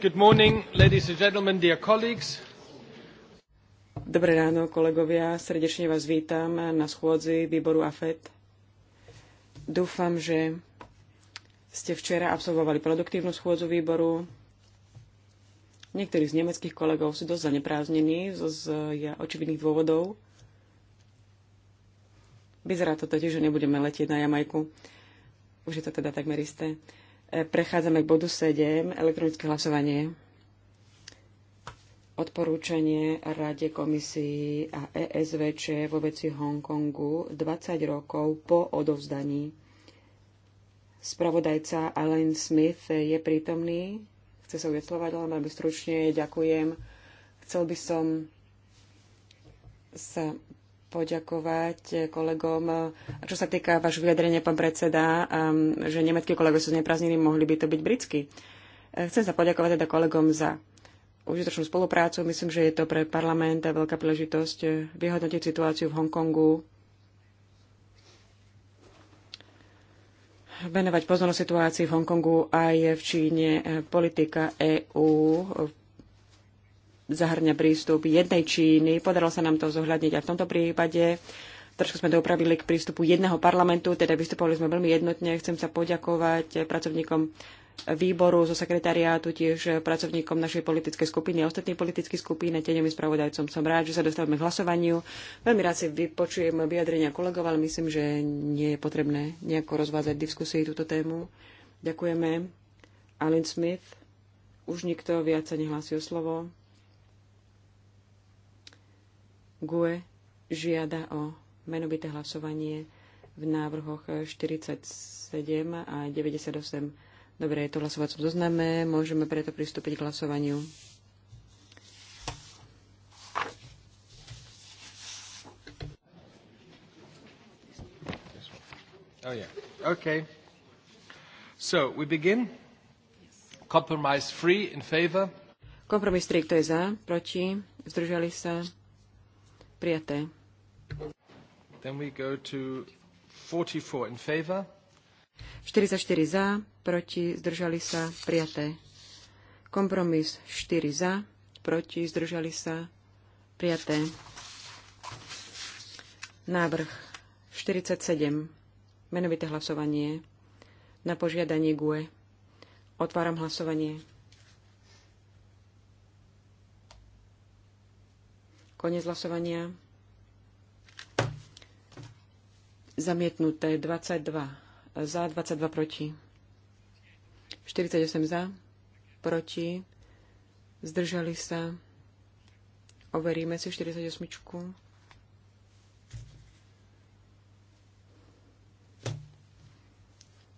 Good morning, ladies and gentlemen, dear colleagues. Dobré ráno, kolegovia. Srdečne vás vítam na schôdzi výboru AFET. Dúfam, že ste včera absolvovali produktívnu schôdzu výboru. Niektorí z nemeckých kolegov sú dosť zanepráznení z, z ja, očividných dôvodov. Vyzerá to totiž, že nebudeme letieť na Jamajku. Už je to teda takmer isté. Prechádzame k bodu 7, elektronické hlasovanie. Odporúčanie Rade komisii a ESVČ vo veci Hongkongu 20 rokov po odovzdaní. Spravodajca Alan Smith je prítomný. Chce sa uvetlovať, ale veľmi stručne ďakujem. Chcel by som sa poďakovať kolegom. A čo sa týka vašho vyjadrenia, pán predseda, um, že nemeckí kolegovia sú zneprázdnení, mohli by to byť britskí. E, chcem sa poďakovať teda kolegom za užitočnú spoluprácu. Myslím, že je to pre parlament veľká príležitosť e, vyhodnotiť situáciu v Hongkongu, venovať pozornosť situácii v Hongkongu aj v Číne. E, politika EÚ v zahrňa prístup jednej Číny. Podarilo sa nám to zohľadniť aj v tomto prípade. Trošku sme to upravili k prístupu jedného parlamentu, teda vystupovali sme veľmi jednotne. Chcem sa poďakovať pracovníkom výboru zo sekretariátu, tiež pracovníkom našej politickej skupiny a ostatných politických skupín a tieňovým spravodajcom. Som rád, že sa dostávame k hlasovaniu. Veľmi rád si vypočujem vyjadrenia kolegov, ale myslím, že nie je potrebné nejako rozvádzať diskusii túto tému. Ďakujeme. Alin Smith. Už nikto viac sa nehlási o slovo. GUE žiada o menovité hlasovanie v návrhoch 47 a 98. Dobre, je to hlasovacom zozname, môžeme preto pristúpiť k hlasovaniu. Oh yeah. Okay. So we begin. Compromise 3 in favor. Kompromis 3, kto je za, proti, zdržali sa, prijaté. Then we go to 44 in favor. 44 za, proti, zdržali sa, prijaté. Kompromis 4 za, proti, zdržali sa, prijaté. Návrh 47. Menovité hlasovanie na požiadanie GUE. Otváram hlasovanie. Konec hlasovania. Zamietnuté 22 za, 22 proti. 48 za, proti. Zdržali sa. Overíme si 48.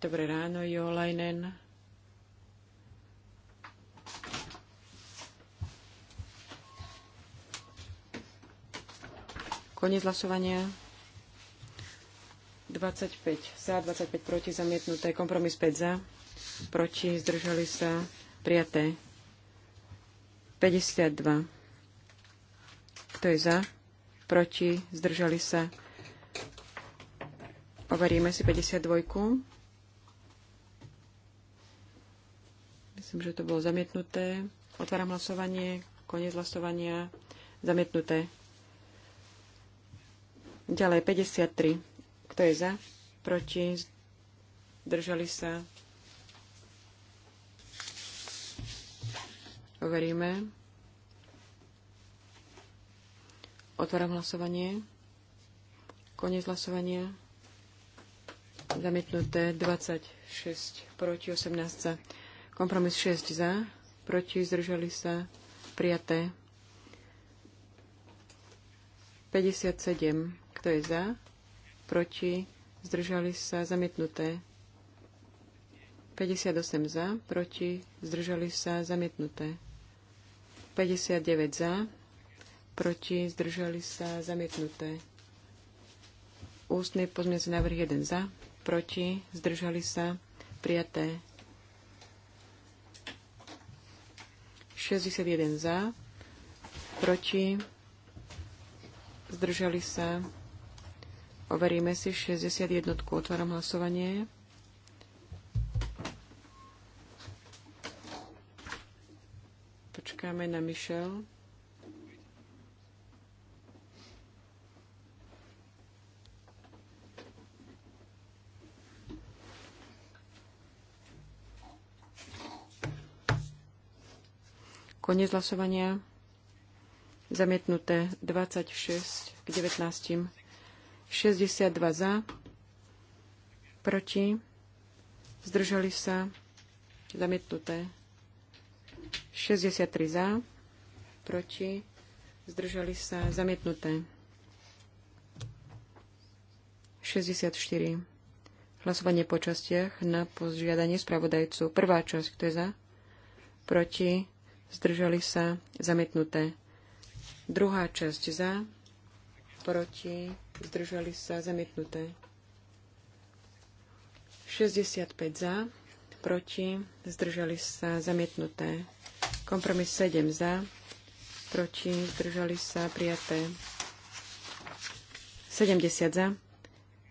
Dobré ráno, Jolajnen. Koniec hlasovania. 25 za, 25 proti, zamietnuté. Kompromis 5 za, proti, zdržali sa, prijaté. 52. Kto je za? Proti, zdržali sa. Overíme si 52. Myslím, že to bolo zamietnuté. Otváram hlasovanie. Koniec hlasovania. Zamietnuté. Ďalej 53. Kto je za? Proti? Zdržali sa? Overíme. Otváram hlasovanie. Koniec hlasovania. Zamietnuté 26 proti 18. Kompromis 6 za. Proti zdržali sa. Prijaté. 57 kto je za? Proti? Zdržali sa? Zamietnuté. 58 za, proti, zdržali sa, zamietnuté. 59 za, proti, zdržali sa, zamietnuté. Ústny pozmeňujúci návrh 1 za, proti, zdržali sa, prijaté. 61 za, proti, zdržali sa, Overíme si 61. Otváram hlasovanie. Počkáme na Michel. Koniec hlasovania. Zamietnuté 26 k 19. 62 za, proti, zdržali sa, zamietnuté. 63 za, proti, zdržali sa, zamietnuté. 64. Hlasovanie po častiach na požiadanie spravodajcu. Prvá časť, kto je za? Proti? Zdržali sa? Zamietnuté. Druhá časť za? Proti? zdržali sa zamietnuté. 65 za, proti, zdržali sa zamietnuté. Kompromis 7 za, proti, zdržali sa prijaté. 70 za,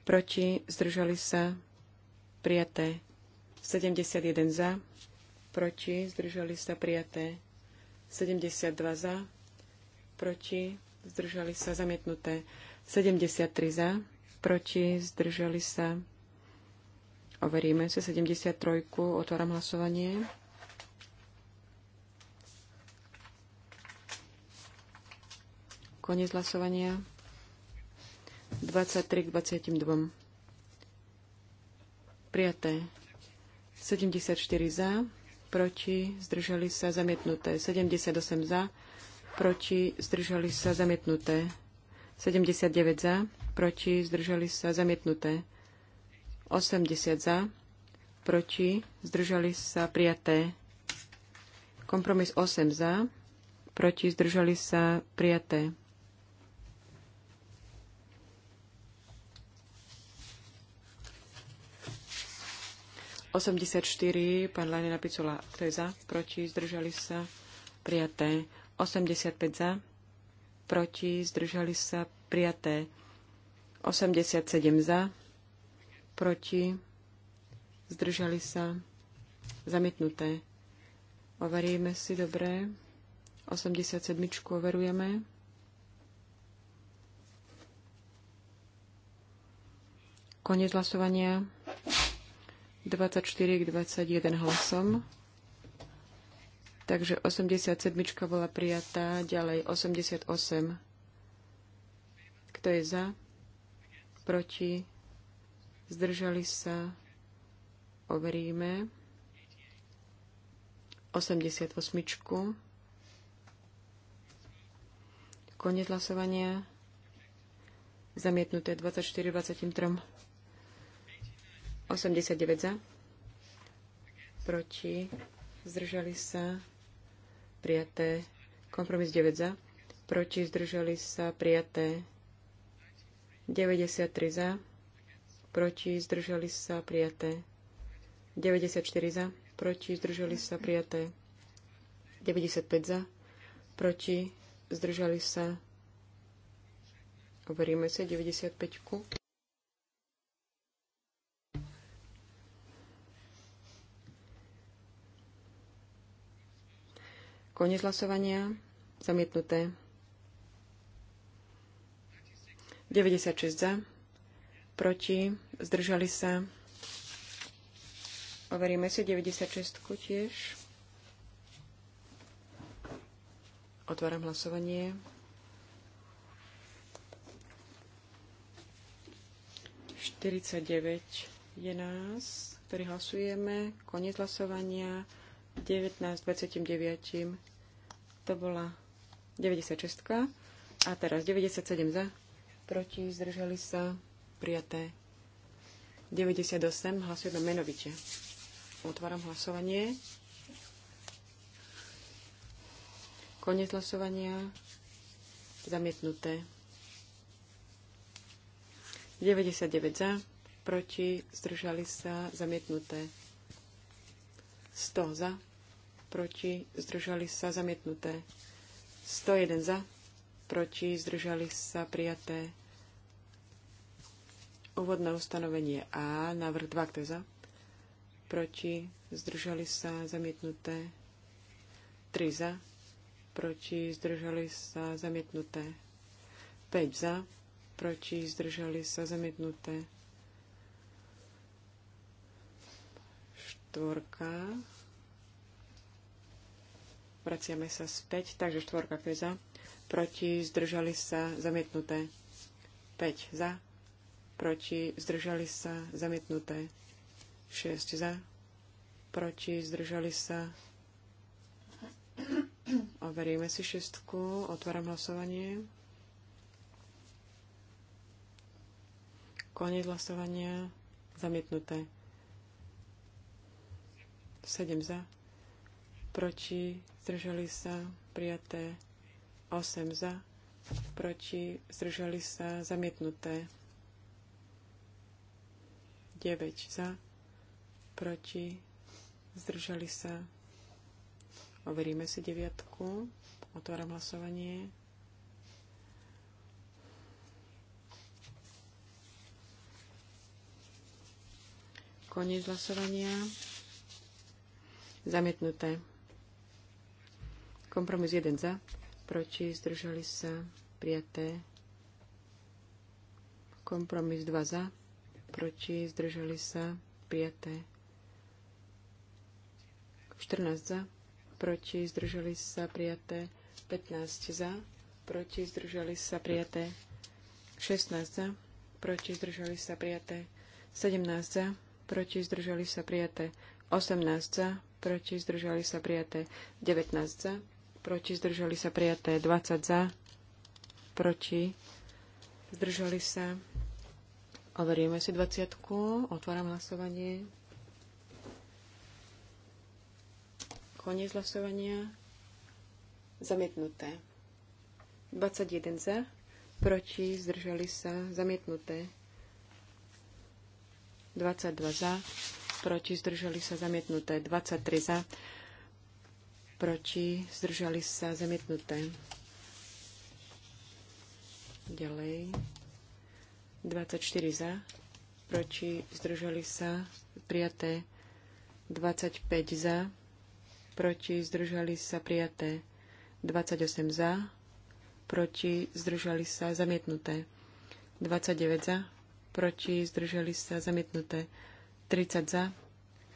proti, zdržali sa prijaté. 71 za, proti, zdržali sa prijaté. 72 za, proti, zdržali sa zamietnuté. 73 za, proti, zdržali sa. Overíme sa 73. Otváram hlasovanie. Koniec hlasovania. 23 k 22. Prijaté. 74 za, proti, zdržali sa, zamietnuté. 78 za, proti, zdržali sa, zamietnuté. 79 za, proti, zdržali sa, zamietnuté. 80 za, proti, zdržali sa, prijaté. Kompromis 8 za, proti, zdržali sa, prijaté. Osemdesiat štyri, pán Lajnina Picula, kto je za, proti, zdržali sa, prijaté. Osemdesiat päť za, proti, zdržali sa prijaté 87 za, proti, zdržali sa zamietnuté. Overíme si dobre. 87 overujeme. Konec hlasovania. 24 k 21 hlasom. Takže 87 bola prijatá, ďalej 88. Kto je za? Proti? Zdržali sa? Overíme. 88. Konec hlasovania. Zamietnuté 24 23. 89 za. Proti. Zdržali sa prijaté. Kompromis 9 za, proti zdržali sa prijaté. 93 za, proti zdržali sa prijaté. 94 za, proti zdržali sa prijaté. 95 za, proti zdržali sa. Overíme sa 95. -ku. Konec hlasovania. Zamietnuté. 96 za. Proti. Zdržali sa. Overíme si 96 tiež. Otváram hlasovanie. Štyridsaťdeväť je nás, ktorí hlasujeme. Koniec hlasovania. 19, 29. To bola 96. A teraz 97 za. Proti zdržali sa prijaté 98. Hlasujeme menovite. Otváram hlasovanie. Konec hlasovania. Zamietnuté. 99 za, proti, zdržali sa, zamietnuté. 100 za, proti, zdržali sa zamietnuté. 101 za, proti, zdržali sa prijaté. Úvodné ustanovenie A, návrh 2, kto je za? Proti, zdržali sa zamietnuté. 3 za, proti, zdržali sa zamietnuté. 5 za, proti, zdržali sa zamietnuté. štvorka. Vraciame sa späť, takže štvorka, kto je za? Proti, zdržali sa, zamietnuté. 5 za, proti, zdržali sa, zamietnuté. 6 za, proti, zdržali sa. Overíme si šestku, otváram hlasovanie. Koniec hlasovania, zamietnuté. 7 za, proti, zdržali sa, prijaté 8 za, proti, zdržali sa, zamietnuté 9 za, proti, zdržali sa. Overíme si deviatku, otváram hlasovanie. Koniec hlasovania. Zamietnuté. Kompromis 1 za. Proti. Zdržali sa. Prijaté. Kompromis 2 za. Proti. Zdržali sa. Prijaté. 14 za. Proti. Zdržali sa. Prijaté. 15 za. Proti. Zdržali sa. Prijaté. 16 za. Proti. Zdržali sa. Prijaté. 17 za. Proti. Zdržali sa. Prijaté. 18 za proti zdržali sa prijaté 19 za, proti zdržali sa prijaté 20 za, proti zdržali sa. Overíme si 20. -ku. Otváram hlasovanie. Koniec hlasovania. Zamietnuté. 21 za, proti zdržali sa zamietnuté. 22 za, proti, zdržali sa zamietnuté. 23 za, proti, zdržali sa zamietnuté. Ďalej. 24 za, proti, zdržali sa prijaté. 25 za, proti, zdržali sa prijaté. 28 za, proti, zdržali sa zamietnuté. 29 za, proti, zdržali sa zamietnuté. 30 za,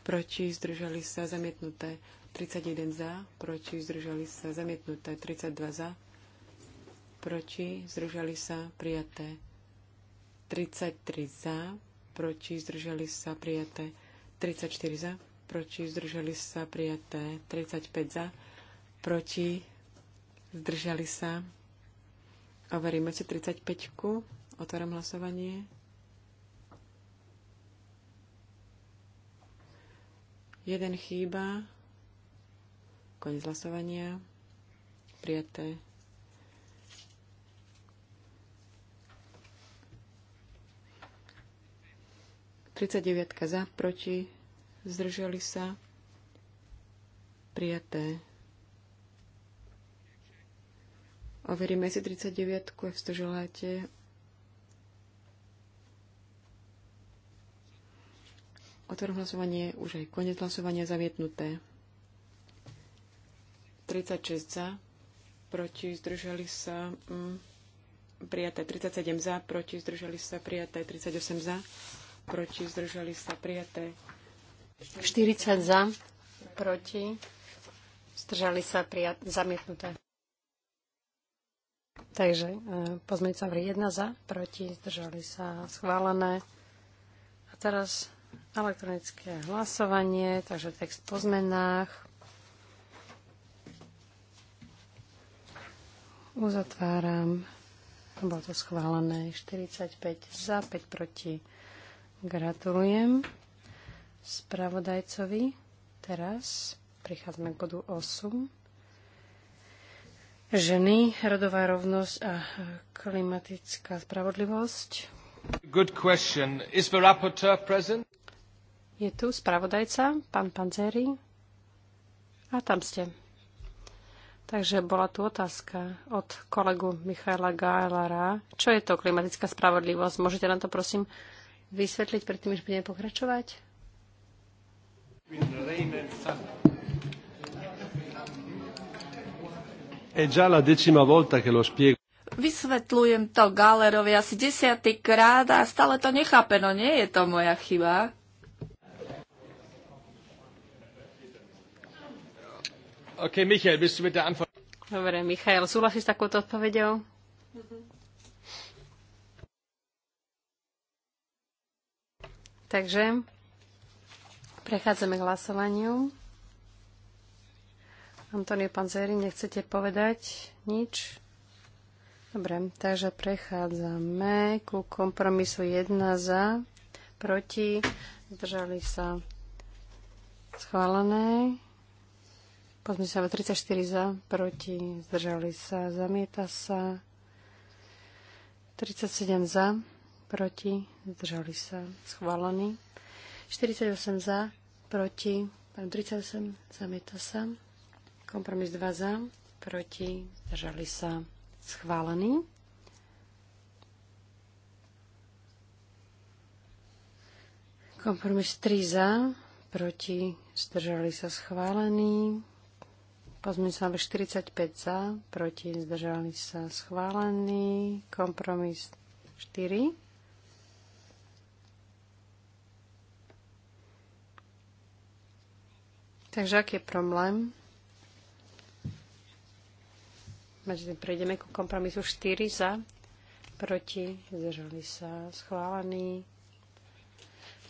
proti, zdržali sa, zamietnuté. 31 za, proti, zdržali sa, zamietnuté. 32 za, proti, zdržali sa, prijaté. 33 za, proti, zdržali sa, prijaté. 34 za, proti, zdržali sa, prijaté. 35 za, proti, zdržali sa. Overíme si 35. -ku. Otváram hlasovanie. Jeden chýba. Koniec hlasovania. Prijaté. deviatka za, proti, zdržali sa. Prijaté. Overíme si 39, ak to želáte. Otvorím hlasovanie, už aj koniec hlasovania zavietnuté. 36 za, proti zdržali sa mm, prijaté 37 za, proti zdržali sa prijaté 38 za, proti zdržali sa prijaté 40 za, proti zdržali sa prijat, zamietnuté. Takže e, pozmeňujúca vrch 1 za, proti zdržali sa schválené. A teraz Elektronické hlasovanie, takže text po zmenách. Uzatváram. Bolo to schválené 45 za, 5 proti. Gratulujem spravodajcovi. Teraz prichádzame k bodu 8. Ženy, rodová rovnosť a klimatická spravodlivosť. Good question. Is the rapporteur present? Je tu spravodajca, pán Panzeri. A tam ste. Takže bola tu otázka od kolegu Michaela Gajlara. Čo je to klimatická spravodlivosť? Môžete nám to prosím vysvetliť predtým, než budeme pokračovať? Vysvetľujem to Galerovi asi desiatý krát a stále to nechápeno. nie je to moja chyba. OK, Michael, bist du mit der Antwort? Dobre, Michael, súhlasíš s takouto odpovedou? Mm-hmm. Takže prechádzame k hlasovaniu. Antonio Panzeri, nechcete povedať nič? Dobre, takže prechádzame ku kompromisu 1 za, proti, zdržali sa schválené. Pozme sa 34 za, proti, zdržali sa, zamieta sa. 37 za, proti, zdržali sa, schválený. 48 za, proti, 38, zamieta sa. Kompromis 2 za, proti, zdržali sa, schválený. Kompromis 3 za, proti, zdržali sa schválený. Pozmeňujúci 45 za, proti zdržali sa schválený. Kompromis 4. Takže aký je problém? Takže prejdeme ku kompromisu 4 za, proti zdržali sa schválený.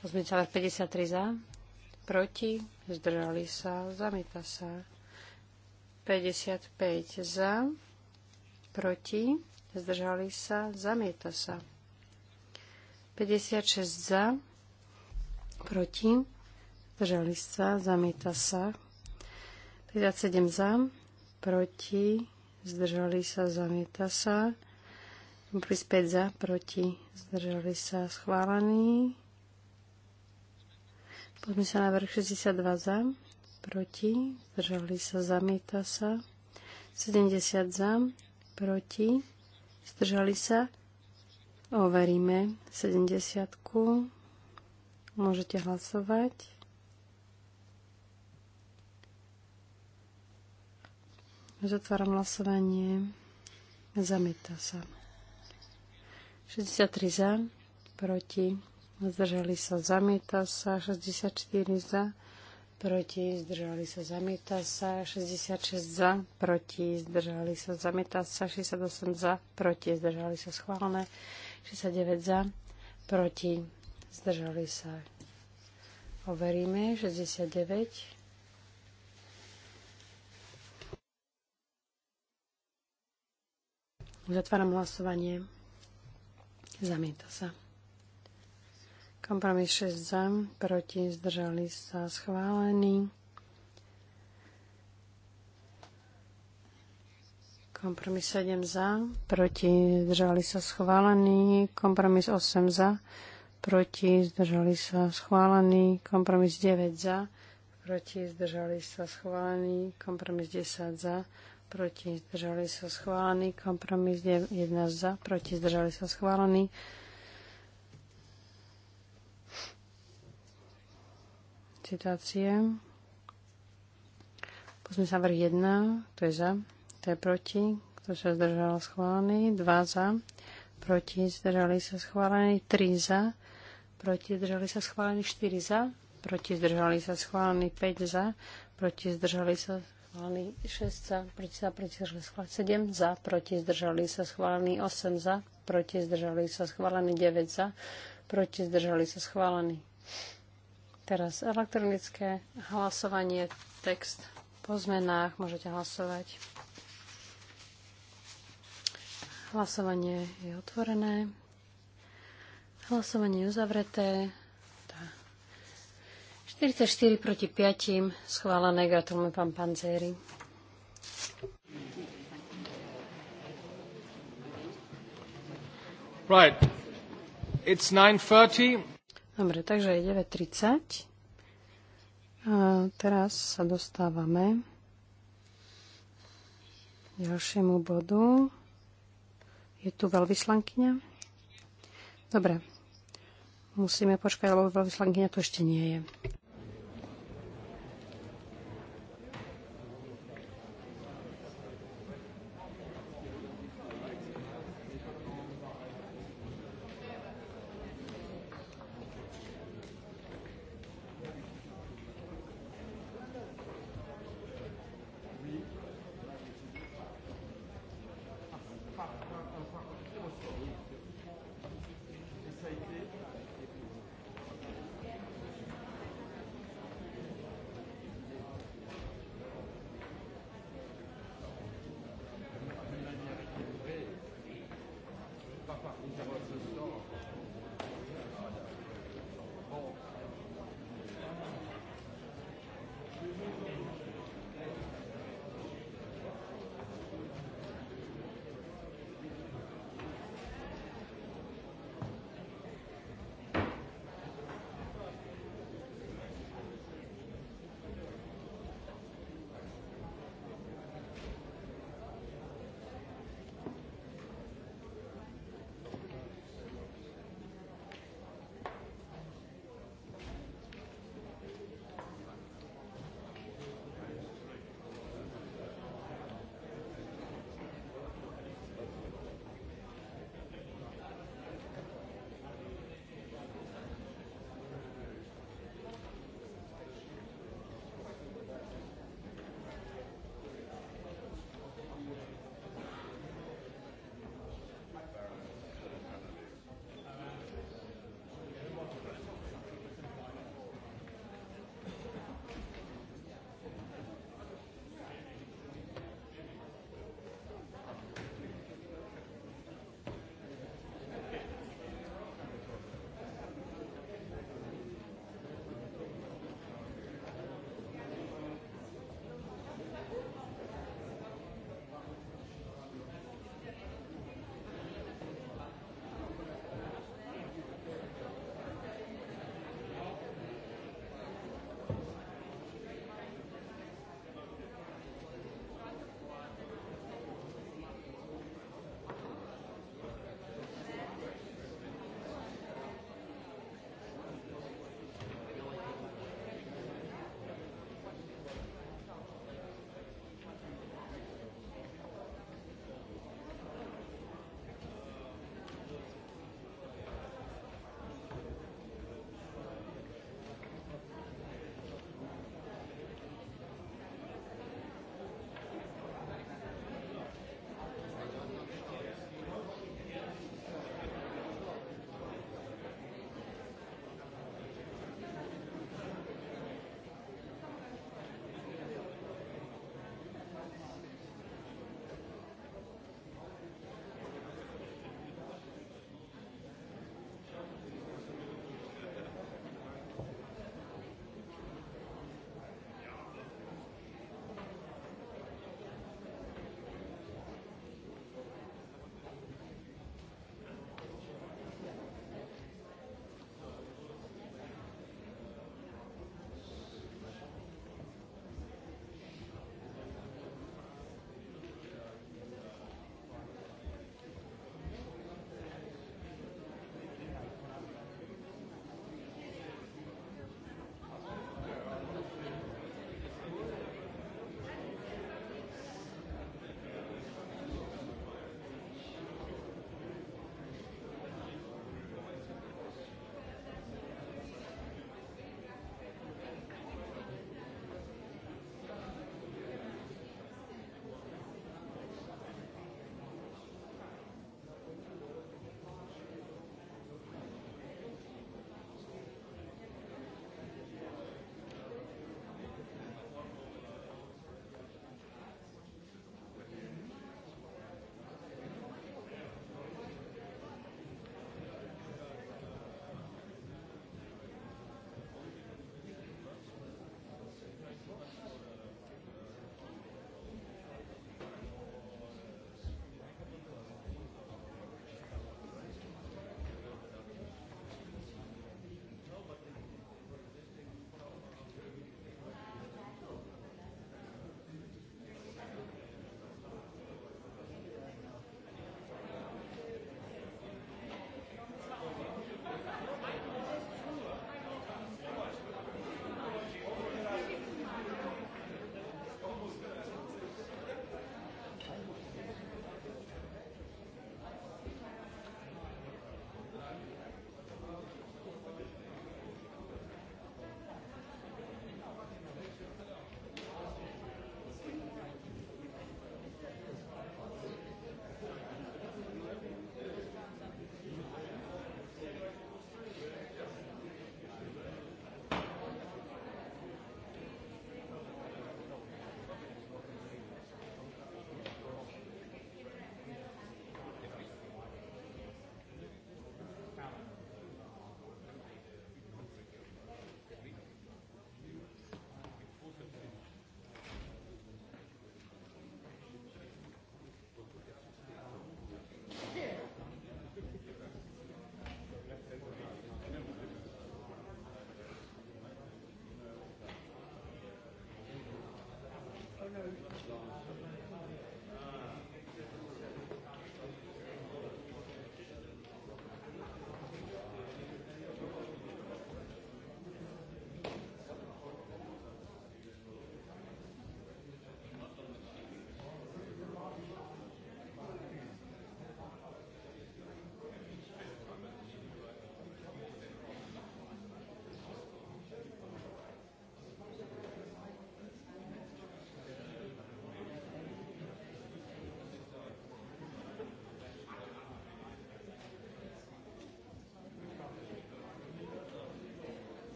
Pozmeňujúci návrh 53 za, proti zdržali sa, zamieta sa. 55 za, proti, zdržali sa, zamieta sa. 56 za, proti, zdržali sa, zamieta sa. 57 za, proti, zdržali sa, zamieta sa. Plus 5 za, proti, zdržali sa, schválený. Poďme sa na vrch 62 za, proti, zdržali sa, zamieta sa. 70 za, proti, zdržali sa. Overíme 70. -ku. Môžete hlasovať. Zatváram hlasovanie. Zamieta sa. 63 za, proti, zdržali sa, zamieta sa, 64 za, proti, zdržali sa, zamieta sa, 66 za, proti, zdržali sa, zamieta sa, 68 za, proti, zdržali sa, schválne, 69 za, proti, zdržali sa. Overíme, 69. Zatváram hlasovanie. Zamieta sa. Kompromis 6 za, proti, zdržali sa schválený. Kompromis 7 za, proti, zdržali sa schválený. Kompromis 8 za, proti, zdržali sa schválený. Kompromis 9 za, proti, zdržali sa schválený. Kompromis 10 za, proti, zdržali sa schválený. Kompromis 1 za, proti, zdržali sa schválený. citácie. Pozme sa vrch 1, to je za, to je proti, kto sa zdržal schválený, 2 za, proti, zdržali sa schválený, 3 za, proti, zdržali sa schválený, 4 za, proti, zdržali sa schválený, 5 za, proti, zdržali sa schválený, 6 za, proti sa, proti zdržali sa schválený, 7 za, proti, zdržali sa schválený, 8 za, proti, zdržali sa schválený, 9 za, proti, zdržali sa schválený. Teraz elektronické hlasovanie, text po zmenách, môžete hlasovať. Hlasovanie je otvorené. Hlasovanie je uzavreté. 44 proti 5 schválené. Gratulujem pán Panzeri. Right. It's 9.30. Dobre, takže je 9.30. A teraz sa dostávame k ďalšiemu bodu. Je tu veľvyslankyňa? Dobre. Musíme počkať, lebo veľvyslankyňa tu ešte nie je.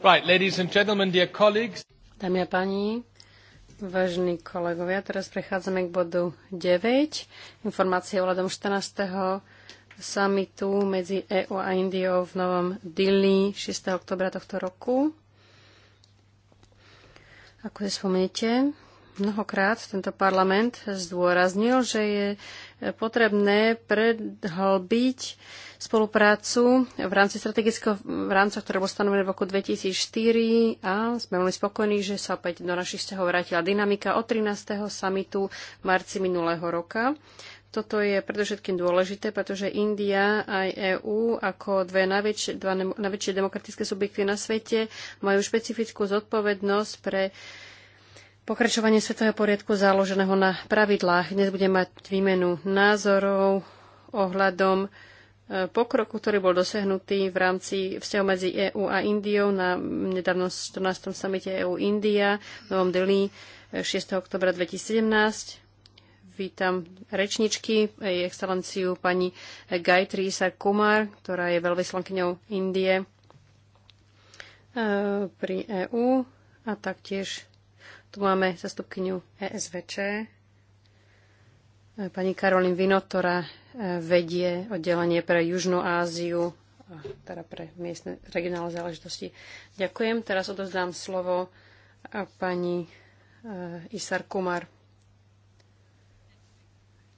Right, ladies and gentlemen, dear colleagues. Dámy a páni, vážení kolegovia, teraz prechádzame k bodu 9. Informácie o hľadom 14. samitu medzi EU a Indiou v Novom Dili 6. oktobra tohto roku. Ako si spomeniete, mnohokrát tento parlament zdôraznil, že je potrebné predhlbiť spoluprácu v rámci strategického rámca, ktoré bolo stanovené v roku 2004 a sme veľmi spokojní, že sa opäť do našich vzťahov vrátila dynamika od 13. samitu v marci minulého roka. Toto je predovšetkým dôležité, pretože India aj EÚ ako dve najväčšie, dva najväčšie demokratické subjekty na svete majú špecifickú zodpovednosť pre pokračovanie svetového poriadku založeného na pravidlách. Dnes budeme mať výmenu názorov ohľadom e, pokroku, ktorý bol dosiahnutý v rámci vzťahu medzi EÚ a Indiou na nedávnom 14. samite EÚ-India v Novom Delhi 6. E, oktobra 2017. Vítam rečničky, e, jej excelenciu pani Gayatri Kumar, ktorá je veľvyslankyňou Indie pri EÚ a taktiež tu máme zastupkyňu ESVČ, e, pani Karolín Vino, ktorá e, vedie oddelenie pre Južnú Áziu, teda pre miestne regionálne záležitosti. Ďakujem. Teraz odovzdám slovo pani e, Isar Kumar.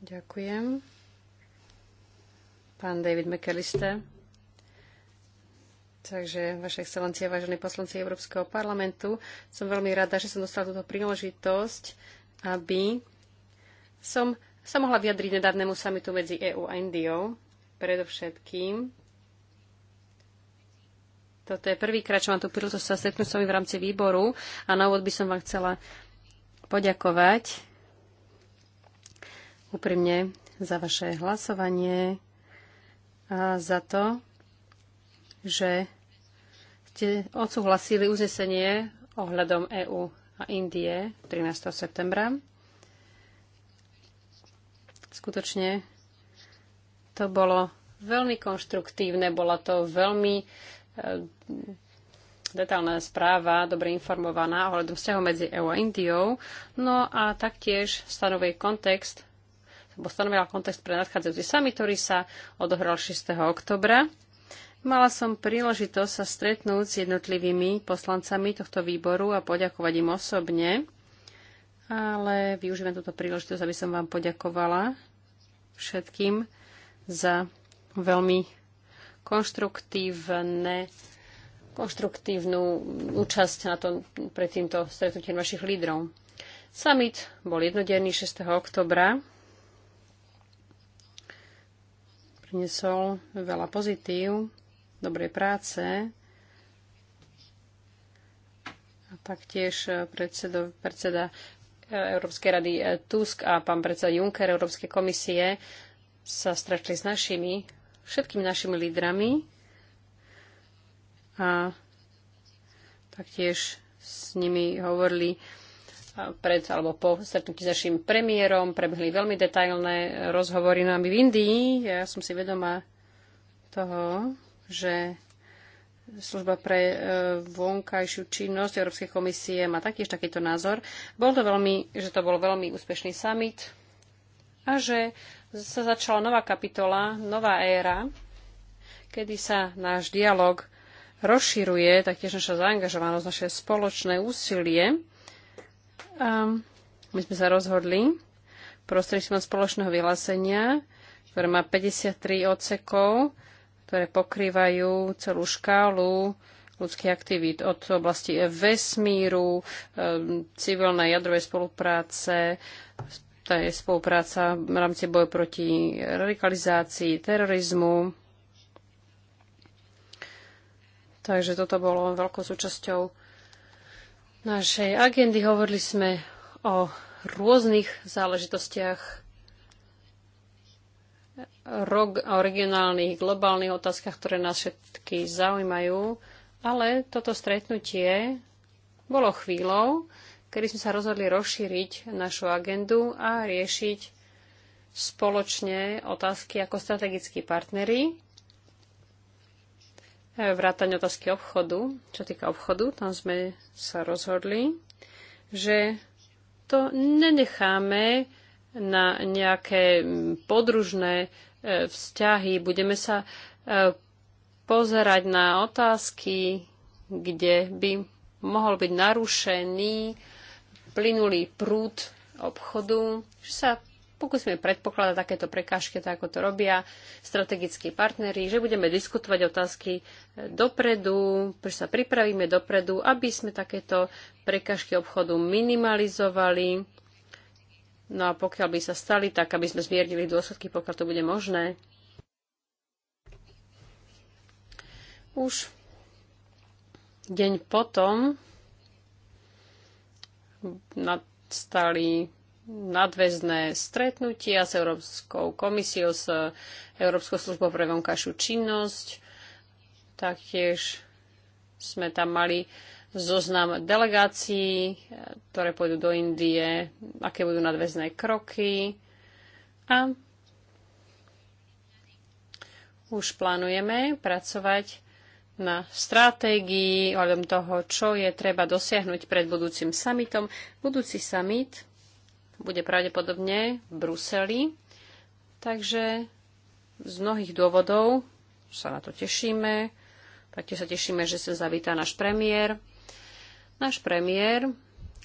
Ďakujem. Pán David McAllister. Takže, vaše excelencia, vážení poslanci Európskeho parlamentu, som veľmi rada, že som dostala túto príležitosť, aby som sa mohla vyjadriť nedávnemu samitu medzi EÚ a Indiou. Predovšetkým, toto je prvýkrát, čo mám tú príležitosť sa stretnúť s vami v rámci výboru a na úvod by som vám chcela poďakovať úprimne za vaše hlasovanie a za to, že ste odsúhlasili uznesenie ohľadom EÚ a Indie 13. septembra. Skutočne to bolo veľmi konštruktívne, bola to veľmi eh, detálna správa, dobre informovaná ohľadom vzťahu medzi EU a Indiou. No a taktiež stanovuje kontext, bo stanovila kontext pre nadchádzajúci summit, ktorý sa odohral 6. oktobra Mala som príležitosť sa stretnúť s jednotlivými poslancami tohto výboru a poďakovať im osobne, ale využívam túto príležitosť, aby som vám poďakovala všetkým za veľmi konštruktívne konštruktívnu účasť na tom, pred týmto stretnutím vašich lídrov. Summit bol jednodenný 6. oktobra Prinesol veľa pozitív dobrej práce a taktiež eh, predsedo, predseda eh, Európskej rady eh, Tusk a pán predseda Juncker Európskej komisie sa stretli s našimi, všetkými našimi lídrami a taktiež s nimi hovorili pred alebo po stretnutí s našim premiérom, prebehli veľmi detailné rozhovory. No v Indii, ja som si vedomá toho, že služba pre e, vonkajšiu činnosť Európskej komisie má taktiež takýto názor. Bol to veľmi, že to bol veľmi úspešný summit a že sa začala nová kapitola, nová éra, kedy sa náš dialog rozširuje, taktiež naša zaangažovanosť, naše spoločné úsilie. A my sme sa rozhodli prostredníctvom spoločného vyhlásenia, ktoré má 53 odsekov, ktoré pokrývajú celú škálu ľudských aktivít od oblasti vesmíru, civilnej jadrovej spolupráce, tá je spolupráca v rámci boja proti radikalizácii, terorizmu. Takže toto bolo veľkou súčasťou našej agendy. Hovorili sme o rôznych záležitostiach o regionálnych, globálnych otázkach, ktoré nás všetky zaujímajú, ale toto stretnutie bolo chvíľou, kedy sme sa rozhodli rozšíriť našu agendu a riešiť spoločne otázky ako strategickí partnery, Vrátanie otázky obchodu. Čo týka obchodu, tam sme sa rozhodli, že to nenecháme na nejaké podružné e, vzťahy, budeme sa e, pozerať na otázky, kde by mohol byť narušený plynulý prúd obchodu, že sa pokúsime predpokladať takéto prekážky, tak ako to robia strategickí partnery, že budeme diskutovať otázky e, dopredu, že sa pripravíme dopredu, aby sme takéto prekážky obchodu minimalizovali No a pokiaľ by sa stali tak, aby sme zmiernili dôsledky, pokiaľ to bude možné. Už deň potom nastali nadväzné stretnutia s Európskou komisiou, s Európskou službou pre vonkajšiu činnosť. Taktiež sme tam mali zoznam delegácií, ktoré pôjdu do Indie, aké budú nadväzné kroky a už plánujeme pracovať na stratégii ohľadom toho, čo je treba dosiahnuť pred budúcim summitom. Budúci summit bude pravdepodobne v Bruseli, takže z mnohých dôvodov sa na to tešíme. Takže sa tešíme, že sa zavítá náš premiér Náš premiér,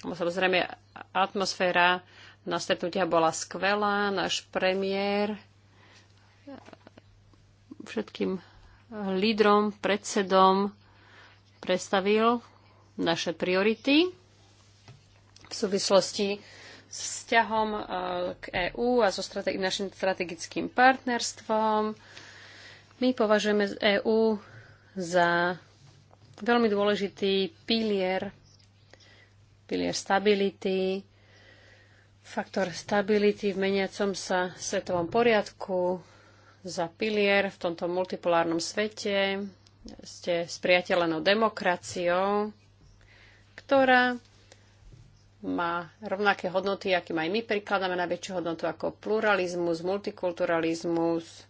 samozrejme atmosféra na stretnutia bola skvelá, náš premiér všetkým lídrom, predsedom predstavil naše priority v súvislosti s vzťahom eh, k EÚ a so strategi- našim strategickým partnerstvom. My považujeme EÚ za veľmi dôležitý pilier pilier stability, faktor stability v meniacom sa svetovom poriadku, za pilier v tomto multipolárnom svete, ste spriateľenou demokraciou, ktorá má rovnaké hodnoty, akým aj my prikladáme na väčšiu hodnotu ako pluralizmus, multikulturalizmus,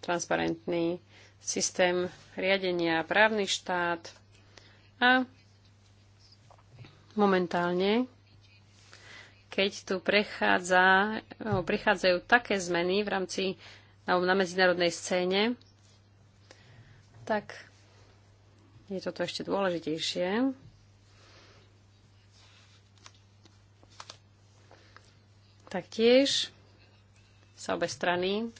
transparentný systém riadenia, právny štát, a momentálne, keď tu prechádza, prichádzajú také zmeny v rámci na medzinárodnej scéne, tak je toto ešte dôležitejšie. Taktiež sa obe strany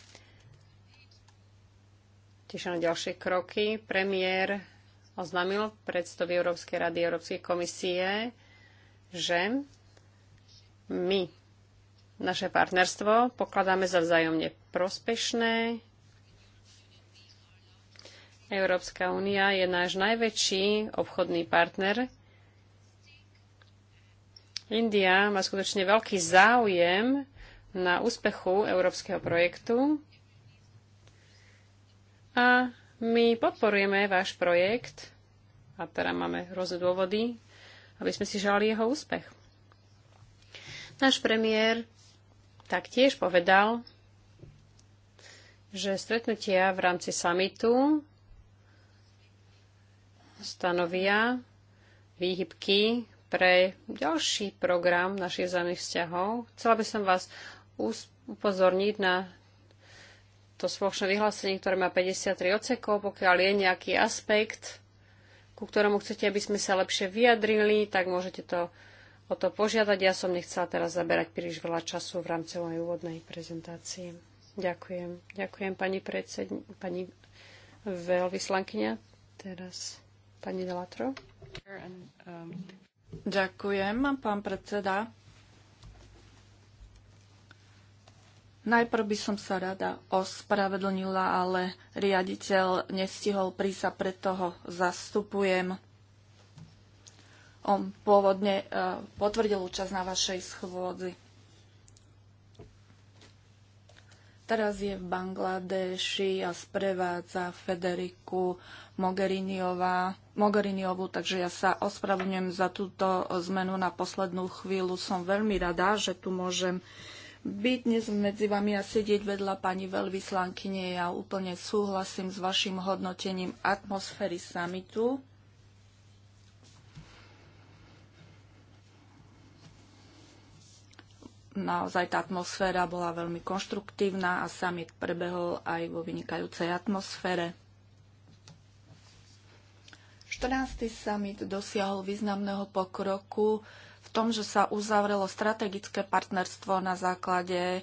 tešia na ďalšie kroky. Premiér oznámil predstavy Európskej rady Európskej komisie, že my naše partnerstvo pokladáme za vzájomne prospešné. Európska únia je náš najväčší obchodný partner. India má skutočne veľký záujem na úspechu európskeho projektu a my podporujeme váš projekt a teda máme rôzne dôvody, aby sme si žali jeho úspech. Náš premiér taktiež povedal, že stretnutia v rámci samitu stanovia výhybky pre ďalší program našich zemných vzťahov. Chcela by som vás upozorniť na to spoločné vyhlásenie, ktoré má 53 odsekov, pokiaľ je nejaký aspekt, ku ktorému chcete, aby sme sa lepšie vyjadrili, tak môžete to o to požiadať. Ja som nechcela teraz zaberať príliš veľa času v rámci mojej úvodnej prezentácie. Ďakujem. Ďakujem pani, predsedň, pani veľvyslankyňa. Teraz pani Delatro. Ďakujem, pán predseda. Najprv by som sa rada ospravedlnila, ale riaditeľ nestihol prísť a preto ho zastupujem. On pôvodne e, potvrdil účasť na vašej schôdzi. Teraz je v Bangladeši a sprevádza Federiku Mogheriniovú, takže ja sa ospravedlňujem za túto zmenu na poslednú chvíľu. Som veľmi rada, že tu môžem uh, byť dnes medzi vami a sedieť vedľa pani veľvyslankyne. Ja úplne súhlasím s vašim hodnotením atmosféry samitu. Naozaj tá atmosféra bola veľmi konštruktívna a summit prebehol aj vo vynikajúcej atmosfére. 14. summit dosiahol významného pokroku tom, že sa uzavrelo strategické partnerstvo na základe e,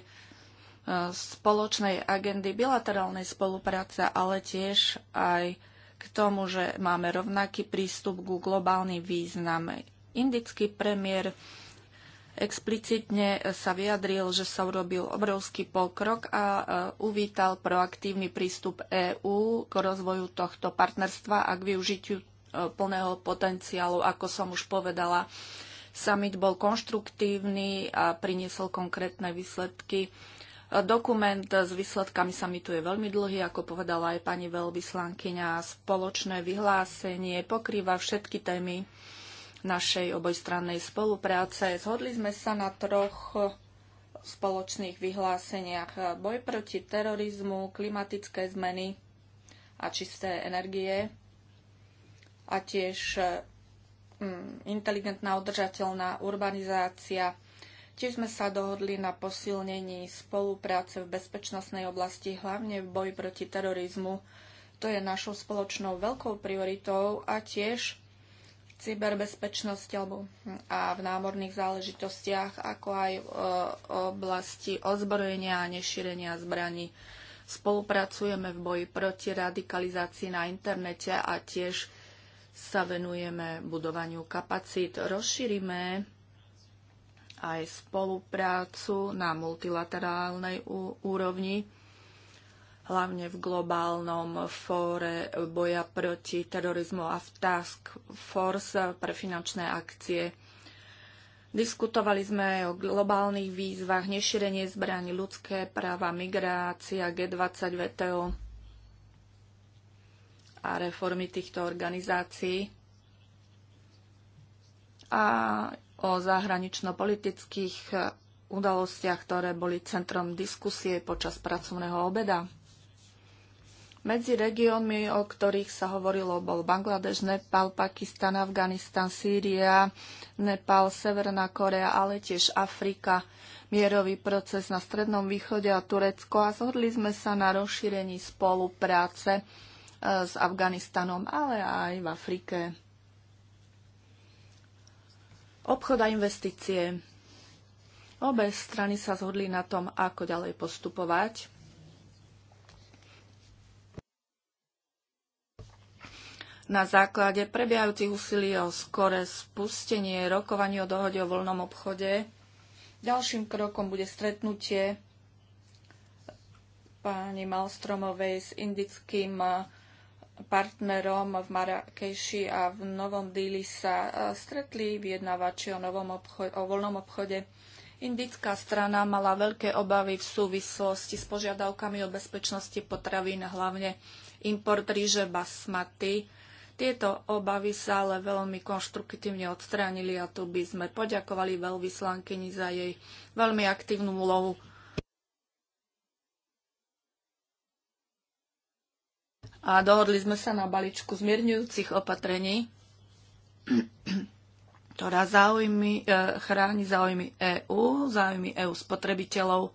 spoločnej agendy bilaterálnej spolupráce, ale tiež aj k tomu, že máme rovnaký prístup ku globálnym význam. Indický premiér explicitne sa vyjadril, že sa urobil obrovský pokrok a e, uvítal proaktívny prístup EÚ k rozvoju tohto partnerstva a k využitiu e, plného potenciálu, ako som už povedala. Summit bol konštruktívny a priniesol konkrétne výsledky. Dokument s výsledkami samitu je veľmi dlhý, ako povedala aj pani veľvyslankyňa. Spoločné vyhlásenie pokrýva všetky témy našej obojstrannej spolupráce. Zhodli sme sa na troch spoločných vyhláseniach. Boj proti terorizmu, klimatické zmeny a čisté energie a tiež Mm, inteligentná, udržateľná urbanizácia. Tiež sme sa dohodli na posilnení spolupráce v bezpečnostnej oblasti, hlavne v boji proti terorizmu. To je našou spoločnou veľkou prioritou a tiež cyberbezpečnosť alebo hm, a v námorných záležitostiach, ako aj v e, oblasti ozbrojenia a nešírenia zbraní. Spolupracujeme v boji proti radikalizácii na internete a tiež sa venujeme budovaniu kapacít, rozšírime aj spoluprácu na multilaterálnej úrovni, hlavne v globálnom fóre boja proti terorizmu a v Task Force pre finančné akcie. Diskutovali sme aj o globálnych výzvach, nešírenie zbraní, ľudské práva, migrácia, G20 VTO a reformy týchto organizácií a o zahranično-politických eh, udalostiach, ktoré boli centrom diskusie počas pracovného obeda. Medzi regiónmi, o ktorých sa hovorilo, bol Bangladeš, Nepal, Pakistan, Afganistan, Sýria, Nepal, Severná Korea, ale tiež Afrika, mierový proces na Strednom východe a Turecko a zhodli sme sa na rozšírení spolupráce s Afganistanom, ale aj v Afrike. Obchod a investície. Obe strany sa zhodli na tom, ako ďalej postupovať. Na základe prebiehajúcich úsilí o skore spustenie rokovania o dohode o voľnom obchode ďalším krokom bude stretnutie pani Malstromovej s indickým partnerom v Marakejši a v Novom Díli sa e, stretli vyjednávači o, novom obchode, o voľnom obchode. Indická strana mala veľké obavy v súvislosti s požiadavkami o bezpečnosti potravín, hlavne import ríže basmaty. Tieto obavy sa ale veľmi konštruktívne odstránili a tu by sme poďakovali veľvyslankyni za jej veľmi aktívnu úlohu a dohodli sme sa na balíčku zmierňujúcich opatrení, ktorá záujmy, e, chráni záujmy EÚ, záujmy EÚ spotrebiteľov,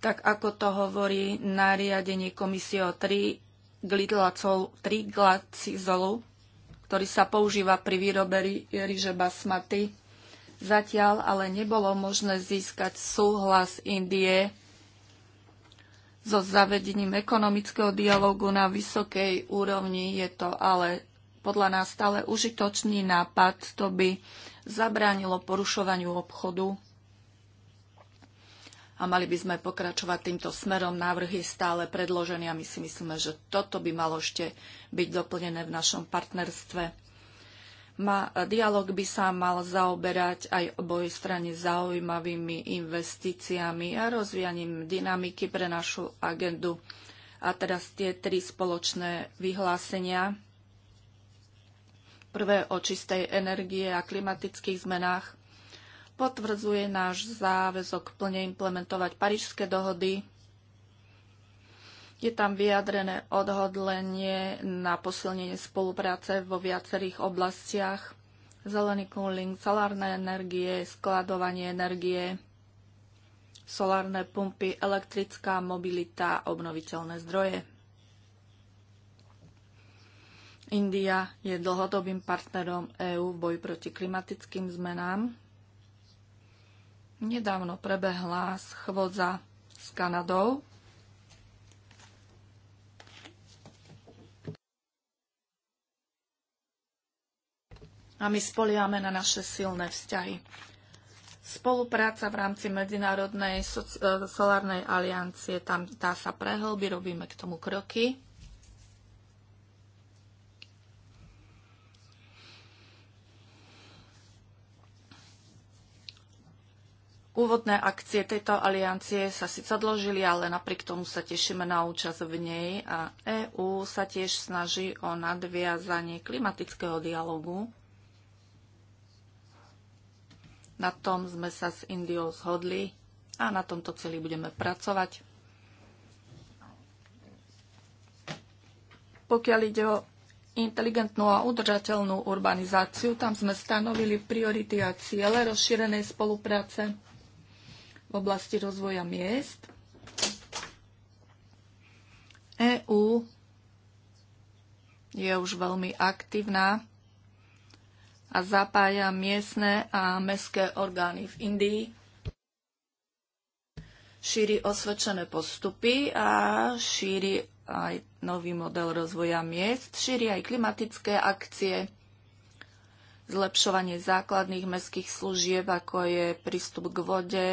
tak ako to hovorí nariadenie komisie o 3 glacizolu, ktorý sa používa pri výrobe ryže basmaty. Zatiaľ ale nebolo možné získať súhlas Indie so zavedením ekonomického dialogu na vysokej úrovni. Je to ale podľa nás stále užitočný nápad. To by zabránilo porušovaniu obchodu a mali by sme pokračovať týmto smerom. Návrh je stále predložený a my si myslíme, že toto by malo ešte byť doplnené v našom partnerstve ma, dialog by sa mal zaoberať aj oboj strane zaujímavými investíciami a rozvíjaním dynamiky pre našu agendu. A teraz tie tri spoločné vyhlásenia. Prvé o čistej energie a klimatických zmenách potvrdzuje náš záväzok plne implementovať parížské dohody je tam vyjadrené odhodlenie na posilnenie spolupráce vo viacerých oblastiach. Zelený cooling, solárne energie, skladovanie energie, solárne pumpy, elektrická mobilita, obnoviteľné zdroje. India je dlhodobým partnerom EÚ v boji proti klimatickým zmenám. Nedávno prebehla schôdza s Kanadou, a my spoliame na naše silné vzťahy. Spolupráca v rámci Medzinárodnej e, solárnej aliancie, tam tá sa prehlbí, robíme k tomu kroky. Úvodné akcie tejto aliancie sa síce odložili, ale napriek tomu sa tešíme na účasť v nej a EÚ sa tiež snaží o nadviazanie klimatického dialogu na tom sme sa s Indiou zhodli a na tomto celý budeme pracovať. Pokiaľ ide o inteligentnú a udržateľnú urbanizáciu, tam sme stanovili priority a ciele rozšírenej spolupráce v oblasti rozvoja miest. EÚ je už veľmi aktívna a zapája miestne a mestské orgány v Indii, šíri osvedčené postupy a šíri aj nový model rozvoja miest, šíri aj klimatické akcie, zlepšovanie základných mestských služieb, ako je prístup k vode,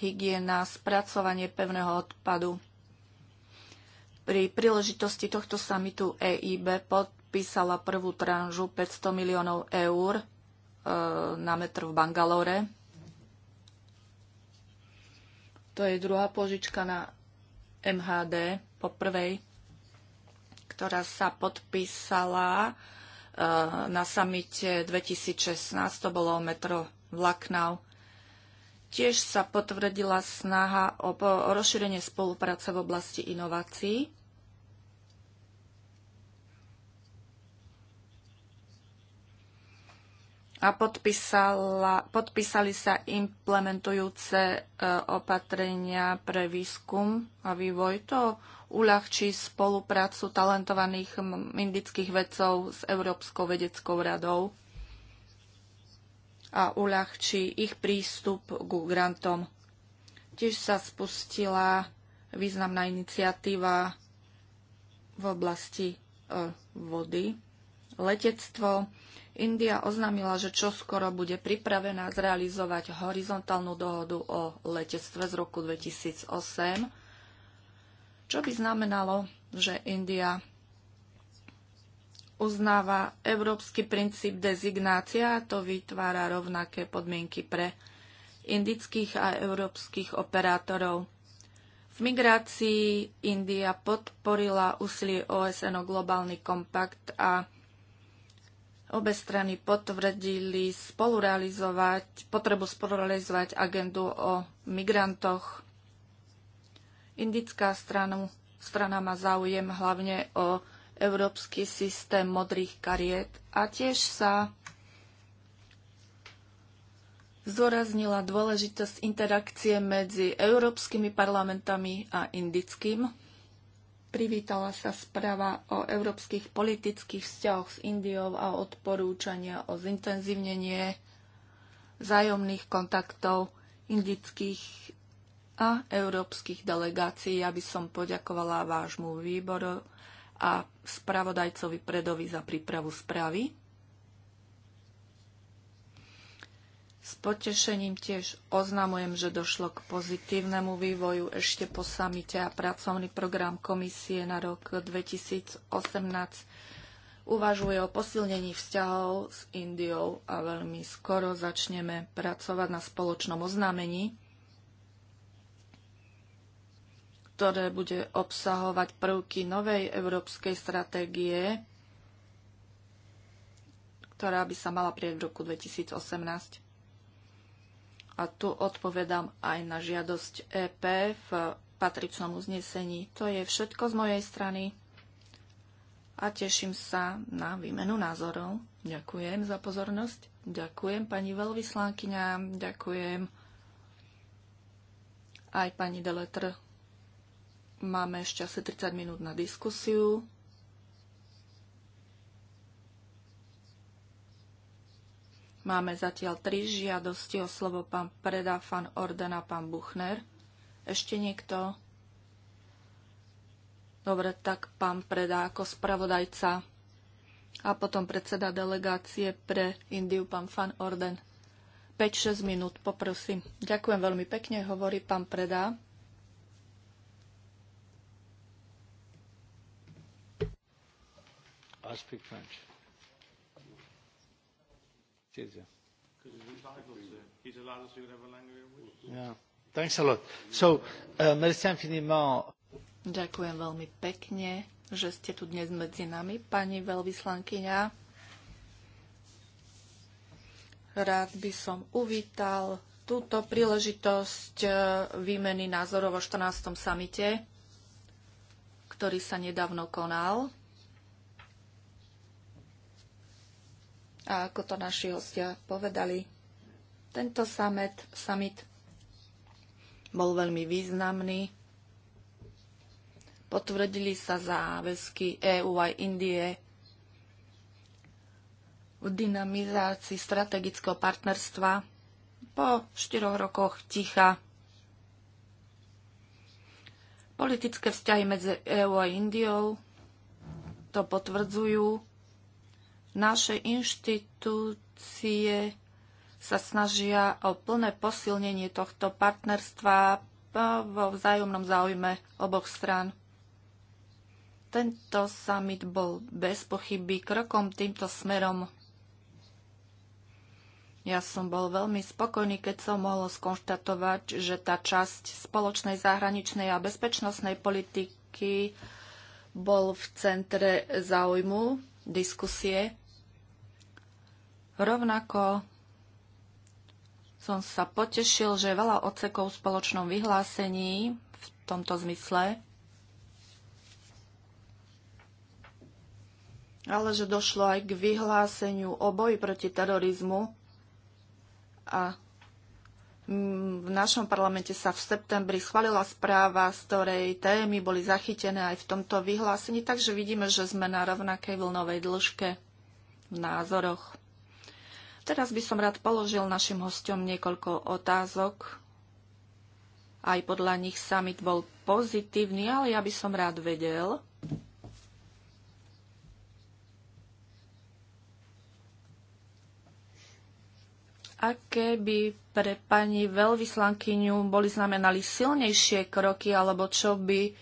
hygiena, spracovanie pevného odpadu. Pri príležitosti tohto samitu EIB pod podpísala prvú tranžu 500 miliónov eur e, na metr v Bangalore. To je druhá požička na MHD po prvej, ktorá sa podpísala e, na samite 2016, to bolo metro Vlaknau. Tiež sa potvrdila snaha o rozšírenie spolupráce v oblasti inovácií. a podpísala, podpísali sa implementujúce e, opatrenia pre výskum a vývoj. To uľahčí spoluprácu talentovaných indických vedcov s Európskou vedeckou radou a uľahčí ich prístup k grantom. Tiež sa spustila významná iniciatíva v oblasti e, vody, letectvo, India oznámila, že čoskoro bude pripravená zrealizovať horizontálnu dohodu o letectve z roku 2008, čo by znamenalo, že India uznáva európsky princíp dezignácia a to vytvára rovnaké podmienky pre indických a európskych operátorov. V migrácii India podporila úsilie OSN o globálny kompakt a Obe strany potvrdili spolurealizovať, potrebu spolurealizovať agendu o migrantoch. Indická stranu, strana má záujem hlavne o európsky systém modrých kariet a tiež sa zdôraznila dôležitosť interakcie medzi európskymi parlamentami a indickým privítala sa správa o európskych politických vzťahoch s Indiou a odporúčania o zintenzívnenie vzájomných kontaktov indických a európskych delegácií. Ja by som poďakovala vášmu výboru a spravodajcovi Predovi za prípravu správy. S potešením tiež oznamujem, že došlo k pozitívnemu vývoju ešte po samite a pracovný program komisie na rok 2018 uvažuje o posilnení vzťahov s Indiou a veľmi skoro začneme pracovať na spoločnom oznámení, ktoré bude obsahovať prvky novej európskej stratégie, ktorá by sa mala prieť v roku 2018 a tu odpovedám aj na žiadosť EP v patričnom uznesení. To je všetko z mojej strany a teším sa na výmenu názorov. Ďakujem za pozornosť. Ďakujem pani veľvyslankyňa, ďakujem aj pani Deletr. Máme ešte asi 30 minút na diskusiu. Máme zatiaľ tri žiadosti o slovo pán Preda, pán Orden a pán Buchner. Ešte niekto? Dobre, tak pán Preda ako spravodajca a potom predseda delegácie pre Indiu, pán Fan Orden. 5-6 minút, poprosím. Ďakujem veľmi pekne, hovorí pán preda. I speak French. Yeah. Thanks a lot. So, uh, merci infiniment. Ďakujem veľmi pekne, že ste tu dnes medzi nami, pani veľvyslankyňa. Rád by som uvítal túto príležitosť uh, výmeny názorov o 14. samite, ktorý sa nedávno konal A ako to naši hostia povedali, tento summit, summit bol veľmi významný. Potvrdili sa záväzky EÚ aj Indie v dynamizácii strategického partnerstva po štyroch rokoch ticha. Politické vzťahy medzi EÚ a Indiou to potvrdzujú naše inštitúcie sa snažia o plné posilnenie tohto partnerstva e, vo vzájomnom záujme oboch strán. Tento summit bol bez pochyby krokom týmto smerom. Ja som bol veľmi spokojný, keď som mohol skonštatovať, že tá časť spoločnej zahraničnej a bezpečnostnej politiky bol v centre záujmu diskusie. Rovnako som sa potešil, že veľa odsekov v spoločnom vyhlásení v tomto zmysle, ale že došlo aj k vyhláseniu o boji proti terorizmu a Mm, v našom parlamente sa v septembri schválila správa, z ktorej témy boli zachytené aj v tomto vyhlásení, takže vidíme, že sme na rovnakej vlnovej dĺžke v názoroch. Teraz by som rád položil našim hostom niekoľko otázok. Aj podľa nich summit bol pozitívny, ale ja by som rád vedel, aké by pre pani veľvyslankyňu boli znamenali silnejšie kroky, alebo čo by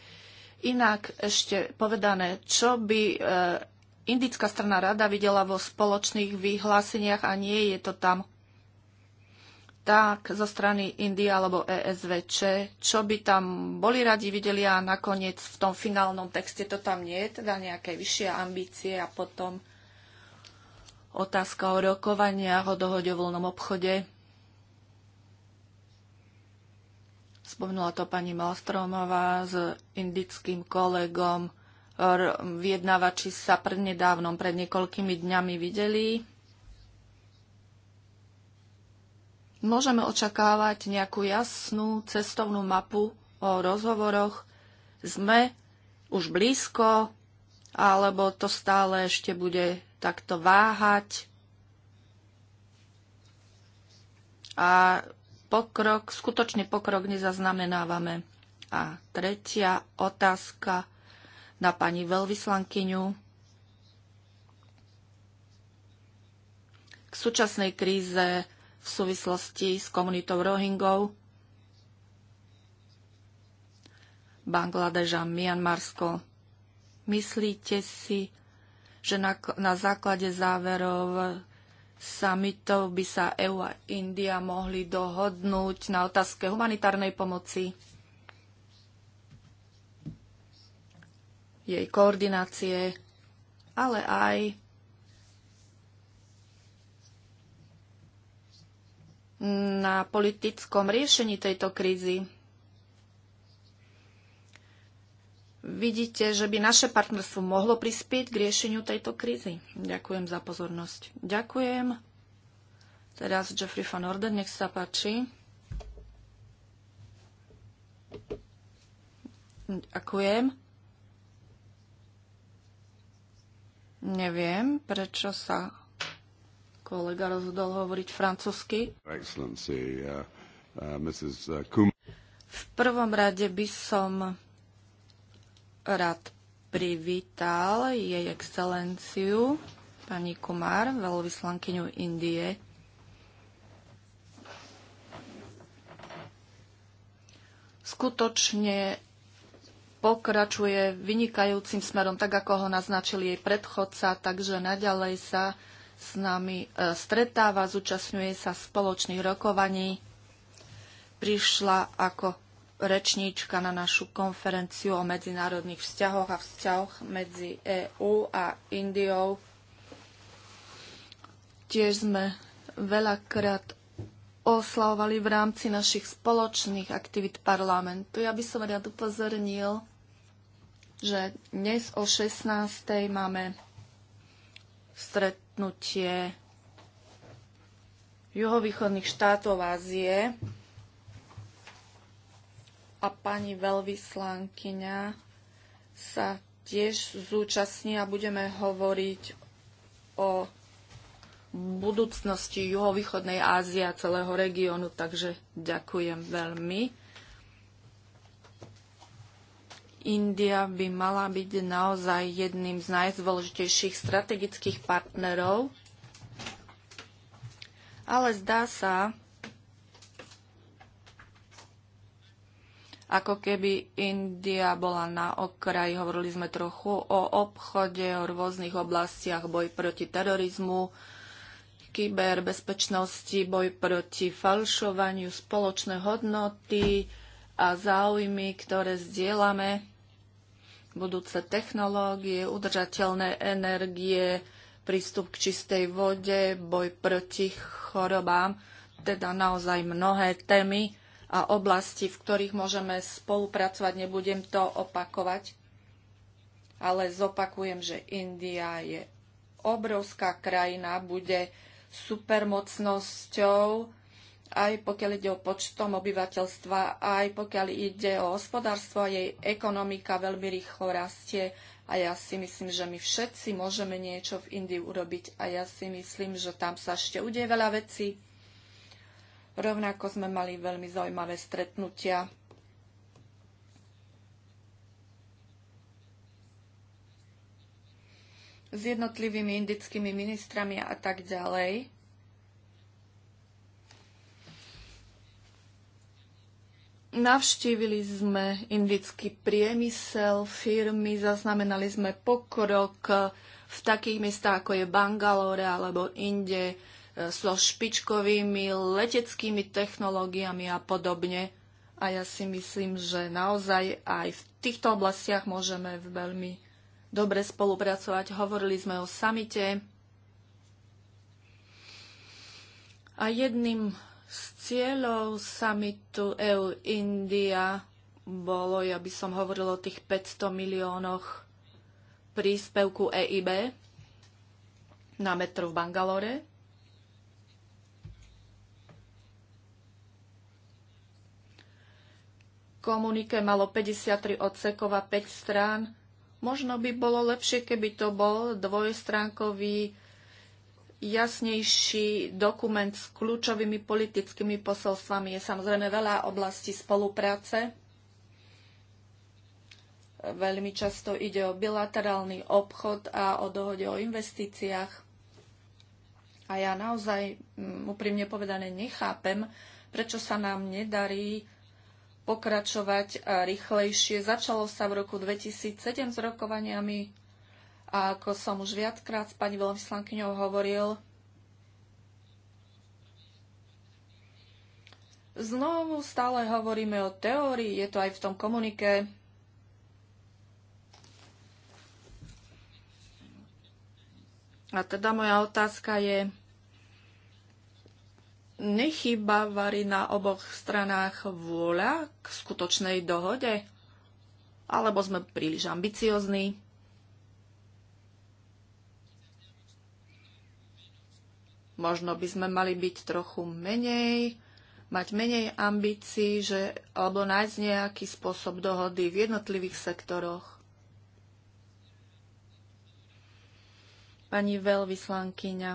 inak ešte povedané, čo by e, indická strana rada videla vo spoločných vyhláseniach a nie je to tam tak zo strany Indie alebo ESVČ, čo by tam boli radi videli a nakoniec v tom finálnom texte to tam nie je, teda nejaké vyššie ambície a potom otázka o rokovaniach o dohode o voľnom obchode. Spomnula to pani Malstromová s indickým kolegom. Viednávači sa nedávnom, pred niekoľkými dňami videli. Môžeme očakávať nejakú jasnú cestovnú mapu o rozhovoroch. Sme už blízko, alebo to stále ešte bude takto váhať. A pokrok, skutočný pokrok nezaznamenávame. A tretia otázka na pani veľvyslankyňu. K súčasnej kríze v súvislosti s komunitou Rohingov Bangladeža, Mianmarsko. Myslíte si, že na, na základe záverov samitov by sa EU a India mohli dohodnúť na otázke humanitárnej pomoci, jej koordinácie, ale aj na politickom riešení tejto krízy. vidíte, že by naše partnerstvo mohlo prispieť k riešeniu tejto krízy? Ďakujem za pozornosť. Ďakujem. Teraz Jeffrey van Orden, nech sa páči. Ďakujem. Neviem, prečo sa kolega rozhodol hovoriť francúzsky. Uh, uh, v prvom rade by som rád privítal jej excelenciu pani Kumar, veľvyslankyňu Indie. Skutočne pokračuje vynikajúcim smerom, tak ako ho naznačil jej predchodca, takže naďalej sa s nami e, stretáva, zúčastňuje sa spoločných rokovaní. Prišla ako rečníčka na našu konferenciu o medzinárodných vzťahoch a vzťahoch medzi EÚ a Indiou. Tiež sme veľakrát oslavovali v rámci našich spoločných aktivít parlamentu. Ja by som rád upozornil, že dnes o 16. máme stretnutie juhovýchodných štátov Ázie a pani veľvyslankyňa sa tiež zúčastní a budeme hovoriť o budúcnosti juhovýchodnej Ázie a celého regiónu, takže ďakujem veľmi. India by mala byť naozaj jedným z najzôležitejších strategických partnerov, ale zdá sa, ako keby India bola na okraji. Hovorili sme trochu o obchode, o rôznych oblastiach, boj proti terorizmu, kyberbezpečnosti, boj proti falšovaniu, spoločné hodnoty a záujmy, ktoré zdieľame, budúce technológie, udržateľné energie, prístup k čistej vode, boj proti chorobám, teda naozaj mnohé témy a oblasti, v ktorých môžeme spolupracovať. Nebudem to opakovať, ale zopakujem, že India je obrovská krajina, bude supermocnosťou, aj pokiaľ ide o počtom obyvateľstva, aj pokiaľ ide o hospodárstvo a jej ekonomika veľmi rýchlo rastie. A ja si myslím, že my všetci môžeme niečo v Indii urobiť a ja si myslím, že tam sa ešte udeje veľa vecí. Rovnako sme mali veľmi zaujímavé stretnutia s jednotlivými indickými ministrami a tak ďalej. Navštívili sme indický priemysel, firmy, zaznamenali sme pokrok v takých miestach ako je Bangalore alebo inde so špičkovými leteckými technológiami a podobne. A ja si myslím, že naozaj aj v týchto oblastiach môžeme veľmi dobre spolupracovať. Hovorili sme o samite. A jedným z cieľov samitu EU-India bolo, ja by som hovoril o tých 500 miliónoch príspevku EIB na metru v Bangalore komunike malo 53 odsekov a 5 strán. Možno by bolo lepšie, keby to bol dvojstránkový jasnejší dokument s kľúčovými politickými posolstvami. Je samozrejme veľa oblastí spolupráce. Veľmi často ide o bilaterálny obchod a o dohode o investíciách. A ja naozaj, mm, úprimne povedané, nechápem, prečo sa nám nedarí pokračovať e, rýchlejšie. Začalo sa v roku 2007 s rokovaniami a ako som už viackrát s pani veľvyslankyňou hovoril, znovu stále hovoríme o teórii, je to aj v tom komunike. A teda moja otázka je, nechýba varí na oboch stranách vôľa k skutočnej dohode? Alebo sme príliš ambiciozní? Možno by sme mali byť trochu menej, mať menej ambícií, že, alebo nájsť nejaký spôsob dohody v jednotlivých sektoroch. Pani veľvyslankyňa,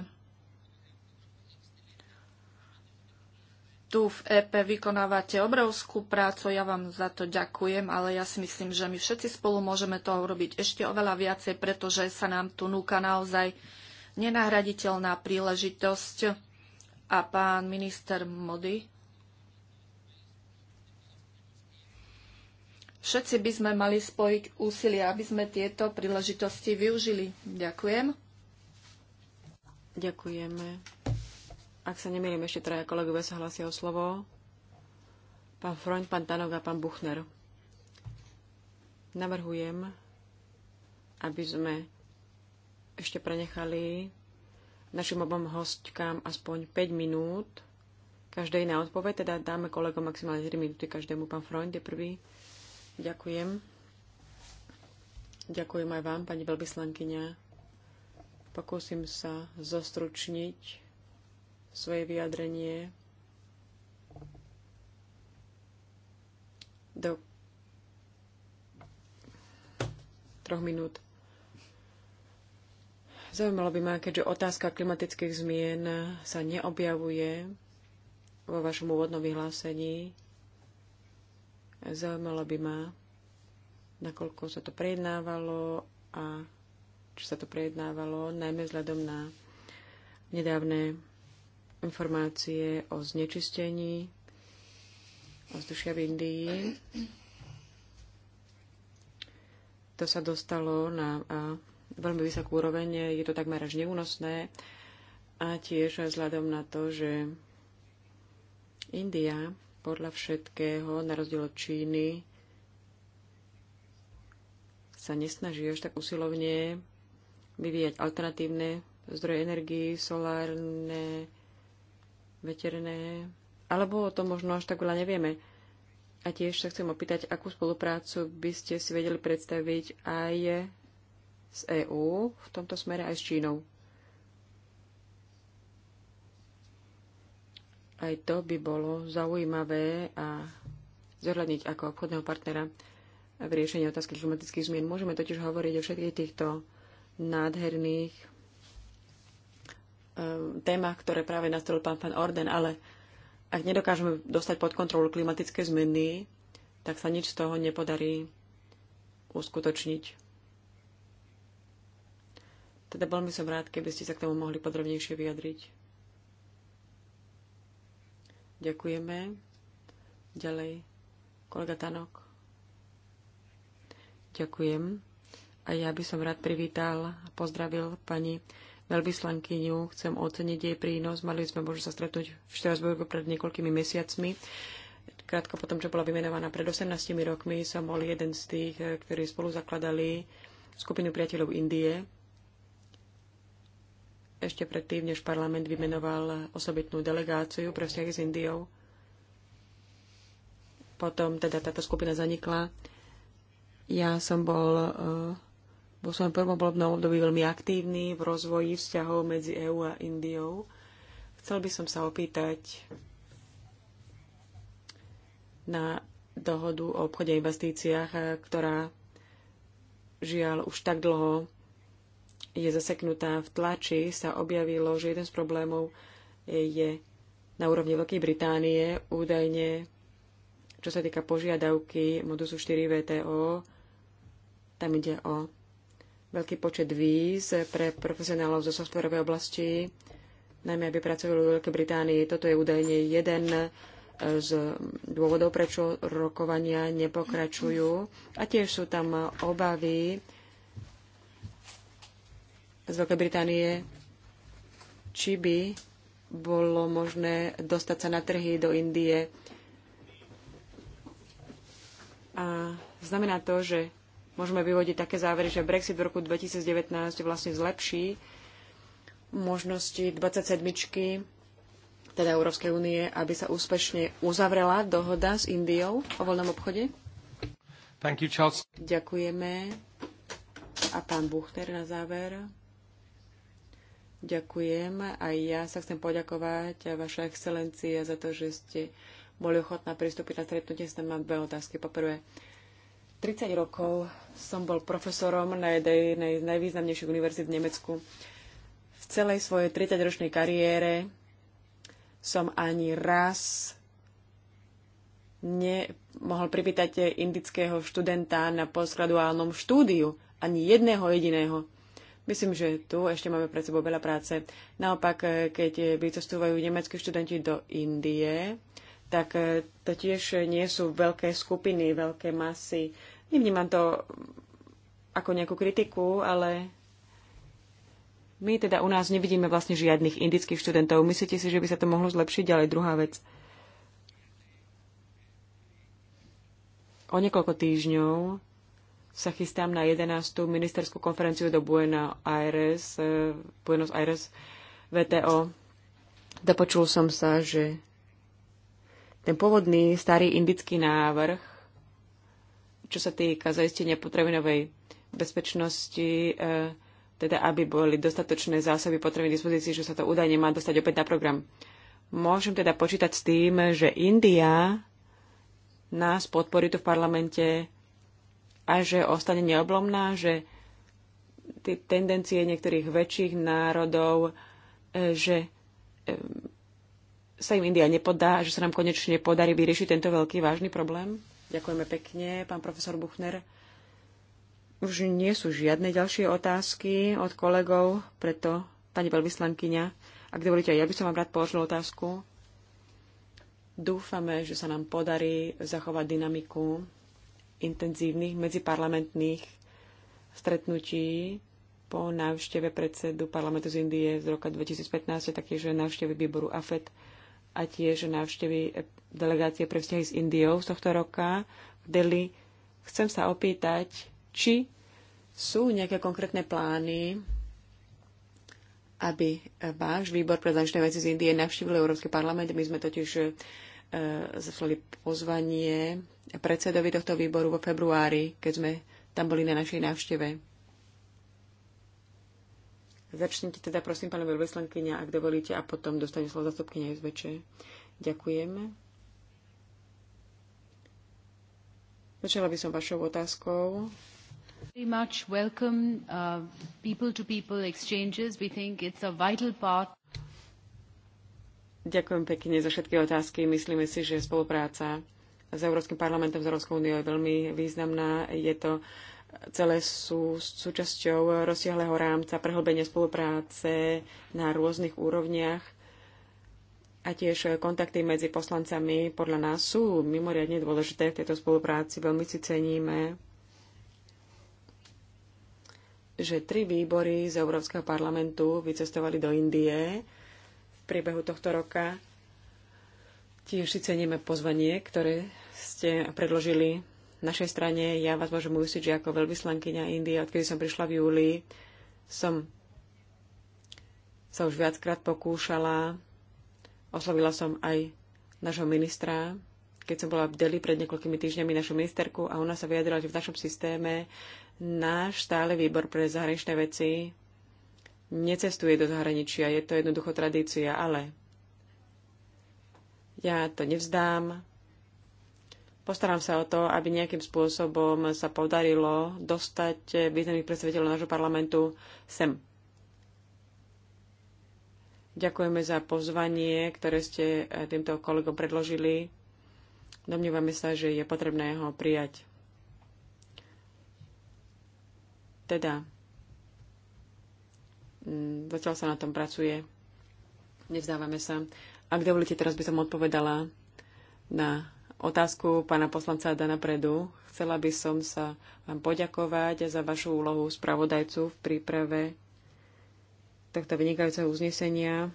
tu v EP vykonávate obrovskú prácu, ja vám za to ďakujem, ale ja si myslím, že my všetci spolu môžeme toho urobiť ešte oveľa viacej, pretože sa nám tu núka naozaj nenahraditeľná príležitosť. A pán minister Mody. Všetci by sme mali spojiť úsilie, aby sme tieto príležitosti využili. Ďakujem. Ďakujeme. Ak sa nemýlim, ešte traja kolegovia sa hlasia o slovo. Pán Freund, pán tanok a pán Buchner. Navrhujem, aby sme ešte prenechali našim obom hostkám aspoň 5 minút každej na odpoveď, teda dáme kolegom maximálne 3 minúty každému. Pán Freund je prvý. Ďakujem. Ďakujem aj vám, pani veľvyslankyňa. Pokúsim sa zostručniť svoje vyjadrenie do troch minút. Zaujímalo by ma, keďže otázka klimatických zmien sa neobjavuje vo vašom úvodnom vyhlásení, zaujímalo by ma, nakoľko sa to prejednávalo a či sa to prejednávalo, najmä vzhľadom na nedávne informácie o znečistení vzdušia v Indii. To sa dostalo na veľmi vysokú úroveň, je to takmer až neúnosné a tiež vzhľadom na to, že India podľa všetkého, na rozdiel od Číny, sa nesnaží až tak usilovne vyvíjať alternatívne zdroje energii, solárne veterné, alebo o tom možno až tak veľa nevieme. A tiež sa chcem opýtať, akú spoluprácu by ste si vedeli predstaviť aj s EÚ v tomto smere, aj s Čínou. Aj to by bolo zaujímavé a zohľadniť ako obchodného partnera v riešení otázky klimatických zmien. Môžeme totiž hovoriť o všetkých týchto nádherných Eh, téma, ktoré práve nastolil pán pán Orden, ale ak nedokážeme dostať pod kontrolu klimatické zmeny, tak sa nič z toho nepodarí uskutočniť. Teda veľmi som rád, keby ste sa k tomu mohli podrobnejšie vyjadriť. Ďakujeme. Ďalej, kolega Tanok. Ďakujem. A ja by som rád privítal a pozdravil pani veľvyslankyňu. Chcem oceniť jej prínos. Mali sme možnosť sa stretnúť v Štrasburgu pred niekoľkými mesiacmi. Krátko potom, čo bola vymenovaná pred 18 rokmi, som bol jeden z tých, eh, ktorí spolu zakladali skupinu priateľov Indie. Ešte predtým, než parlament vymenoval osobitnú delegáciu pre vzťahy s Indiou. Potom teda táto skupina zanikla. Ja som bol eh, vo svojom prvom volebnom období veľmi aktívny v rozvoji vzťahov medzi EÚ a Indiou. Chcel by som sa opýtať na dohodu o obchode a investíciách, ktorá žiaľ už tak dlho je zaseknutá v tlači, sa objavilo, že jeden z problémov je na úrovni Veľkej Británie údajne, čo sa týka požiadavky modusu 4 VTO, tam ide o veľký počet víz pre profesionálov zo softverovej oblasti, najmä aby pracovali v Veľkej Británii. Toto je údajne jeden e, z dôvodov, prečo rokovania nepokračujú. A tiež sú tam obavy z Veľkej Británie, či by bolo možné dostať sa na trhy do Indie. A znamená to, že môžeme vyvodiť také závery, že Brexit v roku 2019 vlastne zlepší možnosti 27 teda Európskej únie, aby sa úspešne uzavrela dohoda s Indiou o voľnom obchode? Thank you, Charles. Ďakujeme. A pán Buchter na záver. Ďakujem. A ja sa chcem poďakovať a vaša excelencia za to, že ste boli ochotná pristúpiť na stretnutie s nami. Mám dve otázky. Poprvé, 30 rokov som bol profesorom na jednej z najvýznamnejších univerzít v Nemecku. V celej svojej 30-ročnej kariére som ani raz nemohol privítať indického študenta na postgraduálnom štúdiu. Ani jedného jediného. Myslím, že tu ešte máme pred sebou veľa práce. Naopak, keď vycestujú nemeckí študenti do Indie, tak to tiež nie sú veľké skupiny, veľké masy. Nevnímam to ako nejakú kritiku, ale my teda u nás nevidíme vlastne žiadnych indických študentov. Myslíte si, že by sa to mohlo zlepšiť? Ďalej druhá vec. O niekoľko týždňov sa chystám na 11. ministerskú konferenciu do Buenos Aires, eh, Buenos Aires VTO. Dopočul som sa, že ten pôvodný starý indický návrh čo sa týka zaistenia potravinovej bezpečnosti, e, teda aby boli dostatočné zásoby potreby dispozícii, že sa to údajne má dostať opäť na program. Môžem teda počítať s tým, že India nás podporí tu v parlamente a že ostane neoblomná, že tie tendencie niektorých väčších národov, e, že e, sa im India nepodá, že sa nám konečne podarí vyriešiť tento veľký vážny problém? Ďakujeme pekne, pán profesor Buchner. Už nie sú žiadne ďalšie otázky od kolegov, preto, pani veľvyslankyňa, ak dovolíte, ja by som vám rád položil otázku. Dúfame, že sa nám podarí zachovať dynamiku intenzívnych medziparlamentných stretnutí po návšteve predsedu parlamentu z Indie z roka 2015, taktiež návšteve výboru AFED a tiež návštevy eh, delegácie pre vzťahy s Indiou z tohto roka v Delhi. Chcem sa opýtať, či sú nejaké konkrétne plány, aby eh, váš výbor pre zahraničné veci z Indie navštívil Európsky parlament. My sme totiž e, zaslali pozvanie predsedovi tohto výboru vo februári, keď sme tam boli na našej návšteve. Začnite teda, prosím, pána veľveslankyňa, ak dovolíte, a potom dostane slovo zastupkynia SVČ. Ďakujem. Začala by som vašou otázkou. Very much welcome uh, people to -people exchanges. We think it's a vital part. Ďakujem pekne za všetky otázky. Myslíme si, že spolupráca s Európskym parlamentom, s Európskou úniou je veľmi významná. Je to uh, celé sú súčasťou rozsiahleho rámca prehlbenia spolupráce na rôznych úrovniach a tiež kontakty medzi poslancami podľa nás sú mimoriadne dôležité v tejto spolupráci. Veľmi si ceníme, že tri výbory z Európskeho parlamentu vycestovali do Indie v priebehu tohto roka. Tiež si ceníme pozvanie, ktoré ste predložili našej strane. Ja vás môžem ujistiť, že ako veľvyslankyňa Indie, odkedy som prišla v júli, som sa už viackrát pokúšala. Oslovila som aj nášho ministra, keď som bola v Deli pred niekoľkými týždňami našu ministerku a ona sa vyjadrila, že v našom systéme náš stále výbor pre zahraničné veci necestuje do zahraničia. Je to jednoducho tradícia, ale ja to nevzdám. Postaram sa o to, aby nejakým spôsobom sa podarilo dostať významných predstaviteľov nášho parlamentu sem. Ďakujeme za pozvanie, ktoré ste eh, týmto kolegom predložili. Domnívame sa, že je potrebné ho prijať. Teda, mm, zatiaľ sa na tom pracuje. Nevzdávame sa. Ak dovolíte, teraz by som odpovedala na otázku pána poslanca Dana Predu. Chcela by som sa vám poďakovať za vašu úlohu spravodajcu v príprave takto vynikajúceho uznesenia.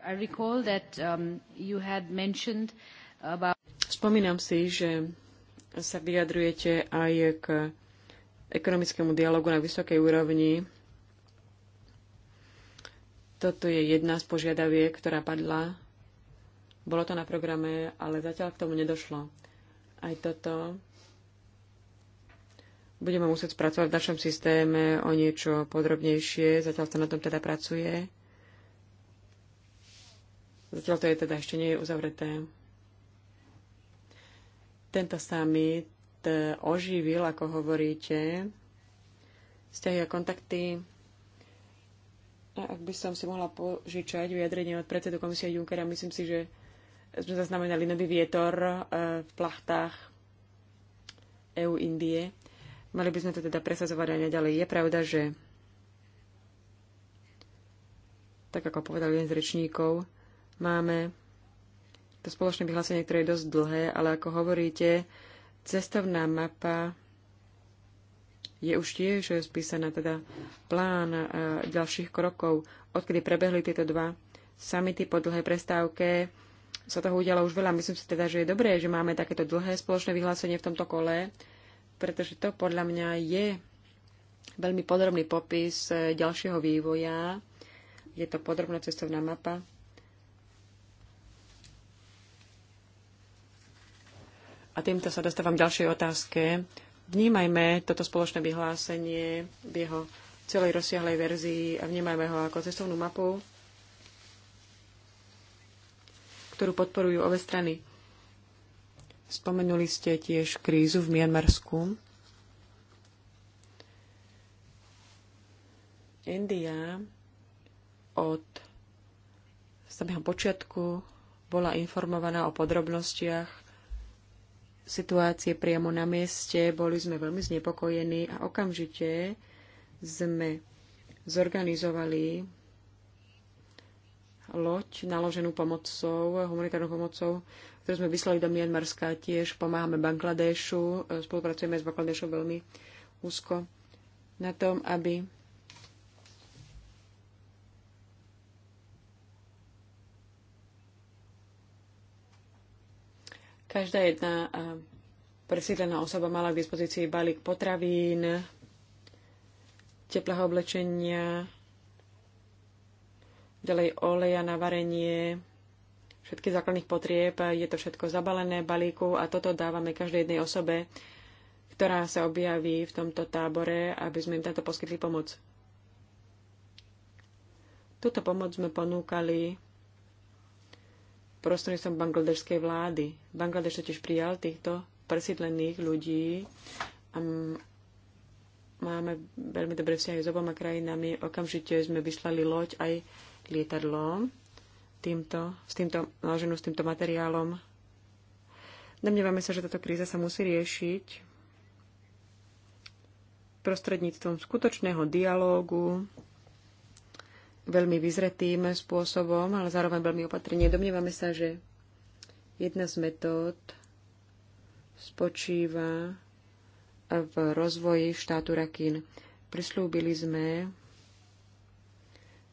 I recall that um, you had mentioned about... Spomínam si, že sa vyjadrujete aj k ekonomickému dialogu na vysokej úrovni. Toto je jedna z požiadaviek, ktorá padla bolo to na programe, ale zatiaľ k tomu nedošlo. Aj toto budeme musieť spracovať v našom systéme o niečo podrobnejšie. Zatiaľ sa to na tom teda pracuje. Zatiaľ to je teda ešte nie je uzavreté. Tento summit e, oživil, ako hovoríte, vzťahy a kontakty. A ak by som si mohla požičať vyjadrenie od predsedu komisie Junckera, myslím si, že sme zaznamenali nový vietor e, v plachtách EU-Indie. Mali by sme to teda presazovať aj naďalej. Je pravda, že tak ako povedal jeden z rečníkov, máme to spoločné vyhlásenie, ktoré je dosť dlhé, ale ako hovoríte, cestovná mapa je už tiež spísaná, teda plán e, ďalších krokov. Odkedy prebehli tieto dva samity po dlhej prestávke, sa toho udialo už veľa. Myslím si teda, že je dobré, že máme takéto dlhé spoločné vyhlásenie v tomto kole, pretože to podľa mňa je veľmi podrobný popis e, ďalšieho vývoja. Je to podrobná cestovná mapa. A týmto sa dostávam ďalšej otázke. Vnímajme toto spoločné vyhlásenie v jeho celej rozsiahlej verzii a vnímajme ho ako cestovnú mapu ktorú podporujú obe strany. Spomenuli ste tiež krízu v Mianmarsku. India od samého počiatku bola informovaná o podrobnostiach situácie priamo na mieste. Boli sme veľmi znepokojení a okamžite sme zorganizovali loď naloženú pomocou, humanitárnou pomocou, ktorú sme vyslali do Mianmarska. Tiež pomáhame Bangladešu, e, spolupracujeme s Bangladešom veľmi úzko na tom, aby každá jedna e, presídlená osoba mala k dispozícii balík potravín, teplého oblečenia, ďalej oleja na varenie, všetky základných potrieb. Je to všetko zabalené balíku a toto dávame každej jednej osobe, ktorá sa objaví v tomto tábore, aby sme im tento poskytli pomoc. Túto pomoc sme ponúkali prostredníctvom bangladežskej vlády. Bangladeš totiž prijal týchto presídlených ľudí a máme veľmi dobré vzťahy s oboma krajinami. Okamžite sme vyslali loď aj lietadlo týmto, s týmto, naloženú s týmto materiálom. Domnievame sa, že táto kríza sa musí riešiť prostredníctvom skutočného dialógu, veľmi vyzretým spôsobom, ale zároveň veľmi opatrne. Domnievame sa, že jedna z metód spočíva v rozvoji štátu Rakín. Prislúbili sme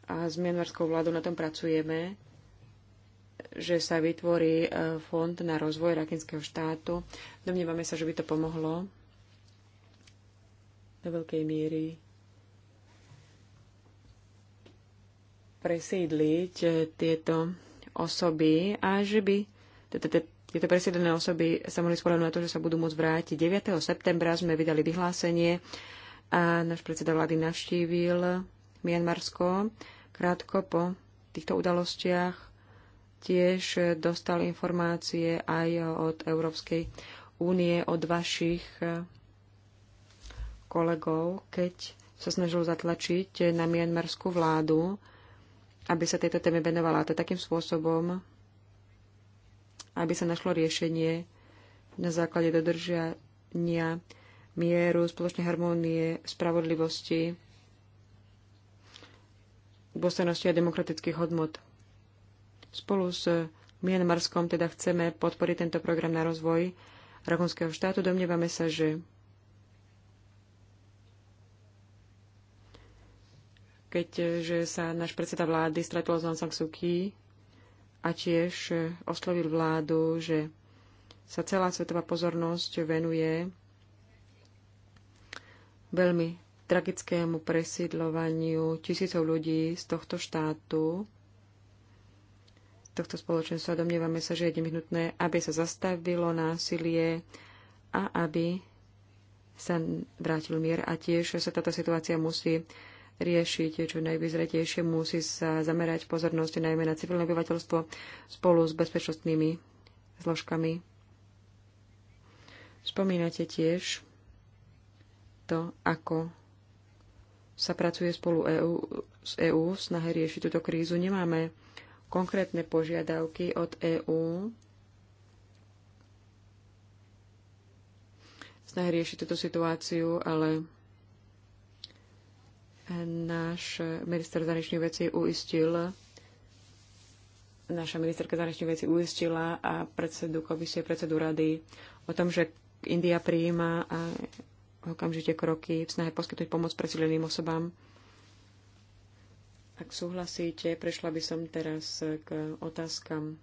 a s mianmarskou vládou na tom pracujeme, že sa vytvorí e, fond na rozvoj rakinského štátu. Domnievame sa, že by to pomohlo do veľkej miery presídliť e, tieto osoby a že by tieto presídlené osoby sa mohli spolahnúť na to, že sa budú môcť vrátiť. 9. septembra sme vydali vyhlásenie a náš predseda vlády navštívil Mianmarsko Krátko po týchto udalostiach tiež dostal informácie aj od Európskej únie, od vašich eh, kolegov, keď sa snažil zatlačiť na mianmarskú vládu, aby sa tejto téme venovala. A to takým spôsobom, aby sa našlo riešenie na základe dodržania mieru, spoločnej harmónie, spravodlivosti dôstojnosti a demokratických hodnot. Spolu s Mienmarskom teda chceme podporiť tento program na rozvoj rakúnskeho štátu. Domnievame sa, že keďže sa náš predseda vlády stretol s Aung San Suu Kyi a tiež oslovil vládu, že sa celá svetová pozornosť venuje veľmi tragickému presídlovaniu tisícov ľudí z tohto štátu, z tohto spoločenstva. Domnievame sa, že je nevyhnutné, aby sa zastavilo násilie a aby sa vrátil mier a tiež sa táto situácia musí riešiť čo najvyzretejšie. Musí sa zamerať pozornosť najmä na civilné obyvateľstvo spolu s bezpečnostnými zložkami. Spomínate tiež to, ako sa pracuje spolu EU, s EÚ v snahe riešiť túto krízu. Nemáme konkrétne požiadavky od EÚ v snahe riešiť túto situáciu, ale náš minister zahraničných vecí uistil, naša ministerka zahraničných vecí uistila a predsedu komisie, predsedu rady o tom, že India prijíma okamžite kroky v snahe poskytnúť pomoc presileným osobám. Ak súhlasíte, prešla by som teraz k otázkam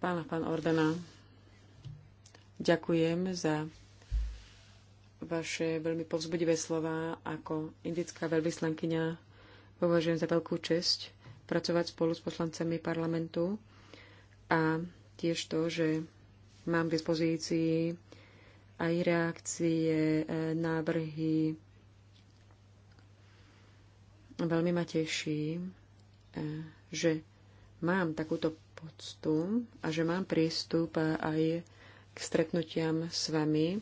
pána pán Ordana. Ďakujem za vaše veľmi povzbudivé slova ako indická veľvyslankyňa. Považujem za veľkú čest pracovať spolu s poslancami parlamentu a tiež to, že Mám k dispozícii aj reakcie, e, návrhy. Veľmi ma teší, e, že mám takúto poctu a že mám prístup aj k stretnutiam s vami.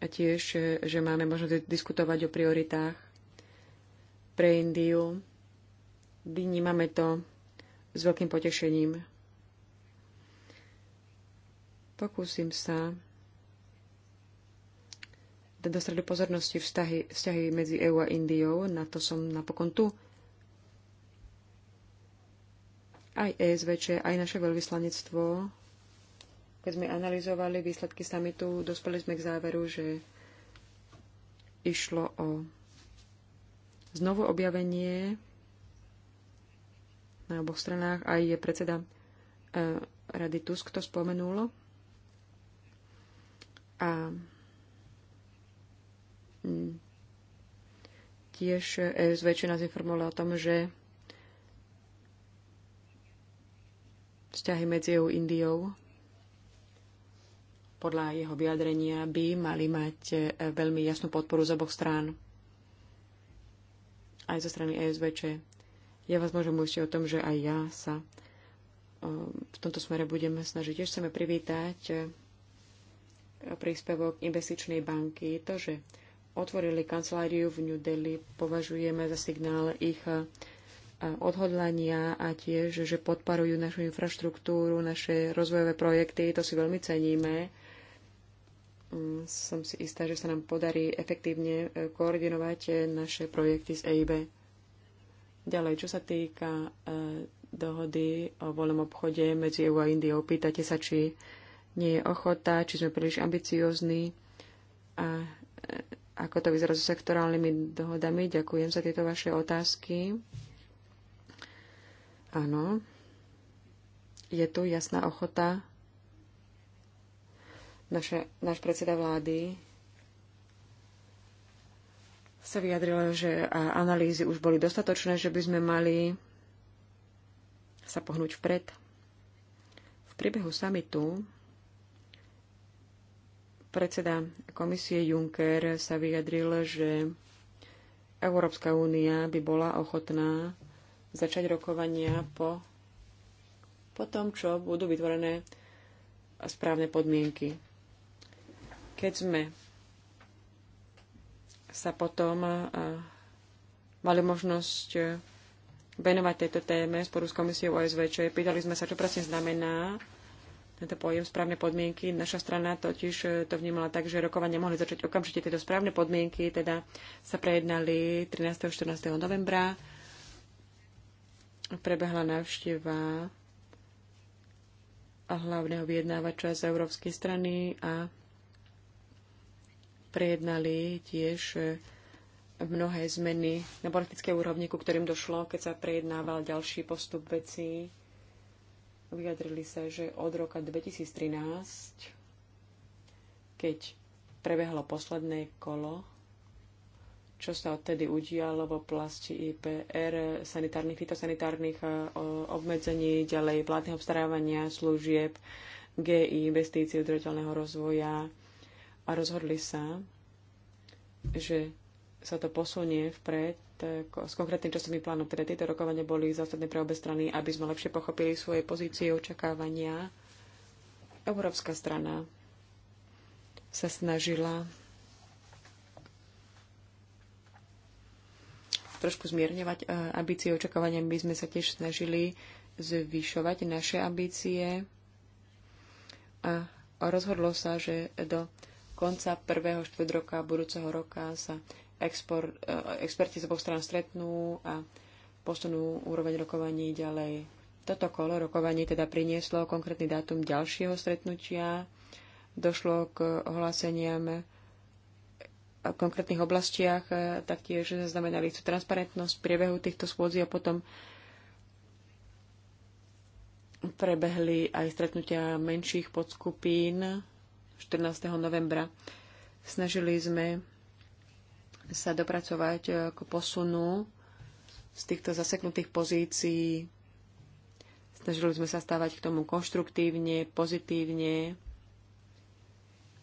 A tiež, e, že máme možnosť diskutovať o prioritách pre Indiu. Vnímame to s veľkým potešením. Pokúsim sa dať do stredu pozornosti vztahy, vzťahy medzi EU a Indiou. Na to som napokon tu. Aj ESVČ, aj naše veľvyslanectvo. Keď sme analyzovali výsledky samitu, dospeli sme k záveru, že išlo o znovu objavenie na oboch stranách. Aj je predseda e, Rady Tusk to spomenulo. A mm, tiež ESVČ nás informovala o tom, že vzťahy medzi EU Indiou podľa jeho vyjadrenia by mali mať e, veľmi jasnú podporu z oboch strán. Aj zo strany ESVČ ja vás môžem ujistiť o tom, že aj ja sa v tomto smere budeme snažiť. Tiež chceme privítať e, príspevok investičnej banky. To, že otvorili kanceláriu v New Delhi, považujeme za signál ich e, odhodlania a tiež, že podporujú našu infraštruktúru, naše rozvojové projekty. To si veľmi ceníme. Mm, som si istá, že sa nám podarí efektívne e, koordinovať naše projekty z EIB. Ďalej, čo sa týka e, dohody o voľnom obchode medzi EU a Indiou, pýtate sa, či nie je ochota, či sme príliš ambiciozní a e, ako to vyzerá so sektorálnymi dohodami. Ďakujem za tieto vaše otázky. Áno, je tu jasná ochota. Naše, náš predseda vlády sa vyjadrila, že analýzy už boli dostatočné, že by sme mali sa pohnúť vpred. V priebehu samitu predseda komisie Juncker sa vyjadril, že Európska únia by bola ochotná začať rokovania po, po tom, čo budú vytvorené správne podmienky. Keď sme sa potom e, mali možnosť e, venovať tejto téme spolu s komisiou OSVČ. Pýtali sme sa, čo presne znamená tento pojem správne podmienky. Naša strana totiž e, to vnímala tak, že rokovania mohli začať okamžite tieto správne podmienky, teda sa prejednali 13. a 14. novembra. Prebehla návšteva hlavného vyjednávača z Európskej strany a prejednali tiež e, mnohé zmeny na politickej úrovni, ku ktorým došlo, keď sa prejednával ďalší postup vecí. Vyjadrili sa, že od roka 2013, keď prebehlo posledné kolo, čo sa odtedy udialo v oblasti IPR, sanitárnych, fitosanitárnych e, obmedzení, ďalej vládneho obstarávania služieb, GI, investícií udržateľného rozvoja, a rozhodli sa, že sa to posunie vpred eh, s konkrétnym časovým plánom. Teda tieto rokovania boli zásadné pre obe strany, aby sme lepšie pochopili svoje pozície očakávania. Európska strana sa snažila trošku zmierňovať eh, ambície očakávania. My sme sa tiež snažili zvyšovať naše ambície a rozhodlo sa, že do konca prvého štvrt roka budúceho roka sa expor, eh, experti z oboch strán stretnú a posunú úroveň rokovaní ďalej. Toto kolo rokovaní teda prinieslo konkrétny dátum ďalšieho stretnutia, došlo k ohláseniam v konkrétnych oblastiach, eh, taktiež zaznamenali chcú transparentnosť priebehu týchto schôdzí a potom prebehli aj stretnutia menších podskupín 14. novembra. Snažili sme sa dopracovať e, k posunu z týchto zaseknutých pozícií. Snažili sme sa stávať k tomu konštruktívne, pozitívne,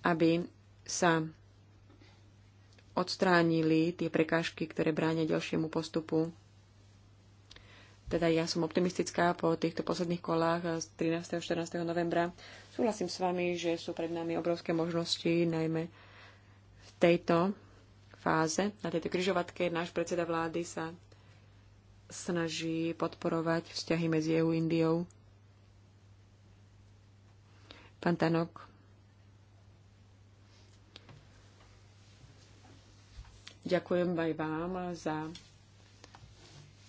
aby sa odstránili tie prekážky, ktoré bránia ďalšiemu postupu. Teda ja som optimistická po týchto posledných kolách z 13. a 14. novembra Súhlasím s vami, že sú pred nami obrovské možnosti, najmä v tejto fáze, na tejto križovatke. Náš predseda vlády sa snaží podporovať vzťahy medzi EU a Indiou. Pán Tanok. Ďakujem aj vám za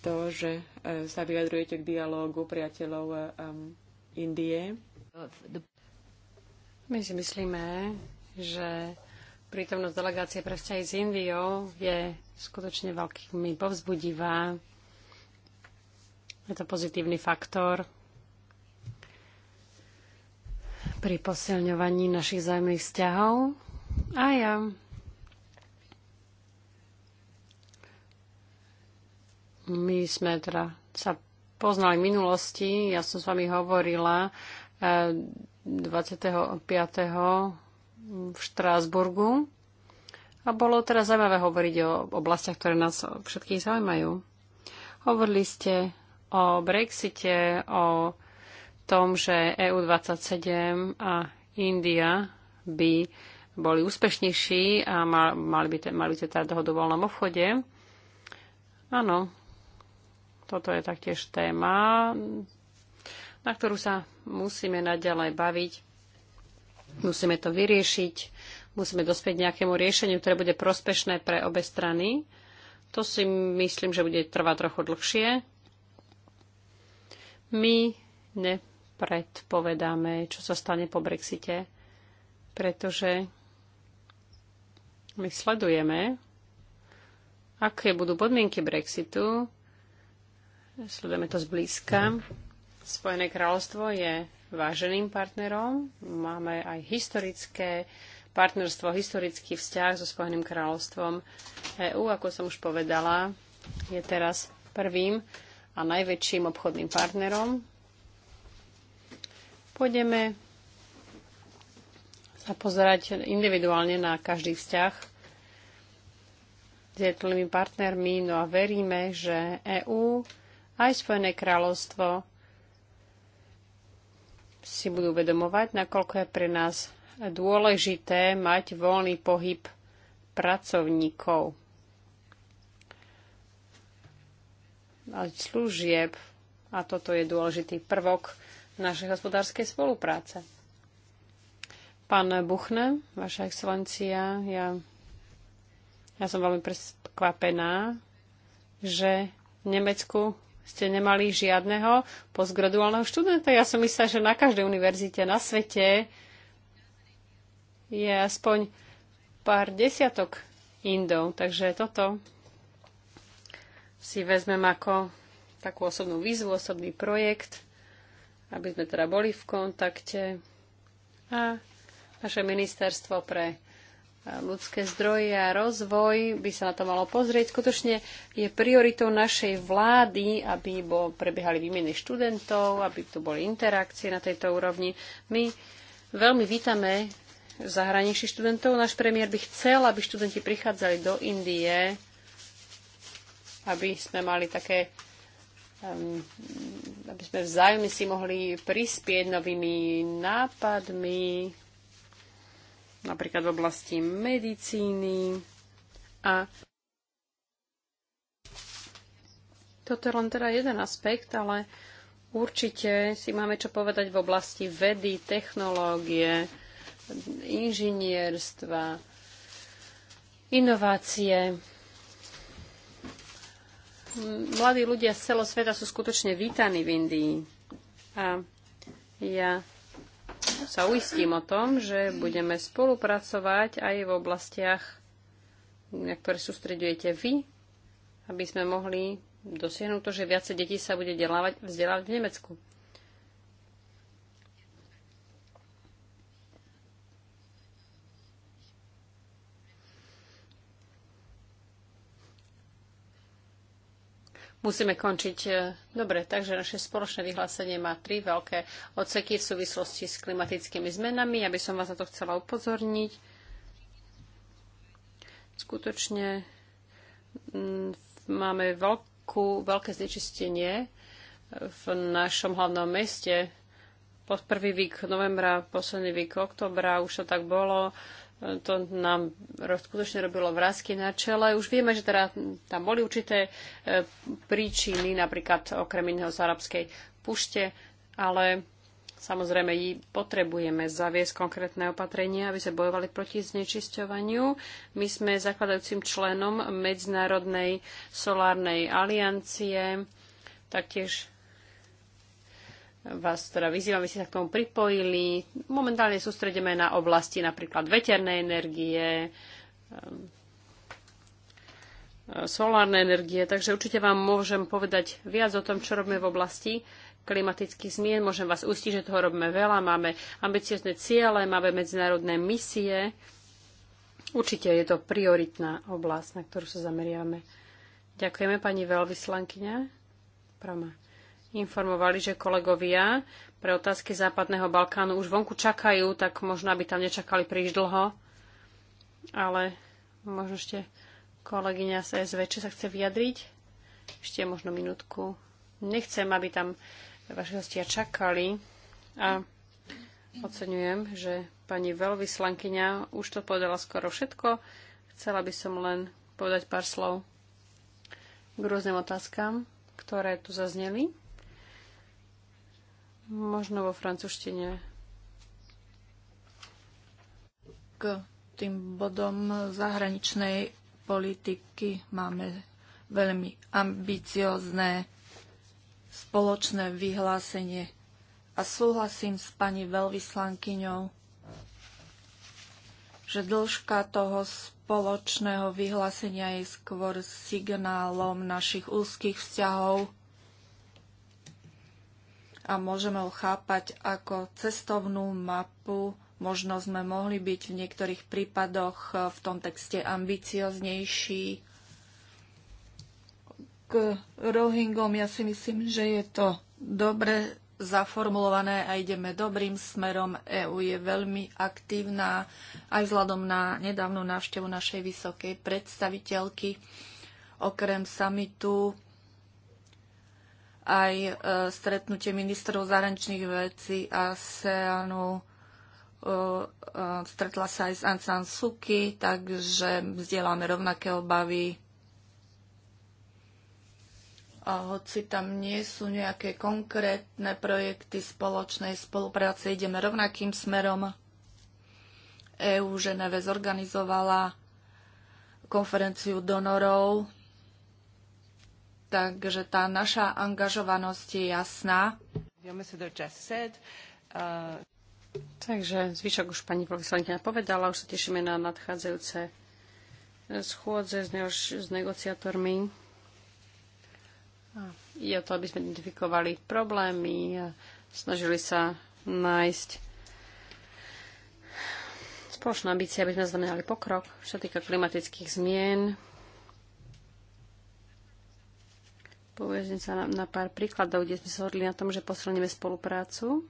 to, že e, sa vyjadrujete k dialógu priateľov e, Indie. My si myslíme, že prítomnosť delegácie pre vzťahy s Indiou je skutočne veľmi povzbudivá. Je to pozitívny faktor pri posilňovaní našich vzájomných vzťahov. A ja My sme teda sa poznali v minulosti, ja som s vami hovorila eh, 25. v Štrásburgu. A bolo teda zaujímavé hovoriť o oblastiach, ktoré nás všetkých zaujímajú. Hovorili ste o Brexite, o tom, že EU27 a India by boli úspešnejší a mali by, mali by teda dohodu o voľnom obchode. Áno, toto je taktiež téma, na ktorú sa musíme naďalej baviť. Musíme to vyriešiť, musíme dospieť nejakému riešeniu, ktoré bude prospešné pre obe strany. To si myslím, že bude trvať trochu dlhšie. My nepredpovedáme, čo sa stane po Brexite, pretože my sledujeme, aké budú podmienky Brexitu. Sledujeme to zblízka. Spojené kráľovstvo je váženým partnerom. Máme aj historické partnerstvo, historický vzťah so Spojeným kráľovstvom. EÚ, ako som už povedala, je teraz prvým a najväčším obchodným partnerom. Pôjdeme sa pozerať individuálne na každý vzťah s jednotlivými partnermi, no a veríme, že EÚ aj Spojené kráľovstvo si budú uvedomovať, nakoľko je pre nás dôležité mať voľný pohyb pracovníkov a služieb. A toto je dôležitý prvok našej hospodárskej spolupráce. Pán Buchne, vaša excelencia, ja, ja som veľmi prekvapená, že v Nemecku ste nemali žiadneho postgraduálneho študenta. Ja som myslela, že na každej univerzite na svete je aspoň pár desiatok Indov. Takže toto si vezmem ako takú osobnú výzvu, osobný projekt, aby sme teda boli v kontakte. A naše ministerstvo pre ľudské zdroje a rozvoj, by sa na to malo pozrieť. Skutočne je prioritou našej vlády, aby bol, prebiehali výmeny študentov, aby tu boli interakcie na tejto úrovni. My veľmi vítame zahraničných študentov. Náš premiér by chcel, aby študenti prichádzali do Indie, aby sme mali také aby sme vzájomne si mohli prispieť novými nápadmi, napríklad v oblasti medicíny a toto je len teda jeden aspekt, ale určite si máme čo povedať v oblasti vedy, technológie, inžinierstva, inovácie. Mladí ľudia z celého sveta sú skutočne vítaní v Indii. A ja sa uistím o tom, že budeme spolupracovať aj v oblastiach, na ktoré sústredujete vy, aby sme mohli dosiahnuť to, že viacej detí sa bude vzdelávať v Nemecku. musíme končiť. E, dobre, takže naše spoločné vyhlásenie má tri veľké odseky v súvislosti s klimatickými zmenami. Ja by som vás na to chcela upozorniť. Skutočne máme veľkú, veľké znečistenie v našom hlavnom meste. Pod prvý vík novembra, posledný vík oktobra už to tak bolo to nám skutočne robilo vrázky na čele. Už vieme, že teda tam boli určité e, príčiny, napríklad okrem iného z arabskej pušte, ale samozrejme potrebujeme zaviesť konkrétne opatrenia, aby sa bojovali proti znečisťovaniu. My sme zakladajúcim členom Medzinárodnej solárnej aliancie, taktiež vás teda vyzývam, aby ste sa k tomu pripojili. Momentálne sústredíme na oblasti napríklad veternej energie, ehm, solárnej energie, takže určite vám môžem povedať viac o tom, čo robíme v oblasti klimatických zmien. Môžem vás ustiť, že toho robíme veľa. Máme ambiciozne ciele, máme medzinárodné misie. Určite je to prioritná oblasť, na ktorú sa zameriavame. Ďakujeme pani veľvyslankyňa. Prama informovali, že kolegovia pre otázky Západného Balkánu už vonku čakajú, tak možno, aby tam nečakali príliš dlho. Ale možno ešte kolegyňa z SVČ sa chce vyjadriť. Ešte možno minútku. Nechcem, aby tam vaši hostia čakali. A oceňujem, že pani veľvyslankyňa už to povedala skoro všetko. Chcela by som len povedať pár slov k rôznym otázkam, ktoré tu zazneli. Možno vo francúzštine. K tým bodom zahraničnej politiky máme veľmi ambiciozne spoločné vyhlásenie a súhlasím s pani veľvyslankyňou, že dĺžka toho spoločného vyhlásenia je skôr signálom našich úzkých vzťahov a môžeme ho chápať ako cestovnú mapu. Možno sme mohli byť v niektorých prípadoch e, v tom texte ambicioznejší. K Rohingom ja si myslím, že je to dobre zaformulované a ideme dobrým smerom. EÚ je veľmi aktívna aj vzhľadom na nedávnu návštevu našej vysokej predstaviteľky. Okrem samitu aj e, stretnutie ministrov zahraničných vecí a SEANu e, e, Stretla sa aj s Aung Suki, takže vzdielame rovnaké obavy. A hoci tam nie sú nejaké konkrétne projekty spoločnej spolupráce, ideme rovnakým smerom. EU Ženeve zorganizovala konferenciu donorov Takže tá naša angažovanosť je jasná. Takže zvyšok už pani profesorka povedala, už sa tešíme na nadchádzajúce schôdze s, ne- s negociátormi. Je to, aby sme identifikovali problémy a snažili sa nájsť spoločná ambícia, aby sme znamenali pokrok, čo sa týka klimatických zmien, Povezem sa na, na pár príkladov, kde sme shodli na tom, že posilníme spoluprácu.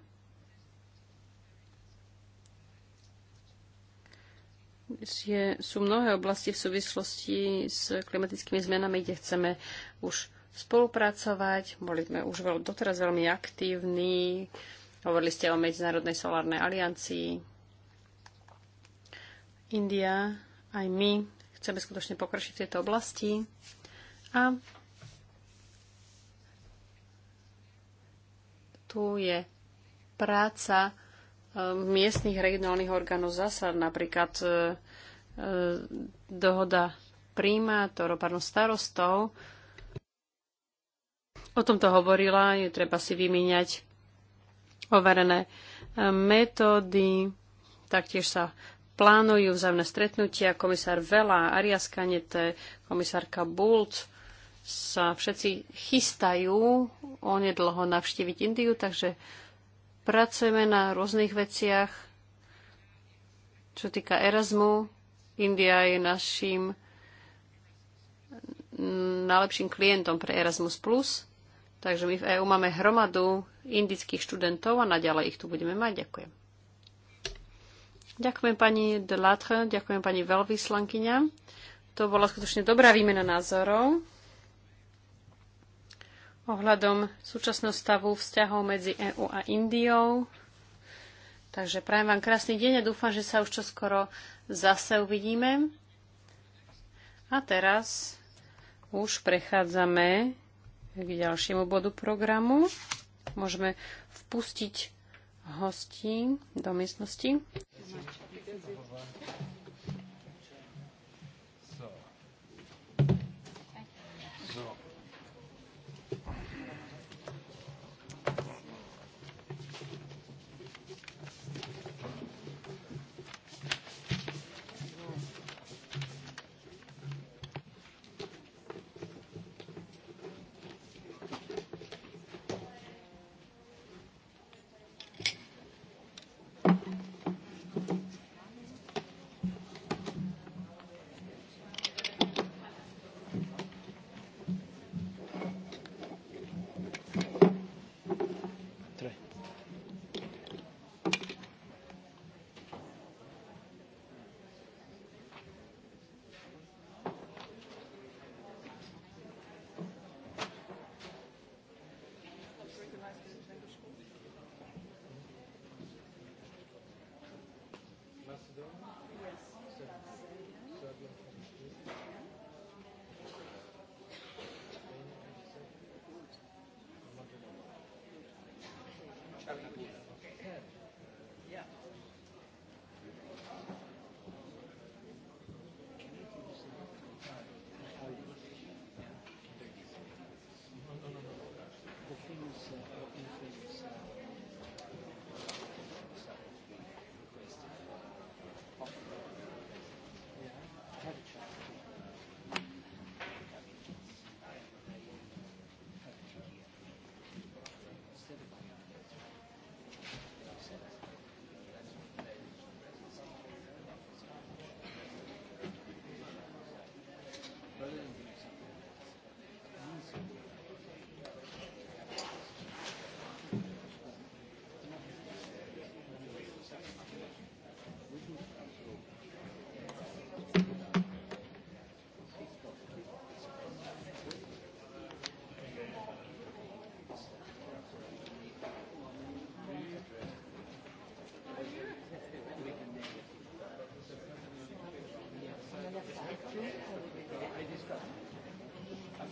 Je, sú mnohé oblasti v súvislosti s klimatickými zmenami, kde chceme už spolupracovať. Boli sme už veľ, doteraz veľmi aktívni. Hovorili ste o Medzinárodnej solárnej aliancii. India, aj my chceme skutočne pokračiť v tejto oblasti. A tu je práca e, miestnych regionálnych orgánov zásad, napríklad e, e, dohoda primátorov, pardon, starostov. O tomto hovorila, je treba si vymieňať overené metódy, taktiež sa plánujú vzájomné stretnutia. Komisár Vela, Arias Kanete, komisárka Bult sa všetci chystajú onedlho navštíviť Indiu, takže pracujeme na rôznych veciach. Čo týka Erasmu, India je našim najlepším klientom pre Erasmus+. plus. Takže my v EU máme hromadu indických študentov a naďalej ich tu budeme mať. Ďakujem. Ďakujem pani Delatre, ďakujem pani veľvyslankyňa. To bola skutočne dobrá výmena názorov ohľadom súčasného stavu vzťahov medzi EÚ a Indiou. Takže prajem vám krásny deň a dúfam, že sa už čoskoro zase uvidíme. A teraz už prechádzame k ďalšiemu bodu programu. Môžeme vpustiť hostí do miestnosti.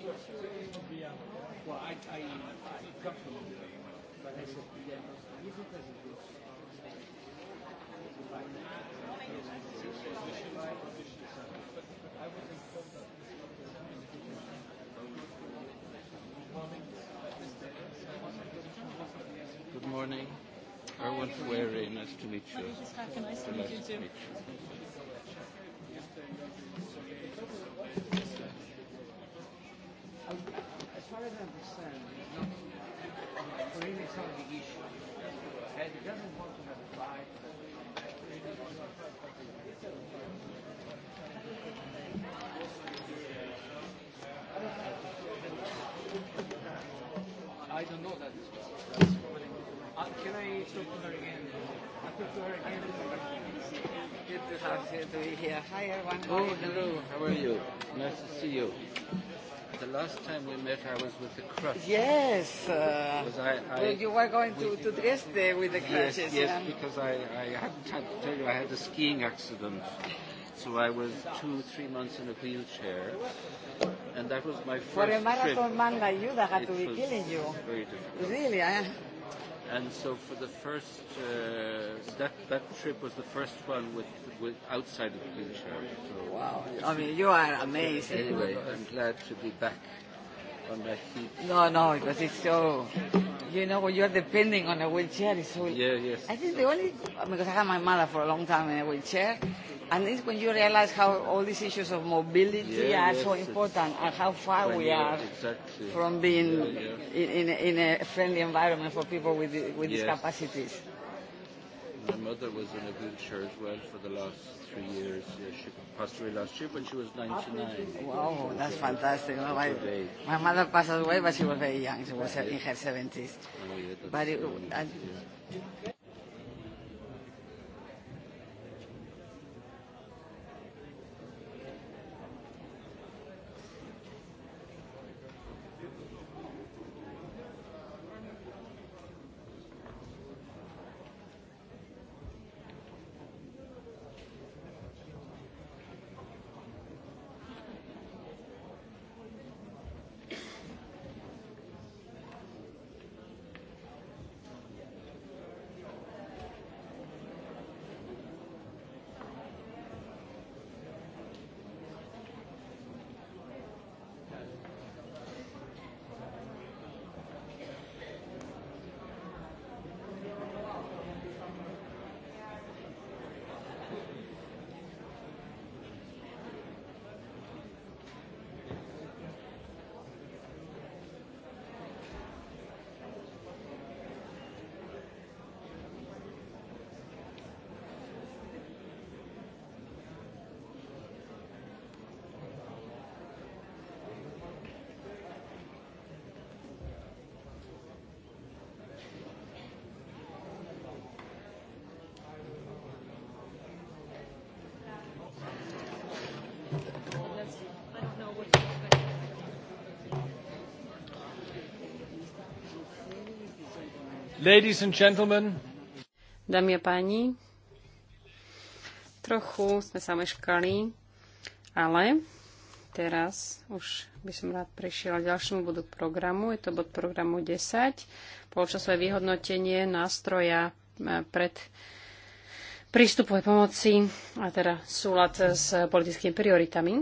I, Good morning. Hi, Arwan nice to meet you. Nice to meet you too. don't understand is not And he doesn't want to have a fight. I don't know that Uh, can I talk to her again? I talk to her again. Good to have you here. Hi, everyone. Oh, hello. How are you? Nice to see you the last time we met, I was with the crutches. Yes. Uh, I, I, well, you were going to, to Dresde with the crutches. Yes, yes yeah. because I, I haven't had to tell you, I had a skiing accident. So I was two, three months in a wheelchair. And that was my first For a marathon trip. man like you, that had it to be killing you. Very difficult. Really, eh? And so for the first, uh, that, that trip was the first one with with, outside of Queenstown. So wow, I mean, you are amazing. Anyway, I'm glad to be back on my feet. No, no, because it's so, you know, when you're depending on a wheelchair, it's so. Yeah, yes. I think the only, because I had my mother for a long time in a wheelchair, and it's when you realize how all these issues of mobility yeah, are yes, so important and how far we are exactly. from being yeah, yeah. In, in, a, in a friendly environment for people with, with yes. discapacities. My mother was in a wheelchair as well for the last three years. Yeah, she passed away last year when she was 99. Wow, that's fantastic. No? My, my mother passed away, but she was very young. She was in her 70s. Oh, yeah, but it, and, yeah. Ladies and gentlemen. Dámy a páni, trochu sme sa meškali, ale teraz už by som rád prešiel ďalšiemu bodu programu. Je to bod programu 10, polčasové vyhodnotenie nástroja e, pred prístupovej pomoci a teda súlad s politickými prioritami.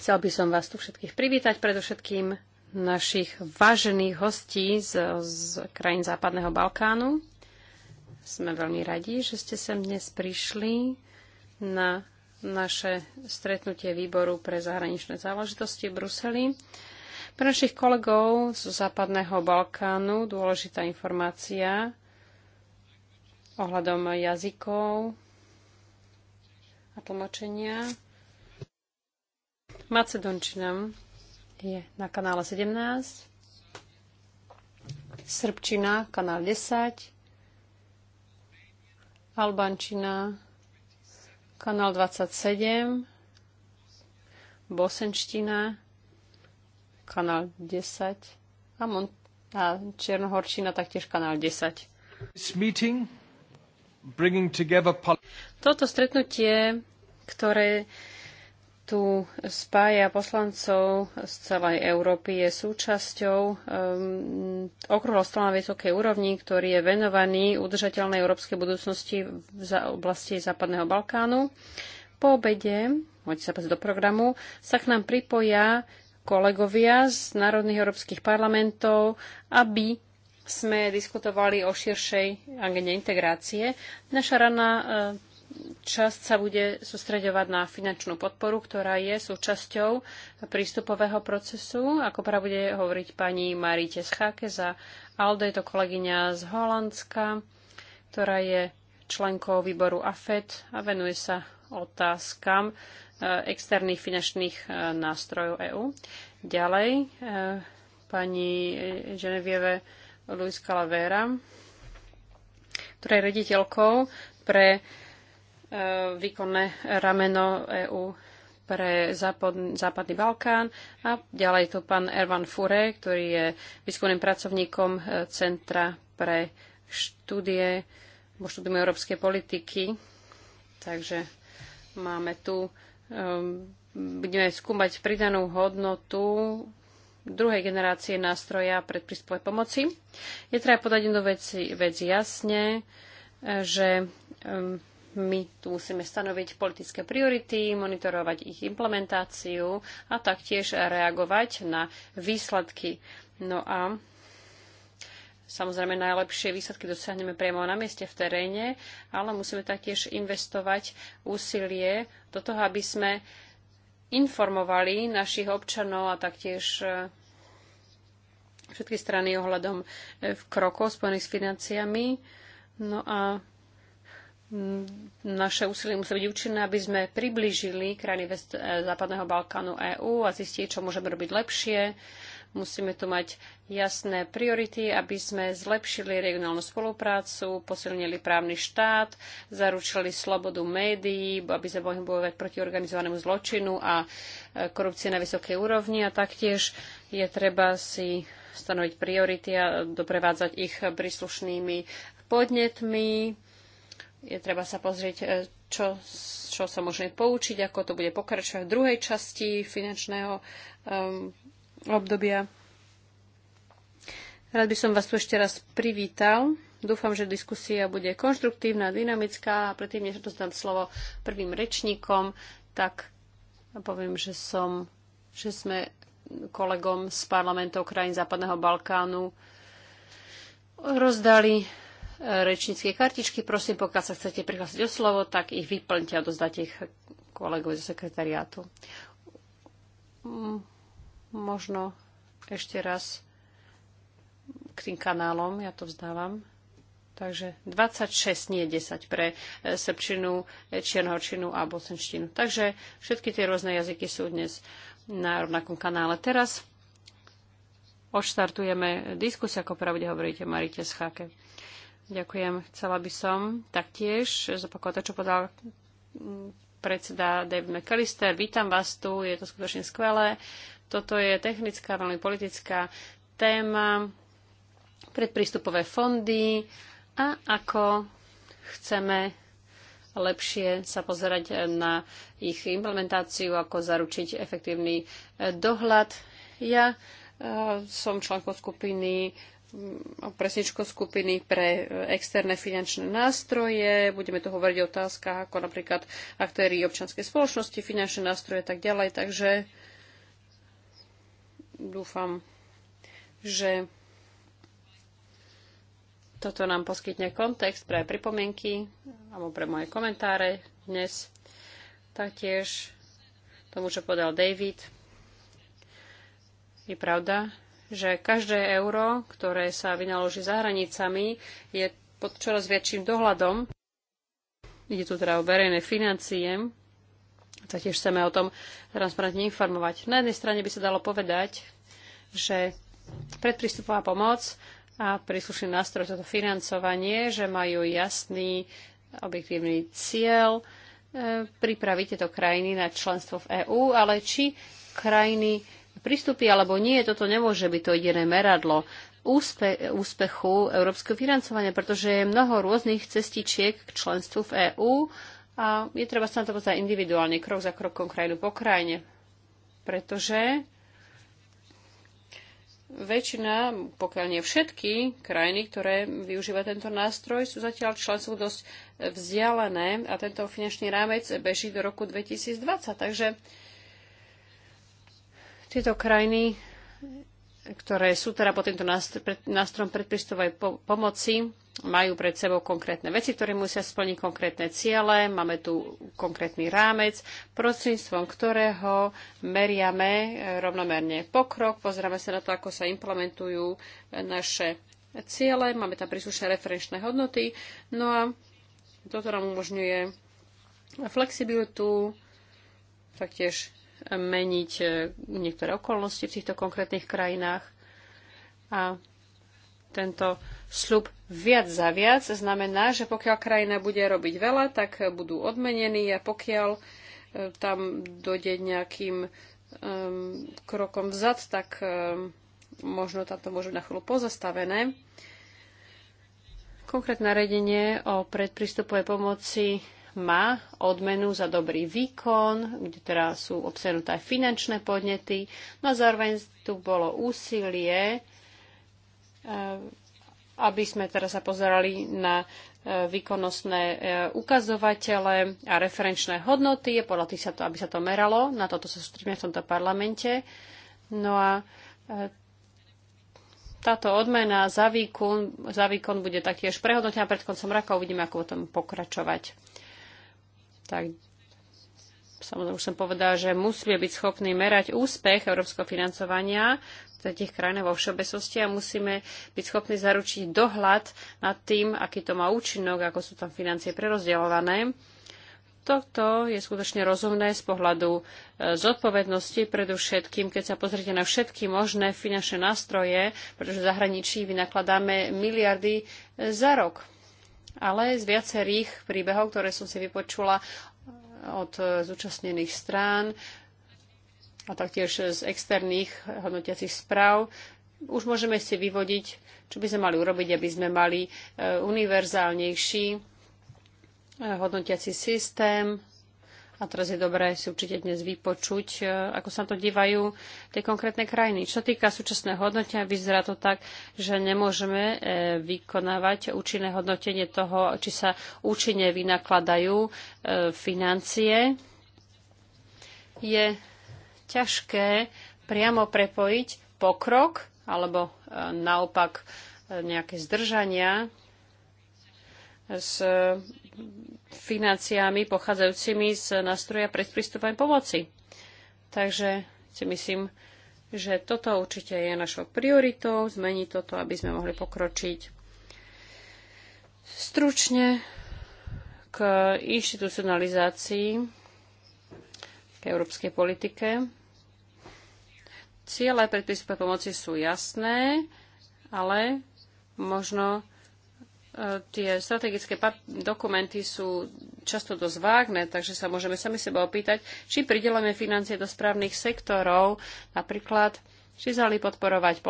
Chcel by som vás tu všetkých privítať, predovšetkým našich vážených hostí z, z krajín Západného Balkánu. Sme veľmi radi, že ste sem dnes prišli na naše stretnutie výboru pre zahraničné záležitosti v Bruseli. Pre našich kolegov z Západného Balkánu dôležitá informácia ohľadom jazykov a tlmočenia. Macedončinám je na kanále 17, Srbčina kanál 10, Albančina kanál 27, Bosenština kanál 10 a, Mon- a Černohorčina taktiež kanál 10. Toto stretnutie, ktoré tu spája poslancov z celej Európy, je súčasťou um, okrúhlo stola na vysokej úrovni, ktorý je venovaný udržateľnej európskej budúcnosti v oblasti Západného Balkánu. Po obede, môžete sa do programu, sa k nám pripoja kolegovia z národných európskych parlamentov, aby sme diskutovali o širšej agende integrácie. Naša rana časť sa bude sústreďovať na finančnú podporu, ktorá je súčasťou prístupového procesu. Ako práve bude hovoriť pani Marite Schake za Aldo, je to kolegyňa z Holandska, ktorá je členkou výboru AFED a venuje sa otázkam e, externých finančných e, nástrojov EÚ. Ďalej e, pani Genevieve Luis Calavera, ktorá je rediteľkou pre E, výkonné rameno EÚ pre Západný Balkán a ďalej tu pán Ervan Fure, ktorý je výskumným pracovníkom e, Centra pre štúdie, štúdium európskej politiky. Takže máme tu, um, budeme skúmať pridanú hodnotu druhej generácie nástroja predprispoj pomoci. Je treba podať jednu vec, vec jasne, že um, my tu musíme stanoviť politické priority, monitorovať ich implementáciu a taktiež reagovať na výsledky. No a Samozrejme, najlepšie výsledky dosiahneme priamo na mieste v teréne, ale musíme taktiež investovať úsilie do toho, aby sme informovali našich občanov a taktiež e, všetky strany ohľadom e, krokov spojených s financiami. No a Mm, naše úsilie musí byť účinné, aby sme priblížili krajiny e, Západného Balkánu EÚ a zistili, čo môžeme robiť lepšie. Musíme tu mať jasné priority, aby sme zlepšili regionálnu spoluprácu, posilnili právny štát, zaručili slobodu médií, aby sme mohli bojovať proti organizovanému zločinu a e, korupcie na vysokej úrovni a taktiež je treba si stanoviť priority a doprevádzať ich príslušnými podnetmi, je treba sa pozrieť, e, čo, čo sa môžeme poučiť, ako to bude pokračovať v druhej časti finančného um, obdobia. Rád by som vás tu ešte raz privítal. Dúfam, že diskusia bude konštruktívna, dynamická a predtým, než dostám slovo prvým rečníkom, tak poviem, že, som, že sme kolegom z parlamentov krajín Západného Balkánu rozdali rečníckej kartičky. Prosím, pokiaľ sa chcete prihlásiť o slovo, tak ich vyplňte a dozdáte ich kolegovi zo sekretariátu. Mm, možno ešte raz k tým kanálom, ja to vzdávam. Takže 26, nie 10 pre e, srbčinu, e, čiernohorčinu a bosenštinu. Takže všetky tie rôzne jazyky sú dnes na rovnakom kanále. Teraz odštartujeme diskusie ako pravde hovoríte, Marite Schake. Ďakujem. Chcela by som taktiež zopakovať to, čo podal mm, predseda David McAllister. Vítam vás tu, je to skutočne skvelé. Toto je technická, veľmi politická téma, predprístupové fondy a ako chceme lepšie sa pozerať na ich implementáciu, ako zaručiť efektívny dohľad. Ja eh, som členkou skupiny Mm, o presničko skupiny pre e, externé finančné nástroje. Budeme tu hovoriť o otázkach ako napríklad aktéry občianskej spoločnosti, finančné nástroje a tak ďalej. Takže dúfam, že toto nám poskytne kontext pre pripomienky alebo pre moje komentáre dnes. Taktiež tomu, čo povedal David, je pravda, že každé euro, ktoré sa vynaloží za hranicami, je pod čoraz väčším dohľadom. Ide tu teda o verejné financie. Taktiež chceme o tom transparentne informovať. Na jednej strane by sa dalo povedať, že predpristupová pomoc a príslušný nástroj toto financovanie, že majú jasný objektívny cieľ e, pripraviť tieto krajiny na členstvo v EÚ, ale či krajiny pristúpi alebo nie, toto nemôže byť to jediné meradlo úspe- úspechu európskeho financovania, pretože je mnoho rôznych cestičiek k členstvu v EÚ a je treba sa na to pozrieť individuálne, krok za krokom, krajinu po krajine. Pretože väčšina, pokiaľ nie všetky krajiny, ktoré využívajú tento nástroj, sú zatiaľ členstvo dosť vzdialené a tento finančný rámec beží do roku 2020. Takže tieto krajiny, ktoré sú teda pod týmto nástrojom predpristovej pomoci, majú pred sebou konkrétne veci, ktoré musia splniť konkrétne ciele. Máme tu konkrétny rámec, prostredníctvom ktorého meriame e, rovnomerne pokrok, pozeráme sa na to, ako sa implementujú e, naše ciele, máme tam príslušné referenčné hodnoty. No a toto nám umožňuje flexibilitu, taktiež meniť e, niektoré okolnosti v týchto konkrétnych krajinách. A tento slub viac za viac znamená, že pokiaľ krajina bude robiť veľa, tak budú odmenení a pokiaľ e, tam dojde nejakým um, krokom vzad, tak um, možno tam to môže na chvíľu pozastavené. Konkrétne radenie o predprístupovej pomoci má odmenu za dobrý výkon, kde teda sú obsenuté aj finančné podnety. No a zároveň tu bolo úsilie, eh, aby sme teraz sa pozerali na eh, výkonnostné eh, ukazovatele a referenčné hodnoty. Je podľa tých, sa to, aby sa to meralo. Na toto sa sústredíme v tomto parlamente. No a táto odmena za výkon, za výkon bude taktiež prehodnotená pred koncom roka. Uvidíme, ako o tom pokračovať tak samozrejme už som povedala, že musíme byť schopní merať úspech európskeho financovania v tých krajinách vo všeobecnosti a musíme byť schopní zaručiť dohľad nad tým, aký to má účinok, ako sú tam financie prerozdeľované. Toto je skutočne rozumné z pohľadu e, zodpovednosti, predovšetkým, keď sa pozrite na všetky možné finančné nástroje, pretože v zahraničí vynakladáme miliardy e, za rok ale z viacerých príbehov, ktoré som si vypočula od e, zúčastnených strán a taktiež z externých hodnotiacich správ, už môžeme si vyvodiť, čo by sme mali urobiť, aby sme mali e, univerzálnejší e, hodnotiaci systém, a teraz je dobré si určite dnes vypočuť, e, ako sa to dívajú tie konkrétne krajiny. Čo týka súčasného hodnotenia, vyzerá to tak, že nemôžeme e, vykonávať účinné hodnotenie toho, či sa účinne vynakladajú e, financie. Je ťažké priamo prepojiť pokrok alebo naopak nejaké zdržania s eh, financiami pochádzajúcimi z nástroja predpristupovej pomoci. Takže si myslím, že toto určite je našou prioritou, Zmení toto, aby sme mohli pokročiť. Stručne k inštitucionalizácii, k európskej politike. Ciele predpristupovej pomoci sú jasné, ale možno E, tie strategické dokumenty sú často dosť vágne, takže sa môžeme sami seba opýtať, či pridelujeme financie do správnych sektorov, napríklad či sa mali podporovať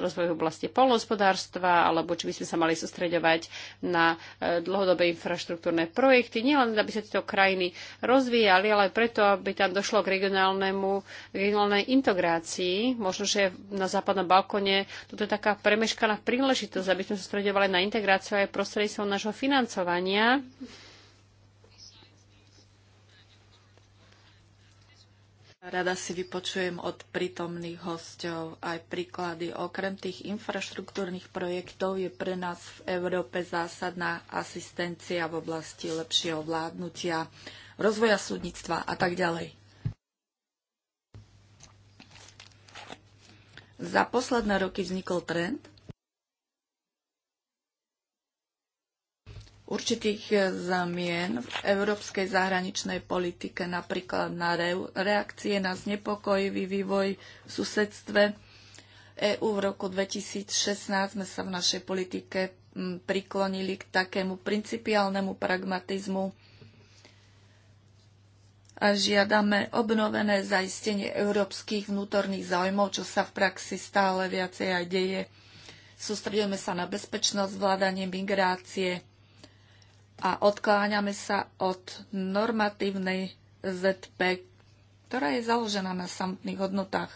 rozvoj v oblasti polnospodárstva, alebo či by sme sa mali sústreďovať na e, dlhodobé infraštruktúrne projekty, nielen aby sa tieto krajiny rozvíjali, ale aj preto, aby tam došlo k regionálnemu, regionálnej integrácii. Možno, že na západnom balkone toto je taká premeškaná príležitosť, aby sme sústreďovali na integráciu aj prostredníctvom nášho financovania. Rada si vypočujem od prítomných hostov aj príklady. Okrem tých infraštruktúrnych projektov je pre nás v Európe zásadná asistencia v oblasti lepšieho vládnutia, rozvoja súdnictva a tak ďalej. Za posledné roky vznikol trend, určitých eh, zamien v európskej zahraničnej politike, napríklad na reakcie na znepokojivý vývoj v susedstve. EÚ v roku 2016 sme sa v našej politike mm, priklonili k takému principiálnemu pragmatizmu a žiadame obnovené zaistenie európskych vnútorných záujmov, čo sa v praxi stále viacej aj deje. Sústredujeme sa na bezpečnosť, vládanie migrácie, a odkláňame sa od normatívnej ZP, ktorá je založená na samotných hodnotách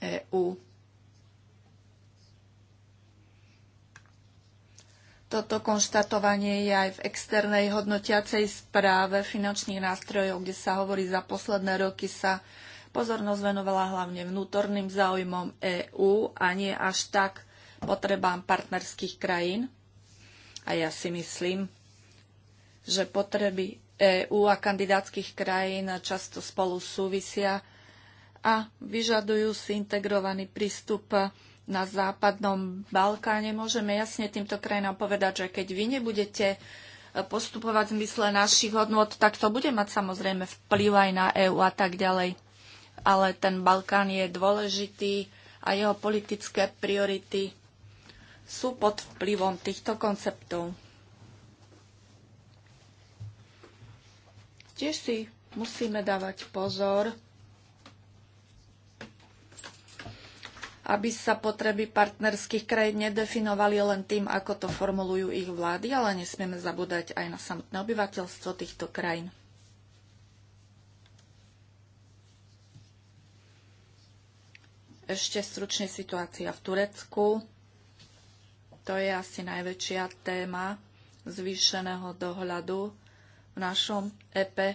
EÚ. Toto konštatovanie je aj v externej hodnotiacej správe finančných nástrojov, kde sa hovorí, za posledné roky sa pozornosť venovala hlavne vnútorným záujmom EÚ a nie až tak potrebám partnerských krajín. A ja si myslím, že potreby EÚ a kandidátskych krajín často spolu súvisia a vyžadujú si integrovaný prístup na západnom Balkáne. Môžeme jasne týmto krajinám povedať, že keď vy nebudete postupovať v zmysle našich hodnot, tak to bude mať samozrejme vplyv aj na EÚ a tak ďalej. Ale ten Balkán je dôležitý a jeho politické priority sú pod vplyvom týchto konceptov. Tiež si musíme dávať pozor, aby sa potreby partnerských krajín nedefinovali len tým, ako to formulujú ich vlády, ale nesmieme zabúdať aj na samotné obyvateľstvo týchto krajín. Ešte stručne situácia v Turecku. To je asi najväčšia téma zvýšeného dohľadu v našom EPE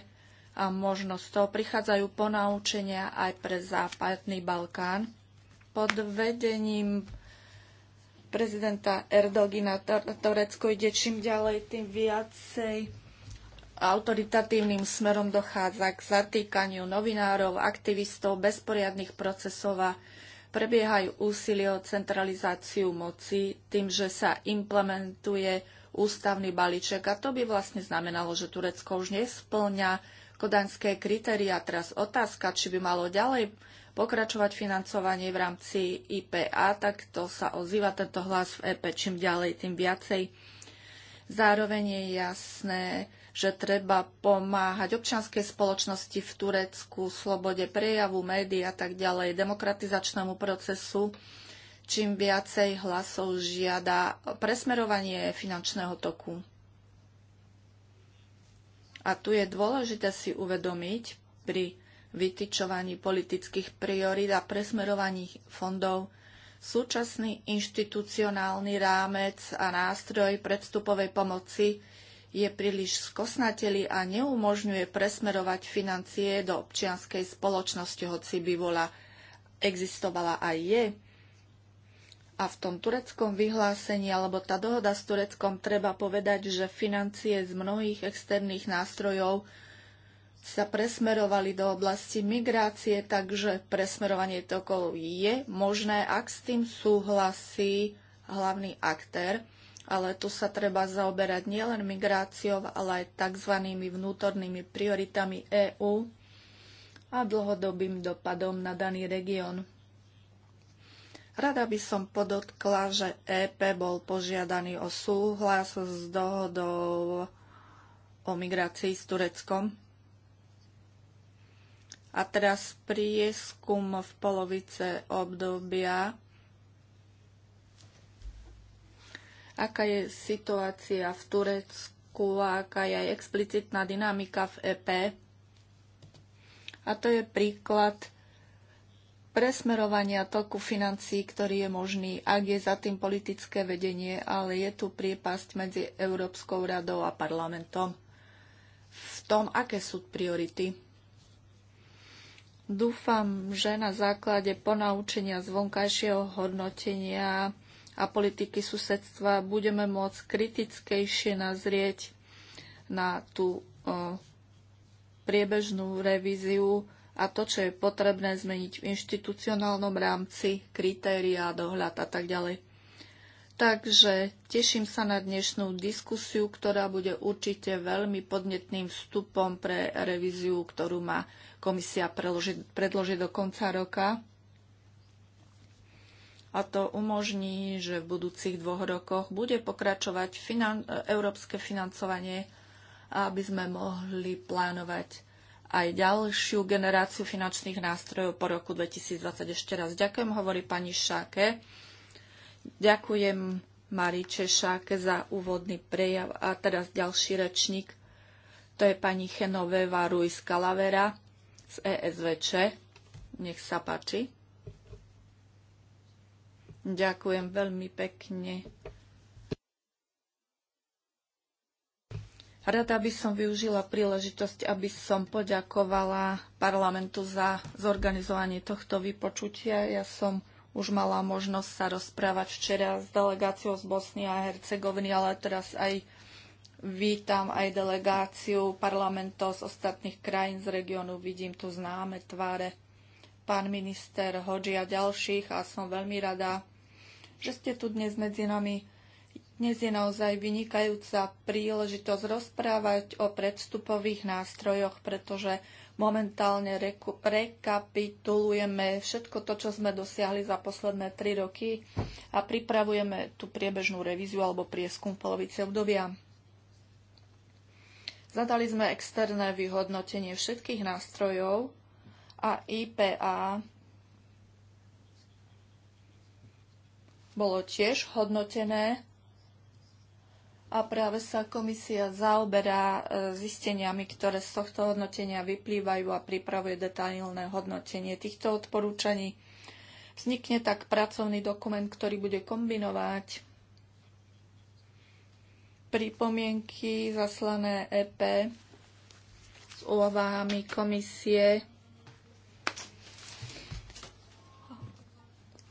a možno z toho prichádzajú ponaučenia aj pre západný Balkán. Pod vedením prezidenta Erdogina Torecko ide čím ďalej, tým viacej autoritatívnym smerom dochádza k zatýkaniu novinárov, aktivistov, bezporiadných procesov a prebiehajú úsilie o centralizáciu moci tým, že sa implementuje ústavný balíček a to by vlastne znamenalo, že Turecko už nesplňa kodanské kritéria. Teraz otázka, či by malo ďalej pokračovať financovanie v rámci IPA, tak to sa ozýva tento hlas v EP čím ďalej, tým viacej. Zároveň je jasné, že treba pomáhať občianskej spoločnosti v Turecku, slobode prejavu médií a tak ďalej, demokratizačnému procesu. Čím viacej hlasov žiada presmerovanie finančného toku. A tu je dôležité si uvedomiť pri vytyčovaní politických priorít a presmerovaní fondov súčasný inštitucionálny rámec a nástroj predstupovej pomoci je príliš skosnateli a neumožňuje presmerovať financie do občianskej spoločnosti, hoci by bola existovala aj je. A v tom tureckom vyhlásení alebo tá dohoda s Tureckom treba povedať, že financie z mnohých externých nástrojov sa presmerovali do oblasti migrácie, takže presmerovanie tokov je možné, ak s tým súhlasí hlavný aktér ale tu sa treba zaoberať nielen migráciou, ale aj tzv. vnútornými prioritami EÚ a dlhodobým dopadom na daný región. Rada by som podotkla, že EP bol požiadaný o súhlas s dohodou o migrácii s Tureckom. A teraz prieskum v polovice obdobia aká je situácia v Turecku a aká je aj explicitná dynamika v EP. A to je príklad presmerovania toku financií, ktorý je možný, ak je za tým politické vedenie, ale je tu priepasť medzi Európskou radou a parlamentom v tom, aké sú priority. Dúfam, že na základe ponaučenia z vonkajšieho hodnotenia a politiky susedstva budeme môcť kritickejšie nazrieť na tú e, priebežnú revíziu a to, čo je potrebné zmeniť v inštitucionálnom rámci, kritériá, dohľad a tak ďalej. Takže teším sa na dnešnú diskusiu, ktorá bude určite veľmi podnetným vstupom pre revíziu, ktorú má komisia predložiť do konca roka a to umožní, že v budúcich dvoch rokoch bude pokračovať finan- európske financovanie, aby sme mohli plánovať aj ďalšiu generáciu finančných nástrojov po roku 2020. Ešte raz ďakujem, hovorí pani Šáke. Ďakujem Mariče Šáke za úvodný prejav. A teraz ďalší rečník, to je pani Chenoveva Ruiz Kalavera z ESVČ. Nech sa páči. Ďakujem veľmi pekne. Rada by som využila príležitosť, aby som poďakovala parlamentu za zorganizovanie tohto vypočutia. Ja som už mala možnosť sa rozprávať včera s delegáciou z Bosny a Hercegoviny, ale teraz aj vítam aj delegáciu parlamentov z ostatných krajín z regiónu. Vidím tu známe tváre pán minister Hodži a ďalších a som veľmi rada, že ste tu dnes medzi nami. Dnes je naozaj vynikajúca príležitosť rozprávať o predstupových nástrojoch, pretože momentálne reku- rekapitulujeme všetko to, čo sme dosiahli za posledné tri roky a pripravujeme tú priebežnú revíziu alebo prieskum polovice obdobia. Zadali sme externé vyhodnotenie všetkých nástrojov a IPA bolo tiež hodnotené a práve sa komisia zaoberá e, zisteniami, ktoré z tohto hodnotenia vyplývajú a pripravuje detailné hodnotenie týchto odporúčaní. Vznikne tak pracovný dokument, ktorý bude kombinovať pripomienky zaslané EP s úvahami komisie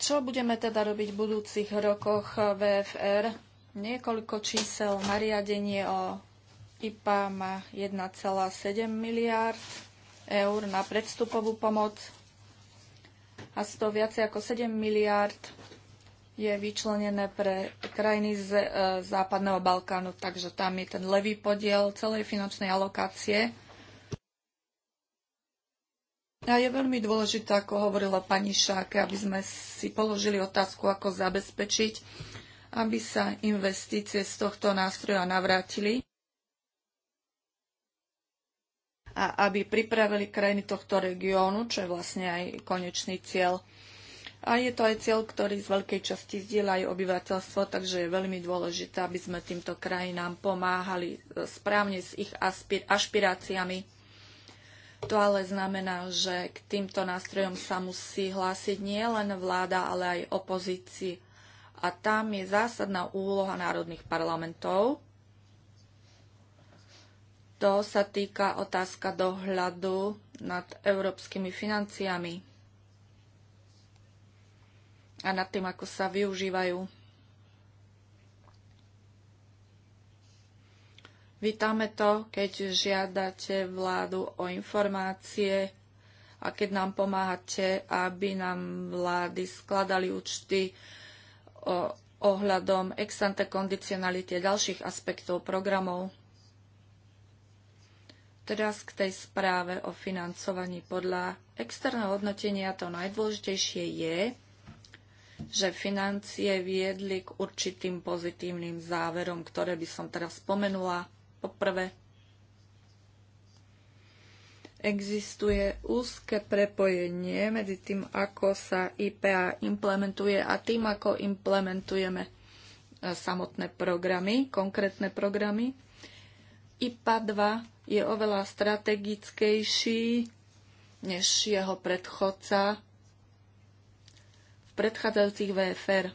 Čo budeme teda robiť v budúcich rokoch eh, VFR? Niekoľko čísel nariadenie o IPA má 1,7 miliárd eur na predstupovú pomoc a z toho viacej ako 7 miliárd je vyčlenené pre krajiny z e, Západného Balkánu, takže tam je ten levý podiel celej finančnej alokácie. A je veľmi dôležité, ako hovorila pani Šáke, aby sme si položili otázku, ako zabezpečiť, aby sa investície z tohto nástroja navrátili a aby pripravili krajiny tohto regiónu, čo je vlastne aj konečný cieľ. A je to aj cieľ, ktorý z veľkej časti zdieľa aj obyvateľstvo, takže je veľmi dôležité, aby sme týmto krajinám pomáhali e, správne s ich aspiráciami to ale znamená, že k týmto nástrojom sa musí hlásiť nie len vláda, ale aj opozícii. A tam je zásadná úloha národných parlamentov. To sa týka otázka dohľadu nad európskymi financiami a nad tým, ako sa využívajú Vítame to, keď žiadate vládu o informácie a keď nám pomáhate, aby nám vlády skladali účty o, ohľadom ex ante kondicionality a ďalších aspektov programov. Teraz k tej správe o financovaní. Podľa externého hodnotenia to najdôležitejšie je, že financie viedli k určitým pozitívnym záverom, ktoré by som teraz spomenula. Poprvé, existuje úzke prepojenie medzi tým, ako sa IPA implementuje a tým, ako implementujeme e, samotné programy, konkrétne programy. IPA 2 je oveľa strategickejší než jeho predchodca v predchádzajúcich VFR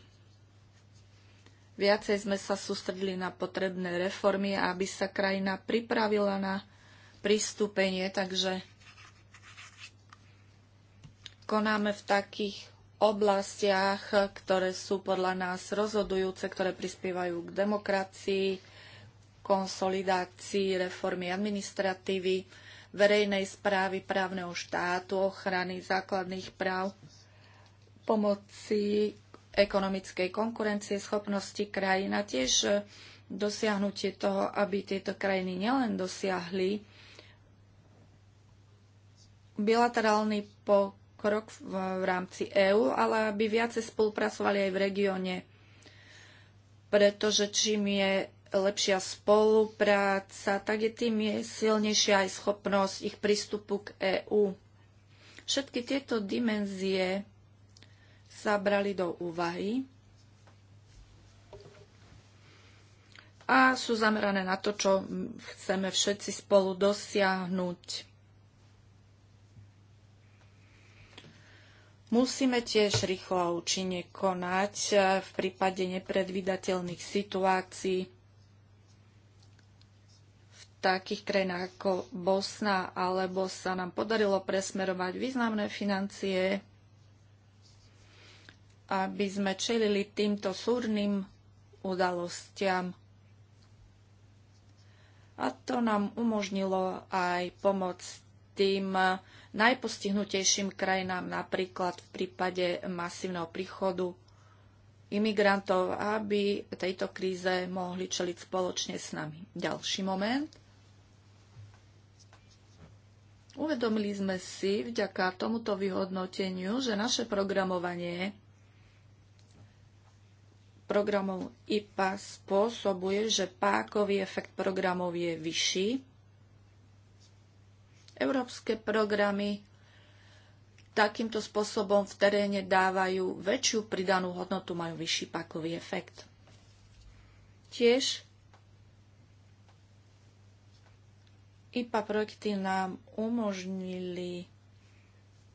Viacej sme sa sústredili na potrebné reformy, aby sa krajina pripravila na pristúpenie, takže konáme v takých oblastiach, ktoré sú podľa nás rozhodujúce, ktoré prispievajú k demokracii, konsolidácii reformy administratívy, verejnej správy právneho štátu, ochrany základných práv, pomoci ekonomickej konkurencie schopnosti krajín a tiež e, dosiahnutie toho, aby tieto krajiny nielen dosiahli bilaterálny pokrok v, v rámci EÚ, ale aby viacej spolupracovali aj v regióne. Pretože čím je lepšia spolupráca, tak je tým je silnejšia aj schopnosť ich prístupu k EÚ. Všetky tieto dimenzie sa brali do úvahy a sú zamerané na to, čo chceme všetci spolu dosiahnuť. Musíme tiež rýchlo a účinne konať e, v prípade nepredvídateľných situácií v takých krajinách ako Bosna, alebo sa nám podarilo presmerovať významné financie aby sme čelili týmto súrnym udalostiam. A to nám umožnilo aj pomoc tým najpostihnutejším krajinám, napríklad v prípade masívneho príchodu imigrantov, aby tejto kríze mohli čeliť spoločne s nami. Ďalší moment. Uvedomili sme si vďaka tomuto vyhodnoteniu, že naše programovanie programov IPA spôsobuje, že pákový efekt programov je vyšší. Európske programy takýmto spôsobom v teréne dávajú väčšiu pridanú hodnotu, majú vyšší pákový efekt. Tiež IPA projekty nám umožnili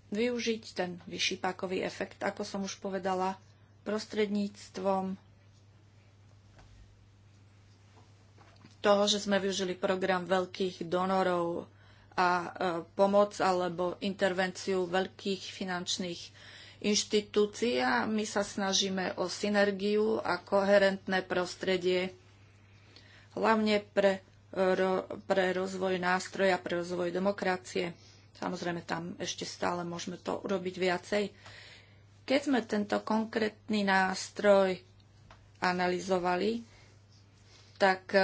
využiť ten vyšší pákový efekt, ako som už povedala, prostredníctvom toho, že sme využili program veľkých donorov a e, pomoc alebo intervenciu veľkých finančných inštitúcií a my sa snažíme o synergiu a koherentné prostredie, hlavne pre, ro, pre rozvoj nástroja, pre rozvoj demokracie. Samozrejme, tam ešte stále môžeme to urobiť viacej. Keď sme tento konkrétny nástroj analyzovali, tak e,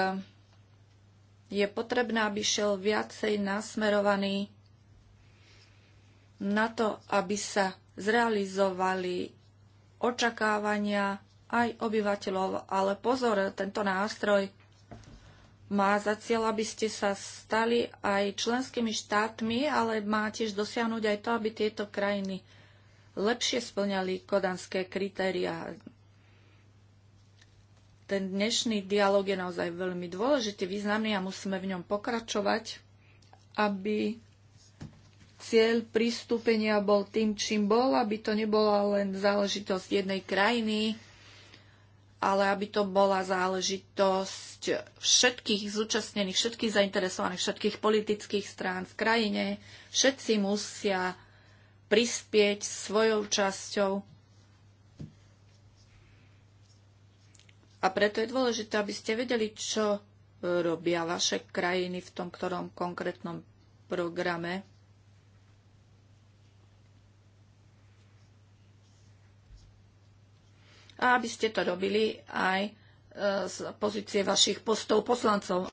je potrebné, aby šel viacej nasmerovaný na to, aby sa zrealizovali očakávania aj obyvateľov. Ale pozor, tento nástroj má za cieľ, aby ste sa stali aj členskými štátmi, ale má tiež dosiahnuť aj to, aby tieto krajiny lepšie splňali kodanské kritéria ten dnešný dialog je naozaj veľmi dôležitý, významný a musíme v ňom pokračovať, aby cieľ pristúpenia bol tým, čím bol, aby to nebola len záležitosť jednej krajiny, ale aby to bola záležitosť všetkých zúčastnených, všetkých zainteresovaných, všetkých politických strán v krajine. Všetci musia prispieť svojou časťou A preto je dôležité, aby ste vedeli, čo e, robia vaše krajiny v tom ktorom konkrétnom programe. A aby ste to robili aj e, z pozície vašich postov poslancov.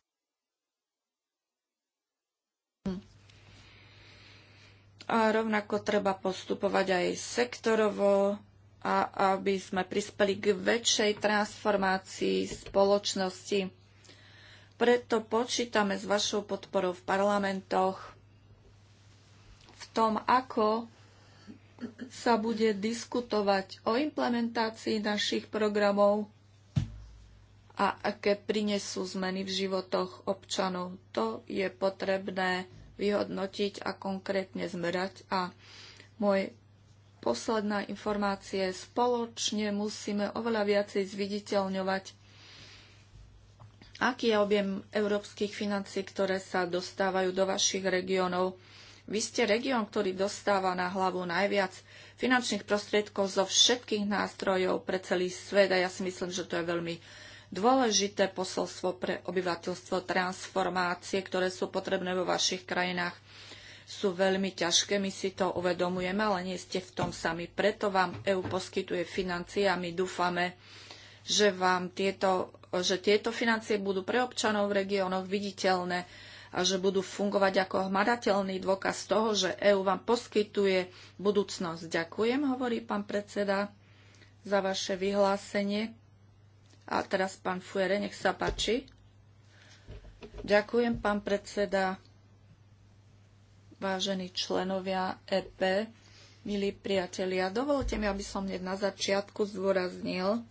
A rovnako treba postupovať aj sektorovo, a aby sme prispeli k väčšej transformácii spoločnosti. Preto počítame s vašou podporou v parlamentoch v tom, ako sa bude diskutovať o implementácii našich programov a aké prinesú zmeny v životoch občanov. To je potrebné vyhodnotiť a konkrétne zmerať. A môj posledná informácie. Spoločne musíme oveľa viacej zviditeľňovať, aký je objem európskych financí, ktoré sa dostávajú do vašich regiónov. Vy ste región, ktorý dostáva na hlavu najviac finančných prostriedkov zo všetkých nástrojov pre celý svet a ja si myslím, že to je veľmi dôležité posolstvo pre obyvateľstvo transformácie, ktoré sú potrebné vo vašich krajinách sú veľmi ťažké. My si to uvedomujeme, ale nie ste v tom sami. Preto vám EU poskytuje financie a my dúfame, že, vám tieto, že tieto financie budú pre občanov v regiónoch viditeľné a že budú fungovať ako hmadateľný dôkaz toho, že EÚ vám poskytuje budúcnosť. Ďakujem, hovorí pán predseda, za vaše vyhlásenie. A teraz pán Fuere, nech sa páči. Ďakujem, pán predseda vážení členovia EP, milí priatelia. Dovolte mi, aby som hneď na začiatku zdôraznil,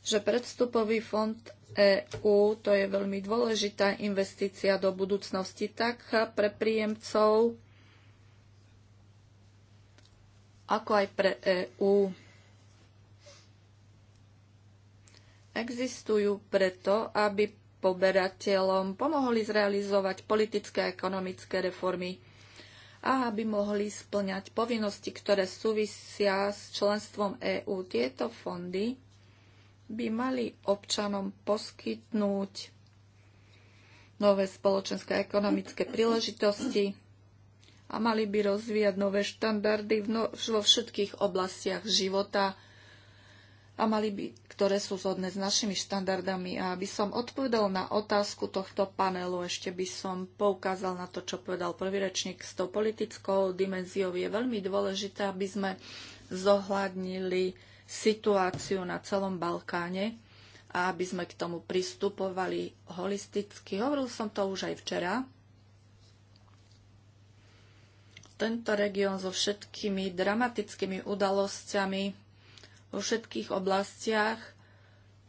že predstupový fond EÚ to je veľmi dôležitá investícia do budúcnosti tak pre príjemcov, ako aj pre EU. Existujú preto, aby poberateľom pomohli zrealizovať politické a ekonomické reformy a aby mohli splňať povinnosti, ktoré súvisia s členstvom EÚ. Tieto fondy by mali občanom poskytnúť nové spoločenské a ekonomické príležitosti a mali by rozvíjať nové štandardy no- vo všetkých oblastiach života, a mali by, ktoré sú zhodné s našimi štandardami. A aby som odpovedal na otázku tohto panelu, ešte by som poukázal na to, čo povedal prvý rečník s tou politickou dimenziou. Je veľmi dôležité, aby sme zohľadnili situáciu na celom Balkáne a aby sme k tomu pristupovali holisticky. Hovoril som to už aj včera. Tento región so všetkými dramatickými udalosťami vo všetkých oblastiach.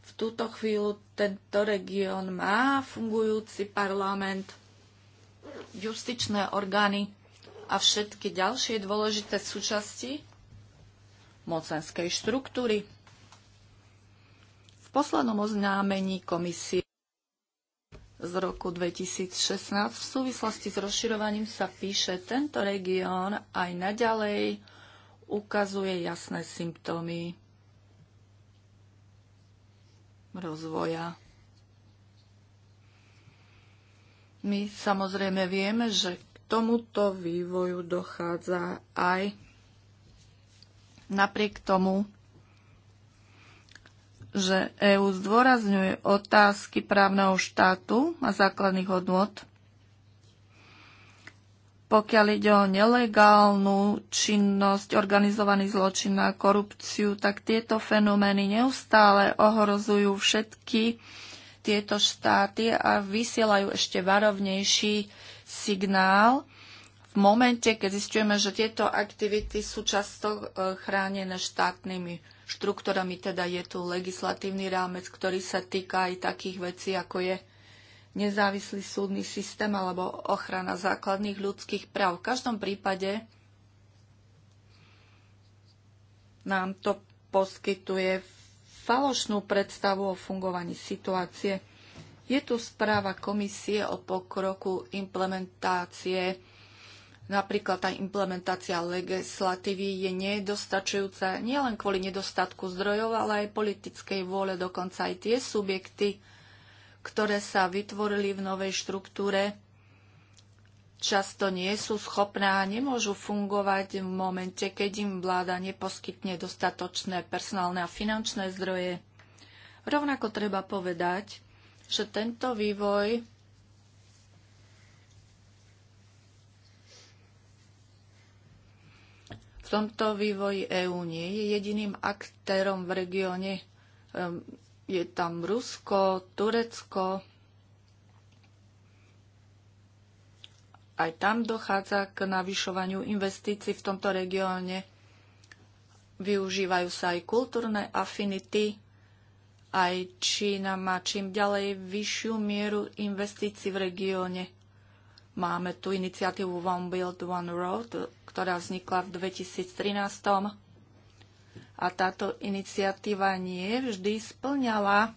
V túto chvíľu tento región má fungujúci parlament, justičné orgány a všetky ďalšie dôležité súčasti mocenskej štruktúry. V poslednom oznámení komisie z roku 2016 v súvislosti s rozširovaním sa píše, tento región aj naďalej ukazuje jasné symptómy rozvoja. My samozrejme vieme, že k tomuto vývoju dochádza aj napriek tomu, že EÚ zdôrazňuje otázky právneho štátu a základných hodnot pokiaľ ide o nelegálnu činnosť, organizovaný zločin a korupciu, tak tieto fenomény neustále ohrozujú všetky tieto štáty a vysielajú ešte varovnejší signál v momente, keď zistujeme, že tieto aktivity sú často e, chránené štátnymi štruktúrami, teda je tu legislatívny rámec, ktorý sa týka aj takých vecí, ako je nezávislý súdny systém alebo ochrana základných ľudských práv. V každom prípade nám to poskytuje falošnú predstavu o fungovaní situácie. Je tu správa komisie o pokroku implementácie Napríklad tá implementácia legislatívy je nedostačujúca nielen kvôli nedostatku zdrojov, ale aj politickej vôle. Dokonca aj tie subjekty, ktoré sa vytvorili v novej štruktúre, často nie sú schopné a nemôžu fungovať v momente, keď im vláda neposkytne dostatočné personálne a finančné zdroje. Rovnako treba povedať, že tento vývoj v tomto vývoji EÚ nie je jediným aktérom v regióne je tam Rusko, Turecko. Aj tam dochádza k navyšovaniu investícií v tomto regióne. Využívajú sa aj kultúrne afinity. Aj Čína má čím ďalej vyššiu mieru investícií v regióne. Máme tu iniciatívu One Build, One Road, ktorá vznikla v 2013 a táto iniciatíva nie vždy splňala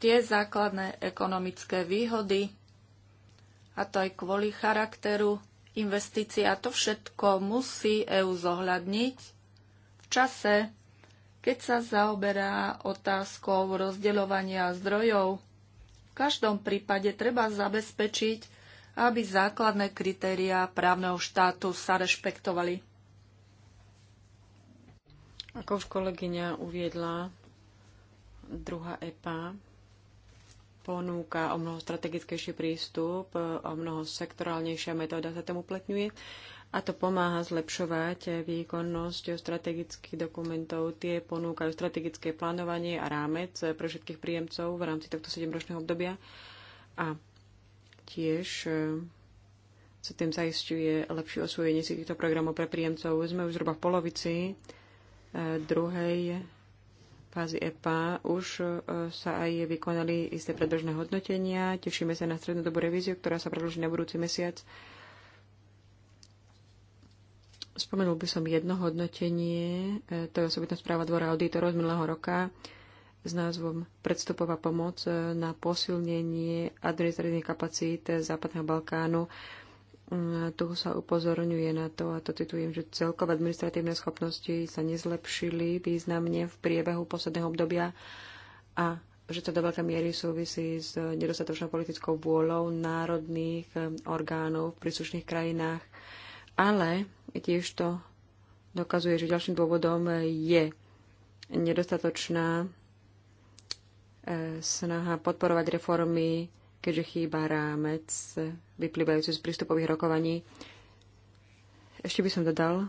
tie základné ekonomické výhody, a to aj kvôli charakteru investícií. A to všetko musí EU zohľadniť v čase, keď sa zaoberá otázkou rozdeľovania zdrojov. V každom prípade treba zabezpečiť, aby základné kritériá právneho štátu sa rešpektovali. Ako už kolegyňa uviedla, druhá EPA ponúka o mnoho strategickejší prístup, o mnoho sektorálnejšia metóda sa tam uplatňuje a to pomáha zlepšovať výkonnosť strategických dokumentov. Tie ponúkajú strategické plánovanie a rámec pre všetkých príjemcov v rámci tohto 7-ročného obdobia a tiež eh, sa tým zaistuje lepšie osvojenie si týchto programov pre príjemcov. Sme už zhruba v polovici druhej fázy EPA už e, sa aj vykonali isté predbežné hodnotenia. Tešíme sa na strednodobú revíziu, ktorá sa predloží na budúci mesiac. Spomenul by som jedno hodnotenie, e, to je osobitná správa Dvora auditorov z minulého roka s názvom Predstupová pomoc e, na posilnenie administratívnych kapacít Západného Balkánu. Tu sa upozorňuje na to, a to citujem, že celkové administratívne schopnosti sa nezlepšili významne v priebehu posledného obdobia a že to do veľkej miery súvisí s nedostatočnou politickou vôľou národných um, orgánov v príslušných krajinách. Ale tiež to dokazuje, že ďalším dôvodom je nedostatočná eh, snaha podporovať reformy keďže chýba rámec vyplývajúci z prístupových rokovaní. Ešte by som dodal,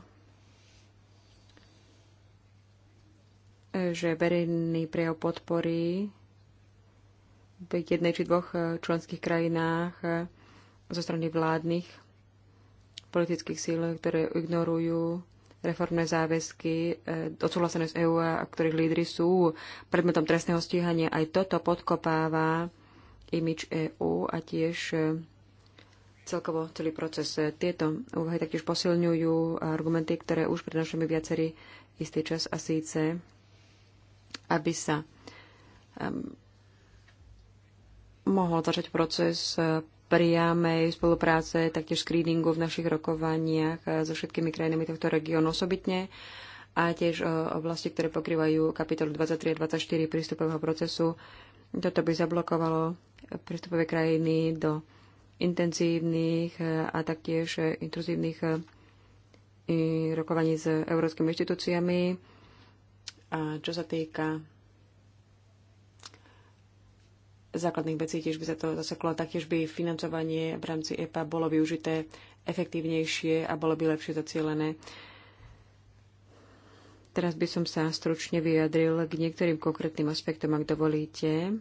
že verejný prejav podpory v jednej či dvoch členských krajinách zo strany vládnych politických síl, ktoré ignorujú reformné záväzky e, odsúhlasené z EÚ a ktorých lídry sú predmetom trestného stíhania. Aj toto podkopáva Image EU a tiež e, celkovo celý proces. E, tieto úvahy taktiež posilňujú argumenty, ktoré už prednášame viacerý istý čas a síce, aby sa um, mohol začať proces e, priamej spolupráce, taktiež screeningu v našich rokovaniach so všetkými krajinami tohto regiónu osobitne a tiež oblasti, ktoré pokrývajú kapitolu 23 a 24 prístupového procesu toto by zablokovalo prístupové krajiny do intenzívnych e, a taktiež e, intruzívnych e, rokovaní s európskymi inštitúciami. A čo sa týka základných vecí, tiež by sa to zaseklo, taktiež by financovanie v rámci EPA bolo využité efektívnejšie a bolo by lepšie zacielené. Teraz by som sa stručne vyjadril k niektorým konkrétnym aspektom, ak dovolíte.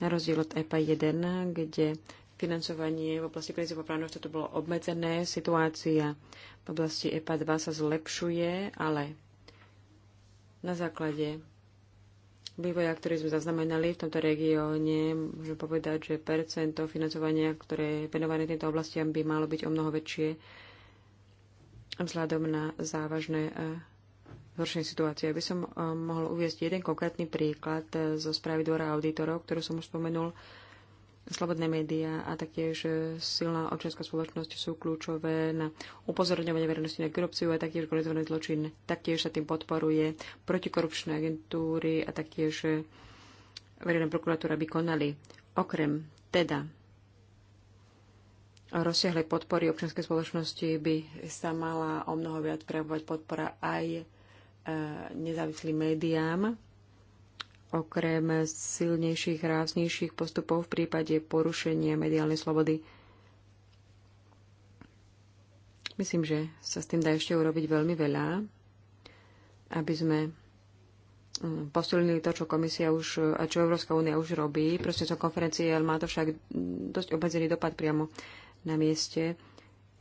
Na rozdiel od EPA 1, kde financovanie v oblasti krizového plánu to bolo obmedzené, situácia v oblasti EPA 2 sa zlepšuje, ale na základe vývoja, ktorý sme zaznamenali v tomto regióne, môžem povedať, že percento financovania, ktoré je venované týmto oblastiam, by malo byť o mnoho väčšie vzhľadom na závažné eh, zhoršenie situácie. Aby som eh, mohol uviezť jeden konkrétny príklad eh, zo správy dvora auditorov, ktorú som už spomenul. Slobodné médiá a taktiež eh, silná občianská spoločnosť sú kľúčové na upozorňovanie verejnosti na korupciu a taktiež organizovaný zločin. Taktiež sa tým podporuje protikorupčné agentúry a taktiež verejná prokuratúra by konali. Okrem teda rozsiahlej podpory občianskej spoločnosti by sa mala o mnoho viac prejavovať podpora aj E, nezávislým médiám, okrem silnejších, ráznejších postupov v prípade porušenia mediálnej slobody. Myslím, že sa s tým dá ešte urobiť veľmi veľa, aby sme e, posilnili to, čo komisia už a čo Európska únia už robí. Proste sa konferencie, ale má to však dosť obmedzený dopad priamo na mieste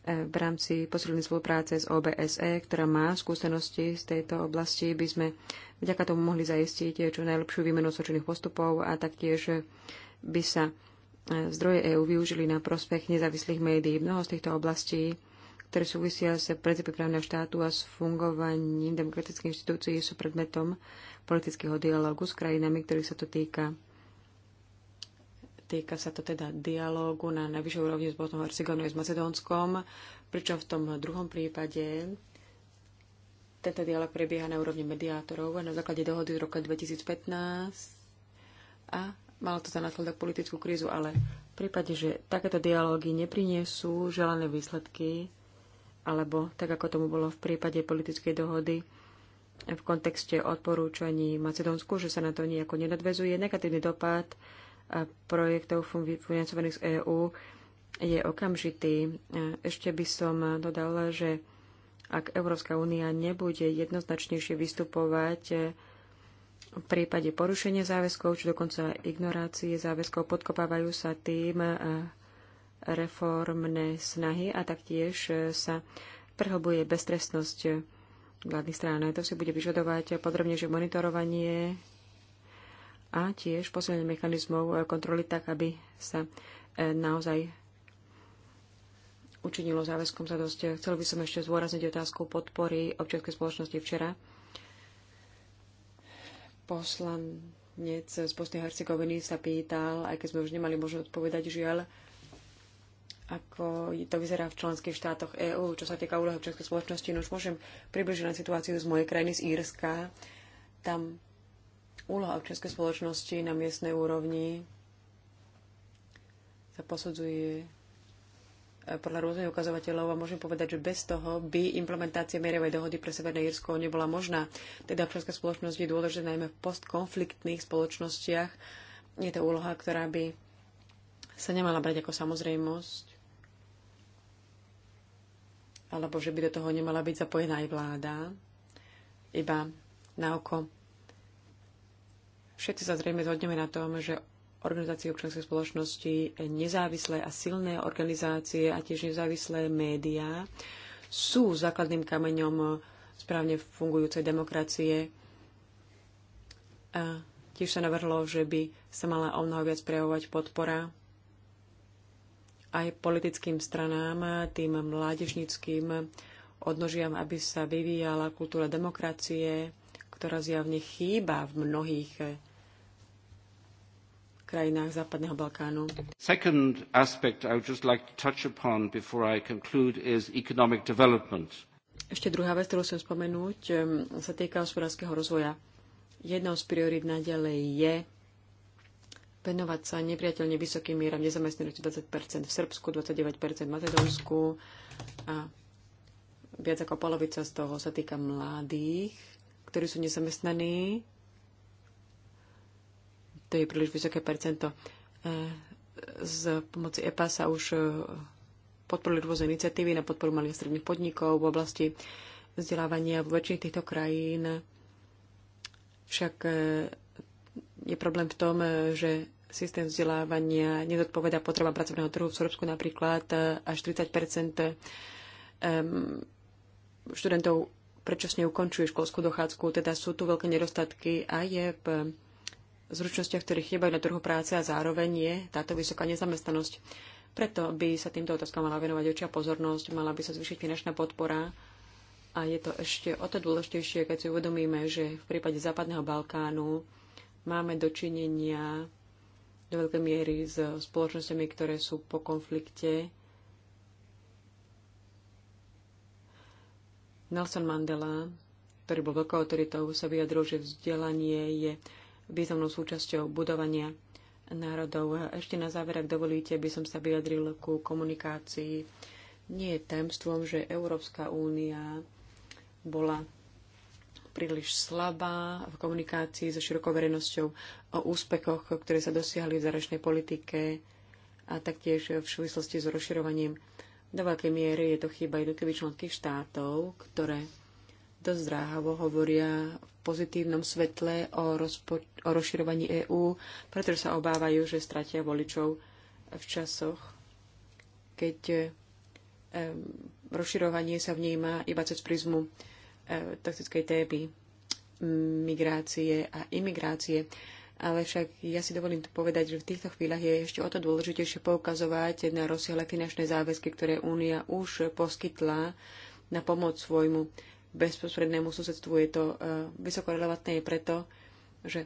v rámci posilnej spolupráce s OBSE, ktorá má skúsenosti z tejto oblasti, by sme vďaka tomu mohli zaistiť čo najlepšiu výmenu sočených postupov a taktiež by sa e, zdroje EÚ využili na prospech nezávislých médií. Mnoho z týchto oblastí, ktoré súvisia s princípy právneho štátu a s fungovaním demokratických inštitúcií, sú predmetom politického dialogu s krajinami, ktorých sa to týka. Týka sa to teda dialógu na najvyššej úrovni s Bosnou Hercegovinou s Macedónskom, pričom v tom druhom prípade tento dialog prebieha na úrovni mediátorov na základe dohody z roku 2015 a malo to za následok politickú krízu, ale v prípade, že takéto dialógy nepriniesú želané výsledky, alebo tak ako tomu bolo v prípade politickej dohody v kontexte odporúčaní Macedónsku, že sa na to nejako nenadvezuje, negatívny dopad projektov financovaných z EÚ je okamžitý. E, ešte by som dodala, že ak Európska únia nebude jednoznačnejšie vystupovať e, v prípade porušenia záväzkov, či dokonca ignorácie záväzkov, podkopávajú sa tým e, reformné snahy a taktiež sa prehlbuje beztrestnosť vládnych strán. To si bude vyžadovať podrobnejšie monitorovanie a tiež posilnenie mechanizmov eh, kontroly tak, aby sa eh, naozaj učinilo záväzkom sa dosť. Chcel by som ešte zvôrazniť otázku podpory občianskej spoločnosti včera. Poslanec z Bosnej Hercegoviny sa pýtal, aj keď sme už nemali možnosť odpovedať, žiaľ, ako to vyzerá v členských štátoch EÚ, čo sa týka úlohy občianskej spoločnosti. No už môžem približiť na situáciu z mojej krajiny, z Írska. Tam Úloha občianskej spoločnosti na miestnej úrovni sa posudzuje eh, podľa rôznych ukazovateľov a môžem povedať, že bez toho by implementácia mierovej dohody pre Severné Jirsko nebola možná. Teda občianská spoločnosť je dôležitá najmä v postkonfliktných spoločnostiach. Je to úloha, ktorá by sa nemala brať ako samozrejmosť alebo že by do toho nemala byť zapojená aj vláda, iba na oko Všetci sa zrejme zhodneme na tom, že organizácie občianskej spoločnosti, nezávislé a silné organizácie a tiež nezávislé médiá sú základným kameňom správne fungujúcej demokracie. A tiež sa navrhlo, že by sa mala o mnoho viac prejavovať podpora aj politickým stranám, tým mládežnickým odnožiam, aby sa vyvíjala kultúra demokracie, ktorá zjavne chýba v mnohých krajinách Západného Balkánu. Second aspect I would just like to touch upon before I conclude is economic development. Ešte druhá vec, ktorú chcem spomenúť, sa týka hospodárskeho rozvoja. Jednou z priorít naďalej je venovať sa nepriateľne vysokým mieram nezamestnanosti 20 v Srbsku, 29 v Macedónsku a viac ako polovica z toho sa týka mladých, ktorí sú nezamestnaní to je príliš vysoké percento. E, z pomoci EPA sa už e, podporili rôzne iniciatívy na podporu malých a stredných podnikov v oblasti vzdelávania v väčšine týchto krajín. Však e, je problém v tom, že systém vzdelávania nezodpoveda potreba pracovného trhu. V Srbsku napríklad až 30 študentov predčasne ukončuje školskú dochádzku, teda sú tu veľké nedostatky a je v zručnostiach, ktoré chýbajú na trhu práce a zároveň je táto vysoká nezamestnanosť. Preto by sa týmto otázkam mala venovať väčšia pozornosť, mala by sa zvýšiť finančná podpora a je to ešte o to dôležitejšie, keď si uvedomíme, že v prípade Západného Balkánu máme dočinenia do veľkej miery s spoločnosťami, ktoré sú po konflikte. Nelson Mandela, ktorý bol veľkou autoritou, sa vyjadril, že vzdelanie je významnou súčasťou budovania národov. Ešte na záver, ak dovolíte, by som sa vyjadril ku komunikácii. Nie je tajemstvom, že Európska únia bola príliš slabá v komunikácii so širokou verejnosťou o úspechoch, ktoré sa dosiahli v zahraničnej politike a taktiež v súvislosti s rozširovaním. Do veľkej miery je to chyba jednotlivých členských štátov, ktoré dosť zdráhavo hovoria v pozitívnom svetle o, rozpo- o rozširovaní EÚ, pretože sa obávajú, že stratia voličov v časoch, keď e, rozširovanie sa vníma iba cez prizmu e, toxickej témy migrácie a imigrácie. Ale však ja si dovolím povedať, že v týchto chvíľach je ešte o to dôležitejšie poukazovať na rozsiahle finančné záväzky, ktoré Únia už poskytla na pomoc svojmu bezprostrednému susedstvu. Je to e, vysoko relevantné preto, že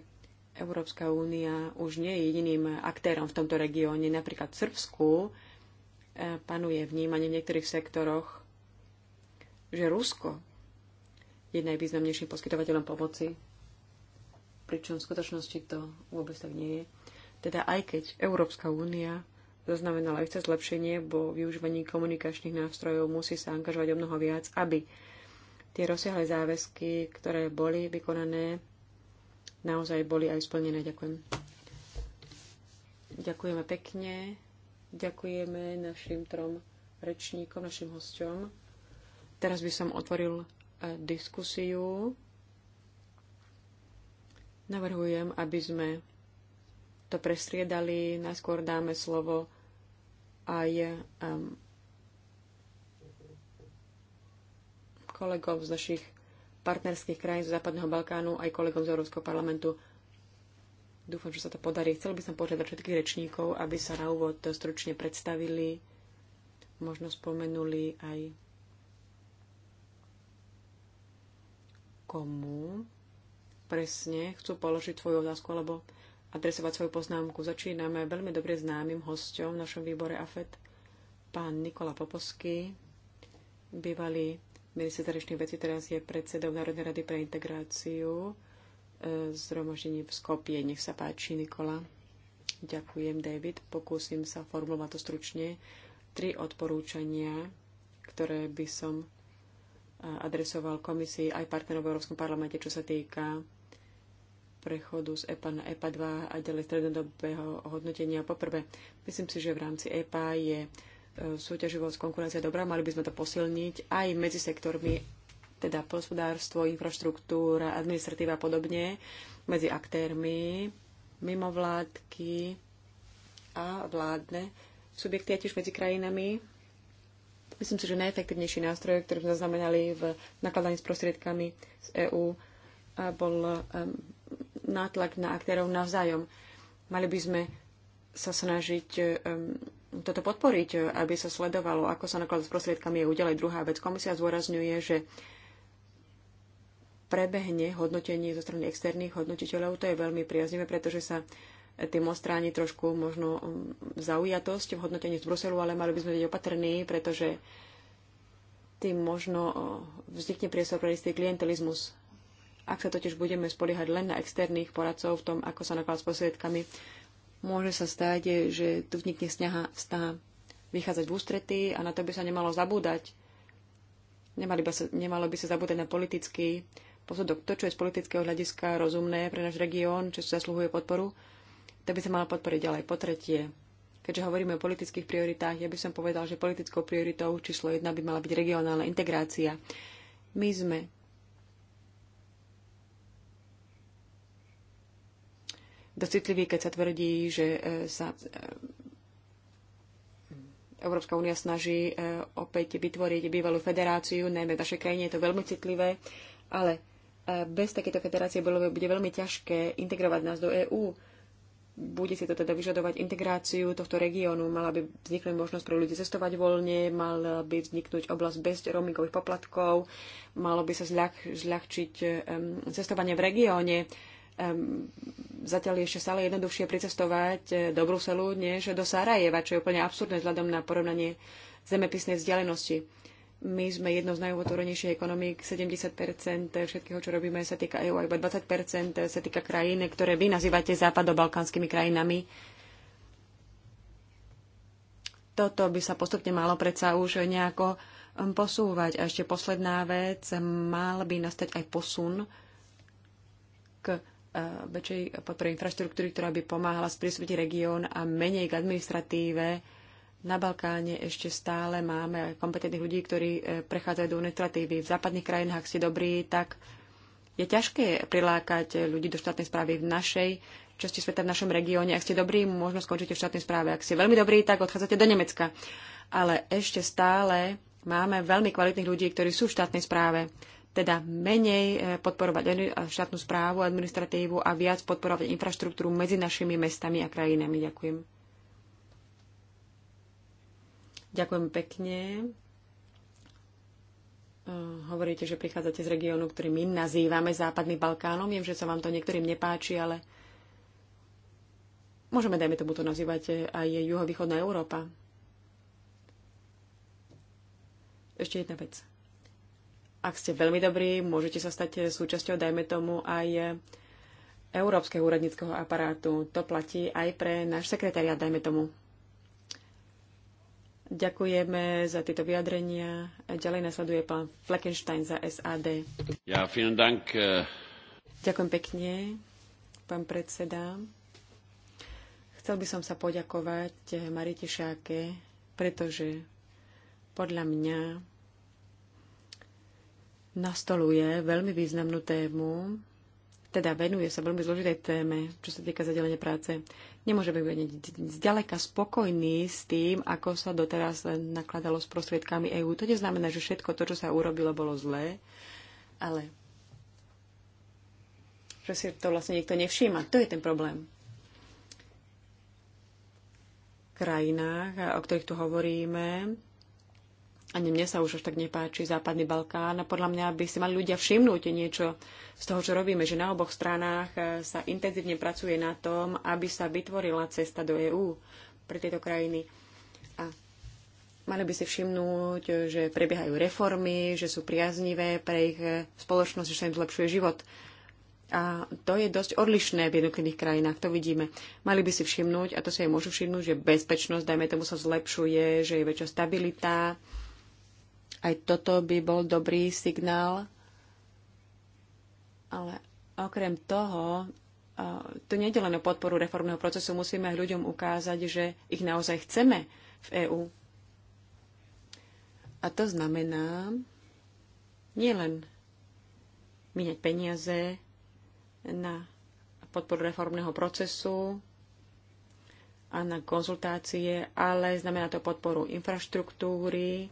Európska únia už nie je jediným aktérom v tomto regióne. Napríklad v Srbsku e, panuje vnímanie v niektorých sektoroch, že Rusko je najvýznamnejším poskytovateľom pomoci, pričom v skutočnosti to vôbec tak nie je. Teda aj keď Európska únia zaznamenala aj chce zlepšenie, bo využívaní komunikačných nástrojov musí sa angažovať o mnoho viac, aby tie rozsiahle záväzky, ktoré boli vykonané, naozaj boli aj splnené. Ďakujem. Ďakujeme pekne. Ďakujeme našim trom rečníkom, našim hosťom. Teraz by som otvoril e, diskusiu. Navrhujem, aby sme to prestriedali. Najskôr dáme slovo aj kolegov z našich partnerských krajín z Západného Balkánu, aj kolegom z Európskeho parlamentu. Dúfam, že sa to podarí. Chcel by som požiadať všetkých rečníkov, aby sa na úvod stručne predstavili, možno spomenuli aj komu presne chcú položiť svoju otázku alebo adresovať svoju poznámku. Začíname veľmi dobre známym hosťom v našom výbore AFET, pán Nikola Poposky, bývalý Minister zahraničných vecí teraz je predsedom Národnej rady pre integráciu e, zhromaždení v Skopie. Nech sa páči, Nikola. Ďakujem, David. Pokúsim sa formulovať to stručne. Tri odporúčania, ktoré by som e, adresoval komisii aj partnerov v Európskom parlamente, čo sa týka prechodu z EPA na EPA 2 a ďalej strednodobého hodnotenia. Poprvé, myslím si, že v rámci EPA je súťaživosť, konkurencia je dobrá, mali by sme to posilniť aj medzi sektormi, teda hospodárstvo, infraštruktúra, administratíva a podobne, medzi aktérmi, mimovládky a vládne subjekty a tiež medzi krajinami. Myslím si, že najefektívnejší nástroj, ktorý sme zaznamenali v nakladaní s prostriedkami z EÚ, bol nátlak na aktérov navzájom. Mali by sme sa snažiť toto podporiť, aby sa sledovalo, ako sa nakladá s prostriedkami je Ďalej druhá vec. Komisia zdôrazňuje, že prebehne hodnotenie zo strany externých hodnotiteľov. To je veľmi priaznivé, pretože sa tým ostráni trošku možno um, zaujatosť v hodnotení z Bruselu, ale mali by sme byť opatrní, pretože tým možno uh, vznikne priestor pre istý klientelizmus. Ak sa totiž budeme spoliehať len na externých poradcov v tom, ako sa nakladá s prostriedkami, môže sa stáť, že tu vnikne snaha, snaha vychádzať v ústrety a na to by sa nemalo zabúdať. Nemali by sa, nemalo by sa zabúdať na politický posudok. To, čo je z politického hľadiska rozumné pre náš región, čo zaslúhuje podporu, to by sa malo podporiť ďalej. Po tretie, keďže hovoríme o politických prioritách, ja by som povedal, že politickou prioritou číslo jedna by mala byť regionálna integrácia. My sme dosť citlivý, keď sa tvrdí, že e, sa e, Európska únia snaží e, opäť vytvoriť bývalú federáciu, najmä v našej krajine je to veľmi citlivé, ale bez takéto federácie bolo, bude veľmi ťažké integrovať nás do EÚ. Bude si to teda vyžadovať integráciu tohto regiónu, mala by vzniknúť možnosť pre ľudí cestovať voľne, mala by vzniknúť oblasť bez roamingových poplatkov, malo by sa zľah, zľahčiť um, cestovanie v regióne. Uh, zatiaľ je ešte stále jednoduchšie pricestovať eh, do Bruselu, než do Sarajeva, čo je úplne absurdné vzhľadom na porovnanie zemepisnej vzdialenosti. My sme jedno z najúvotvorenejších ekonomík, 70 všetkého, čo robíme, sa týka EU, iba 20 sa týka krajín, ktoré vy nazývate západobalkánskymi krajinami. Toto by sa postupne malo predsa už nejako posúvať. A ešte posledná vec, mal by nastať aj posun k E, väčšej podpory infraštruktúry, ktorá by pomáhala sprísobiť región a menej k administratíve. Na Balkáne ešte stále máme kompetentných ľudí, ktorí e, prechádzajú do administratívy. V západných krajinách, ak si dobrý, tak je ťažké prilákať ľudí do štátnej správy v našej časti sveta, v našom regióne. Ak ste dobrí, možno skončíte v štátnej správe. Ak ste veľmi dobrí, tak odchádzate do Nemecka. Ale ešte stále máme veľmi kvalitných ľudí, ktorí sú v štátnej správe teda menej e, podporovať štátnu správu, administratívu a viac podporovať infraštruktúru medzi našimi mestami a krajinami. Ďakujem. Ďakujem pekne. E, hovoríte, že prichádzate z regiónu, ktorý my nazývame Západný Balkánom. Viem, že sa vám to niektorým nepáči, ale môžeme, dajme tomu to nazývať, e, aj juhovýchodná Európa. Ešte jedna vec ak ste veľmi dobrí, môžete sa stať súčasťou, dajme tomu, aj európskeho úradníckého aparátu. To platí aj pre náš sekretariat, dajme tomu. Ďakujeme za tieto vyjadrenia. Ďalej nasleduje pán Fleckenstein za SAD. Ja, vielen dank. Eh. Ďakujem pekne, pán predseda. Chcel by som sa poďakovať Marite Šáke, pretože podľa mňa nastoluje veľmi významnú tému, teda venuje sa veľmi zložitej téme, čo sa týka zadelenia práce. Nemôžeme byť zďaleka spokojní s tým, ako sa doteraz nakladalo s prostriedkami EÚ. To neznamená, že všetko to, čo sa urobilo, bolo zlé, ale že si to vlastne niekto nevšíma. To je ten problém. V krajinách, o ktorých tu hovoríme, ani mne sa už až tak nepáči Západný Balkán. A podľa mňa by si mali ľudia všimnúť niečo z toho, čo robíme, že na oboch stranách e, sa intenzívne pracuje na tom, aby sa vytvorila cesta do EÚ pre tieto krajiny. A mali by si všimnúť, že prebiehajú reformy, že sú priaznivé pre ich e, spoločnosť, že sa im zlepšuje život. A to je dosť odlišné v jednotlivých krajinách, to vidíme. Mali by si všimnúť, a to sa aj môžu všimnúť, že bezpečnosť, dajme tomu, sa zlepšuje, že je väčšia stabilita, aj toto by bol dobrý signál. Ale okrem toho, nie je len o podporu reformného procesu, musíme aj ľuďom ukázať, že ich naozaj chceme v EÚ. A to znamená nielen míňať peniaze na podporu reformného procesu, a na konzultácie, ale znamená to podporu infraštruktúry,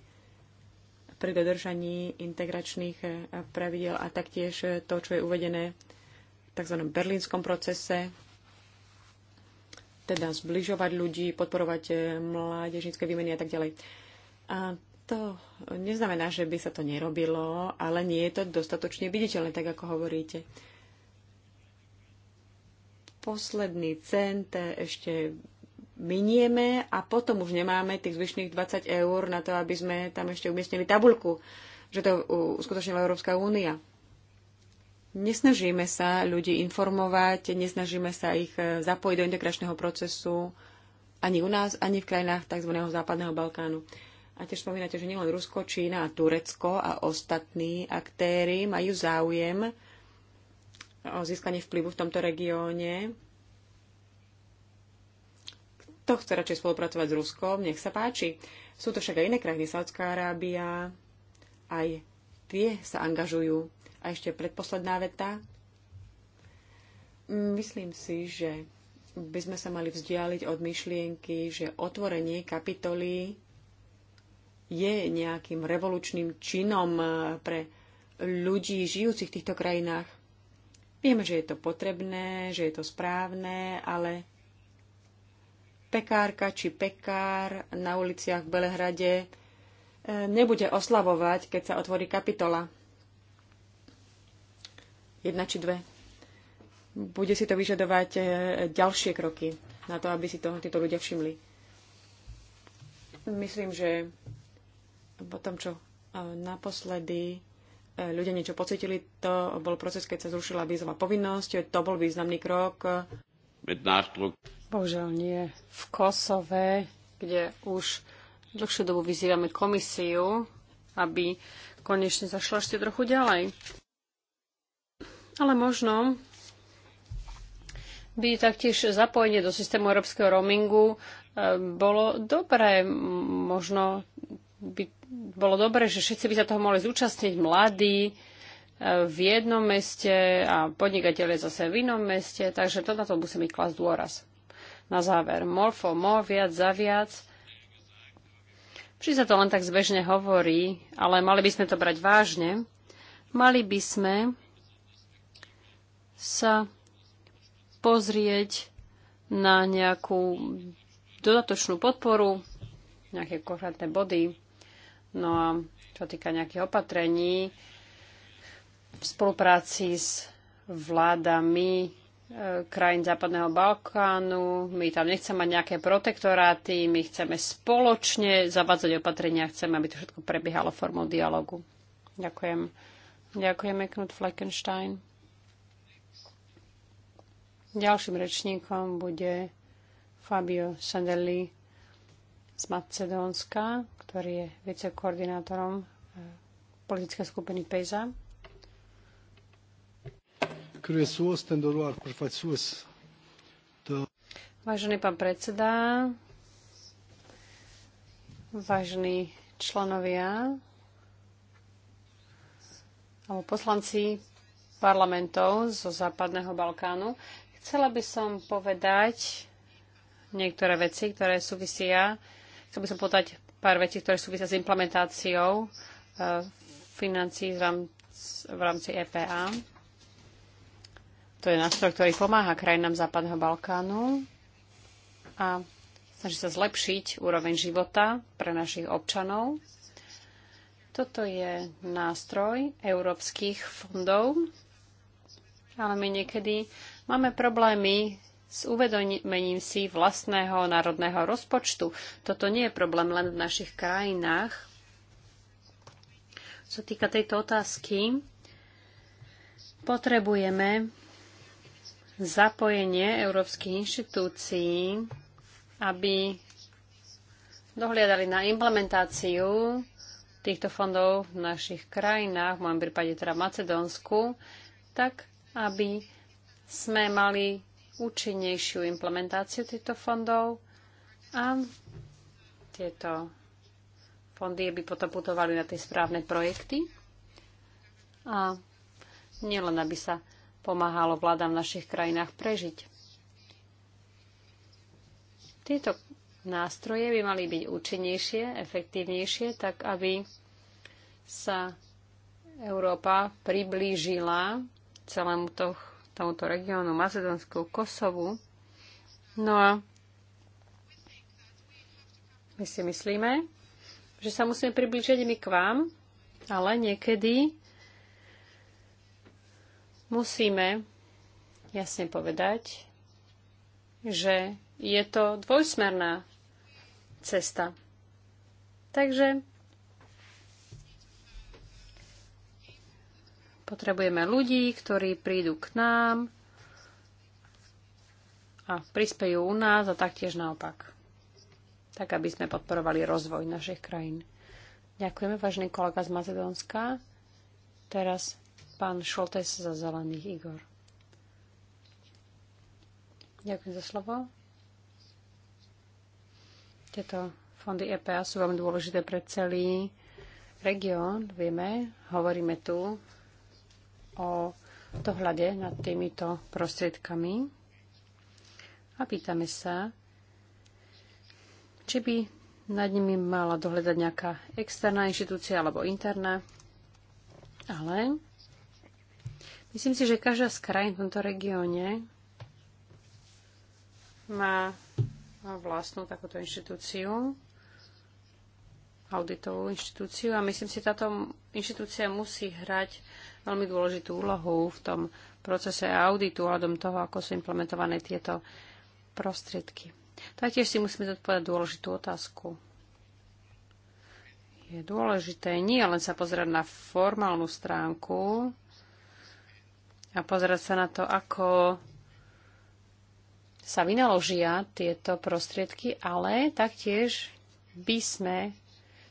pri dodržaní integračných eh, pravidel a taktiež eh, to, čo je uvedené v tzv. berlínskom procese, teda zbližovať ľudí, podporovať eh, mládežnícke výmeny a tak ďalej. A to neznamená, že by sa to nerobilo, ale nie je to dostatočne viditeľné, tak ako hovoríte. Posledný cent ešte minieme a potom už nemáme tých zvyšných 20 eur na to, aby sme tam ešte umiestnili tabulku, že to uskutočnila Európska únia. Nesnažíme sa ľudí informovať, nesnažíme sa ich e, zapojiť do integračného procesu ani u nás, ani v krajinách tzv. západného Balkánu. A tiež spomínate, že nielen Rusko, Čína a Turecko a ostatní aktéry majú záujem o získanie vplyvu v tomto regióne, to chce radšej spolupracovať s Ruskom, nech sa páči. Sú to však aj iné krajiny, Saudská Arábia, aj tie sa angažujú. A ešte predposledná veta. Myslím si, že by sme sa mali vzdialiť od myšlienky, že otvorenie kapitoly je nejakým revolučným činom pre ľudí žijúcich v týchto krajinách. Vieme, že je to potrebné, že je to správne, ale pekárka či pekár na uliciach v Belehrade e, nebude oslavovať, keď sa otvorí kapitola. Jedna či dve. Bude si to vyžadovať e, ďalšie kroky na to, aby si to títo ľudia všimli. Myslím, že po tom, čo e, naposledy ľudia niečo pocitili, to bol proces, keď sa zrušila vízová povinnosť. To bol významný krok. Bohužiaľ nie. V Kosove, kde už dlhšiu dobu vyzývame komisiu, aby konečne zašla ešte trochu ďalej. Ale možno by taktiež zapojenie do systému európskeho roamingu e, bolo dobré. Možno by bolo dobré, že všetci by sa toho mohli zúčastniť, mladí, v jednom meste a podnikateľ je zase v inom meste, takže to na to musíme klasť dôraz. Na záver, more for more, viac za viac. Či sa to len tak zbežne hovorí, ale mali by sme to brať vážne, mali by sme sa pozrieť na nejakú dodatočnú podporu, nejaké konkrétne body. No a čo týka nejakých opatrení, v spolupráci s vládami e, krajín Západného Balkánu. My tam nechceme mať nejaké protektoráty, my chceme spoločne zavádzať opatrenia, chceme, aby to všetko prebiehalo formou dialogu. Ďakujem. Ďakujeme, Knut Fleckenstein. Ďalším rečníkom bude Fabio Sandelli z Macedónska, ktorý je vicekoordinátorom e, politické skupiny PESA. Vážený pán predseda, vážení členovia alebo poslanci parlamentov zo Západného Balkánu, chcela by som povedať niektoré veci, ktoré súvisia, chcela by som povedať pár vecí, ktoré súvisia s implementáciou eh, financí v rámci, v rámci EPA. To je nástroj, ktorý pomáha krajinám Západného Balkánu a snaží sa zlepšiť úroveň života pre našich občanov. Toto je nástroj európskych fondov, ale my niekedy máme problémy s uvedomením si vlastného národného rozpočtu. Toto nie je problém len v našich krajinách. Čo týka tejto otázky, potrebujeme zapojenie európskych inštitúcií, aby dohliadali na implementáciu týchto fondov v našich krajinách, v mojom prípade teda Macedónsku, tak aby sme mali účinnejšiu implementáciu týchto fondov a tieto fondy by potom putovali na tie správne projekty. A nielen, aby sa pomáhalo vládam v našich krajinách prežiť. Tieto nástroje by mali byť účinnejšie, efektívnejšie, tak aby sa Európa priblížila celému to, tomuto regiónu Macedónsku, Kosovu. No a my si myslíme, že sa musíme priblížiť my k vám, ale niekedy Musíme jasne povedať, že je to dvojsmerná cesta. Takže potrebujeme ľudí, ktorí prídu k nám a prispejú u nás a taktiež naopak. Tak, aby sme podporovali rozvoj našich krajín. Ďakujeme, vážny kolega z Macedónska. Teraz pán Šoltes za zelených Igor. Ďakujem za slovo. Tieto fondy EPA sú veľmi dôležité pre celý región, vieme, hovoríme tu o dohľade nad týmito prostriedkami a pýtame sa, či by nad nimi mala dohľadať nejaká externá inštitúcia alebo interná, ale Myslím si, že každá z krajín v tomto regióne má vlastnú takúto inštitúciu, auditovú inštitúciu a myslím si, táto inštitúcia musí hrať veľmi dôležitú úlohu v tom procese auditu hľadom toho, ako sú implementované tieto prostriedky. Taktiež si musíme zodpovedať dôležitú otázku. Je dôležité nie len sa pozerať na formálnu stránku a pozerať sa na to, ako sa vynaložia tieto prostriedky, ale taktiež by sme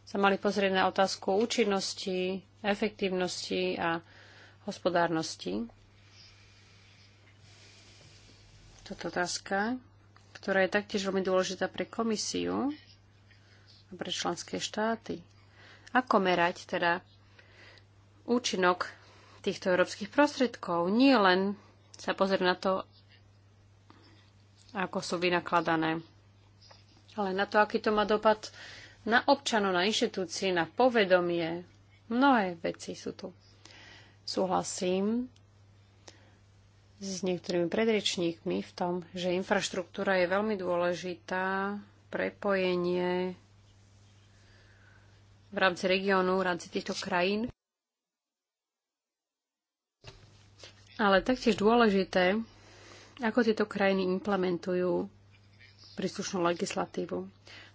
sa mali pozrieť na otázku účinnosti, efektívnosti a hospodárnosti. Toto otázka, ktorá je taktiež veľmi dôležitá pre komisiu a pre členské štáty. Ako merať teda účinok týchto európskych prostriedkov. Nie len sa pozrieť na to, ako sú vynakladané, ale na to, aký to má dopad na občanov, na inštitúcie, na povedomie. Mnohé veci sú tu. Súhlasím s niektorými predrečníkmi v tom, že infraštruktúra je veľmi dôležitá, prepojenie v rámci regiónu, v rámci týchto krajín. ale taktiež dôležité, ako tieto krajiny implementujú príslušnú legislatívu.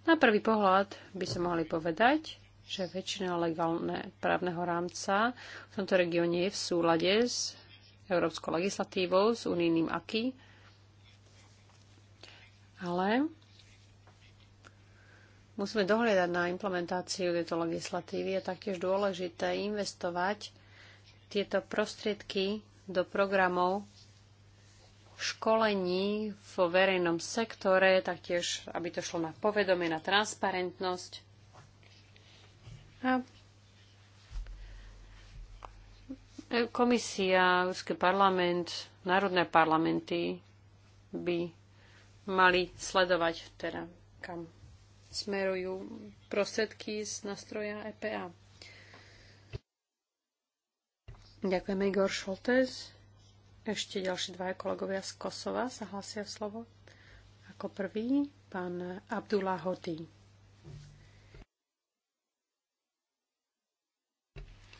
Na prvý pohľad by sa mohli povedať, že väčšina legálne právneho rámca v tomto regióne je v súlade s európskou legislatívou, s unijným aký, ale musíme dohliadať na implementáciu tejto legislatívy a taktiež dôležité investovať tieto prostriedky do programov školení vo verejnom sektore, taktiež, aby to šlo na povedomie, na transparentnosť. A komisia, Európsky parlament, národné parlamenty by mali sledovať teda, kam smerujú prostriedky z nástroja EPA. Ďakujeme Igor Šoltes. Ešte ďalší dva kolegovia z Kosova sa hlasia v slovo. Ako prvý pán Abdullah Hoti.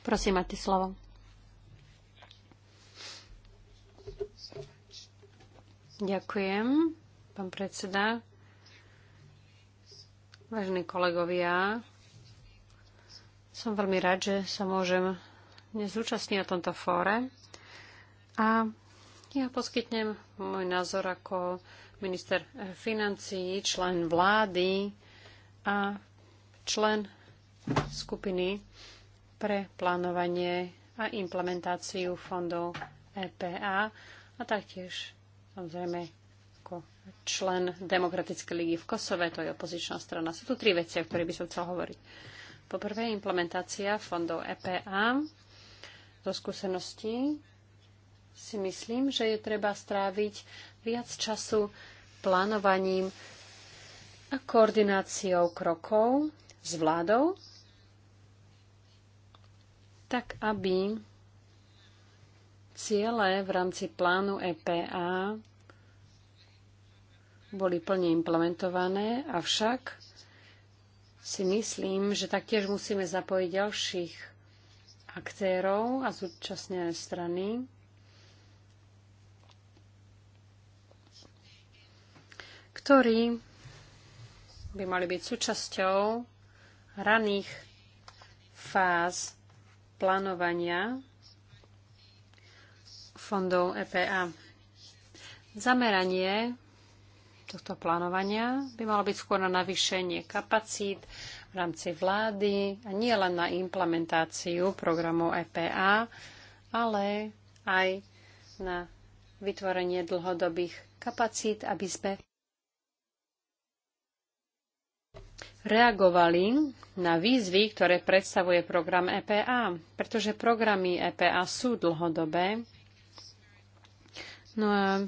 Prosím, máte slovo. Ďakujem, pán predseda. Vážení kolegovia, som veľmi rád, že sa môžem dnes zúčastní na tomto fóre a ja poskytnem môj názor ako minister financií, člen vlády a člen skupiny pre plánovanie a implementáciu fondov EPA a taktiež samozrejme ako člen Demokratickej ligy v Kosove, to je opozičná strana. Sú tu tri veci, o ktorých by som chcel hovoriť. Poprvé, implementácia fondov EPA zo skúseností si myslím, že je treba stráviť viac času plánovaním a koordináciou krokov s vládou, tak aby ciele v rámci plánu EPA boli plne implementované, avšak si myslím, že taktiež musíme zapojiť ďalších aktérov a zúčastnené strany. ktorí by mali byť súčasťou raných fáz plánovania fondov EPA. Zameranie tohto plánovania by malo byť skôr na navýšenie kapacít v rámci vlády a nie len na implementáciu programov EPA, ale aj na vytvorenie dlhodobých kapacít, aby sme reagovali na výzvy, ktoré predstavuje program EPA, pretože programy EPA sú dlhodobé. No a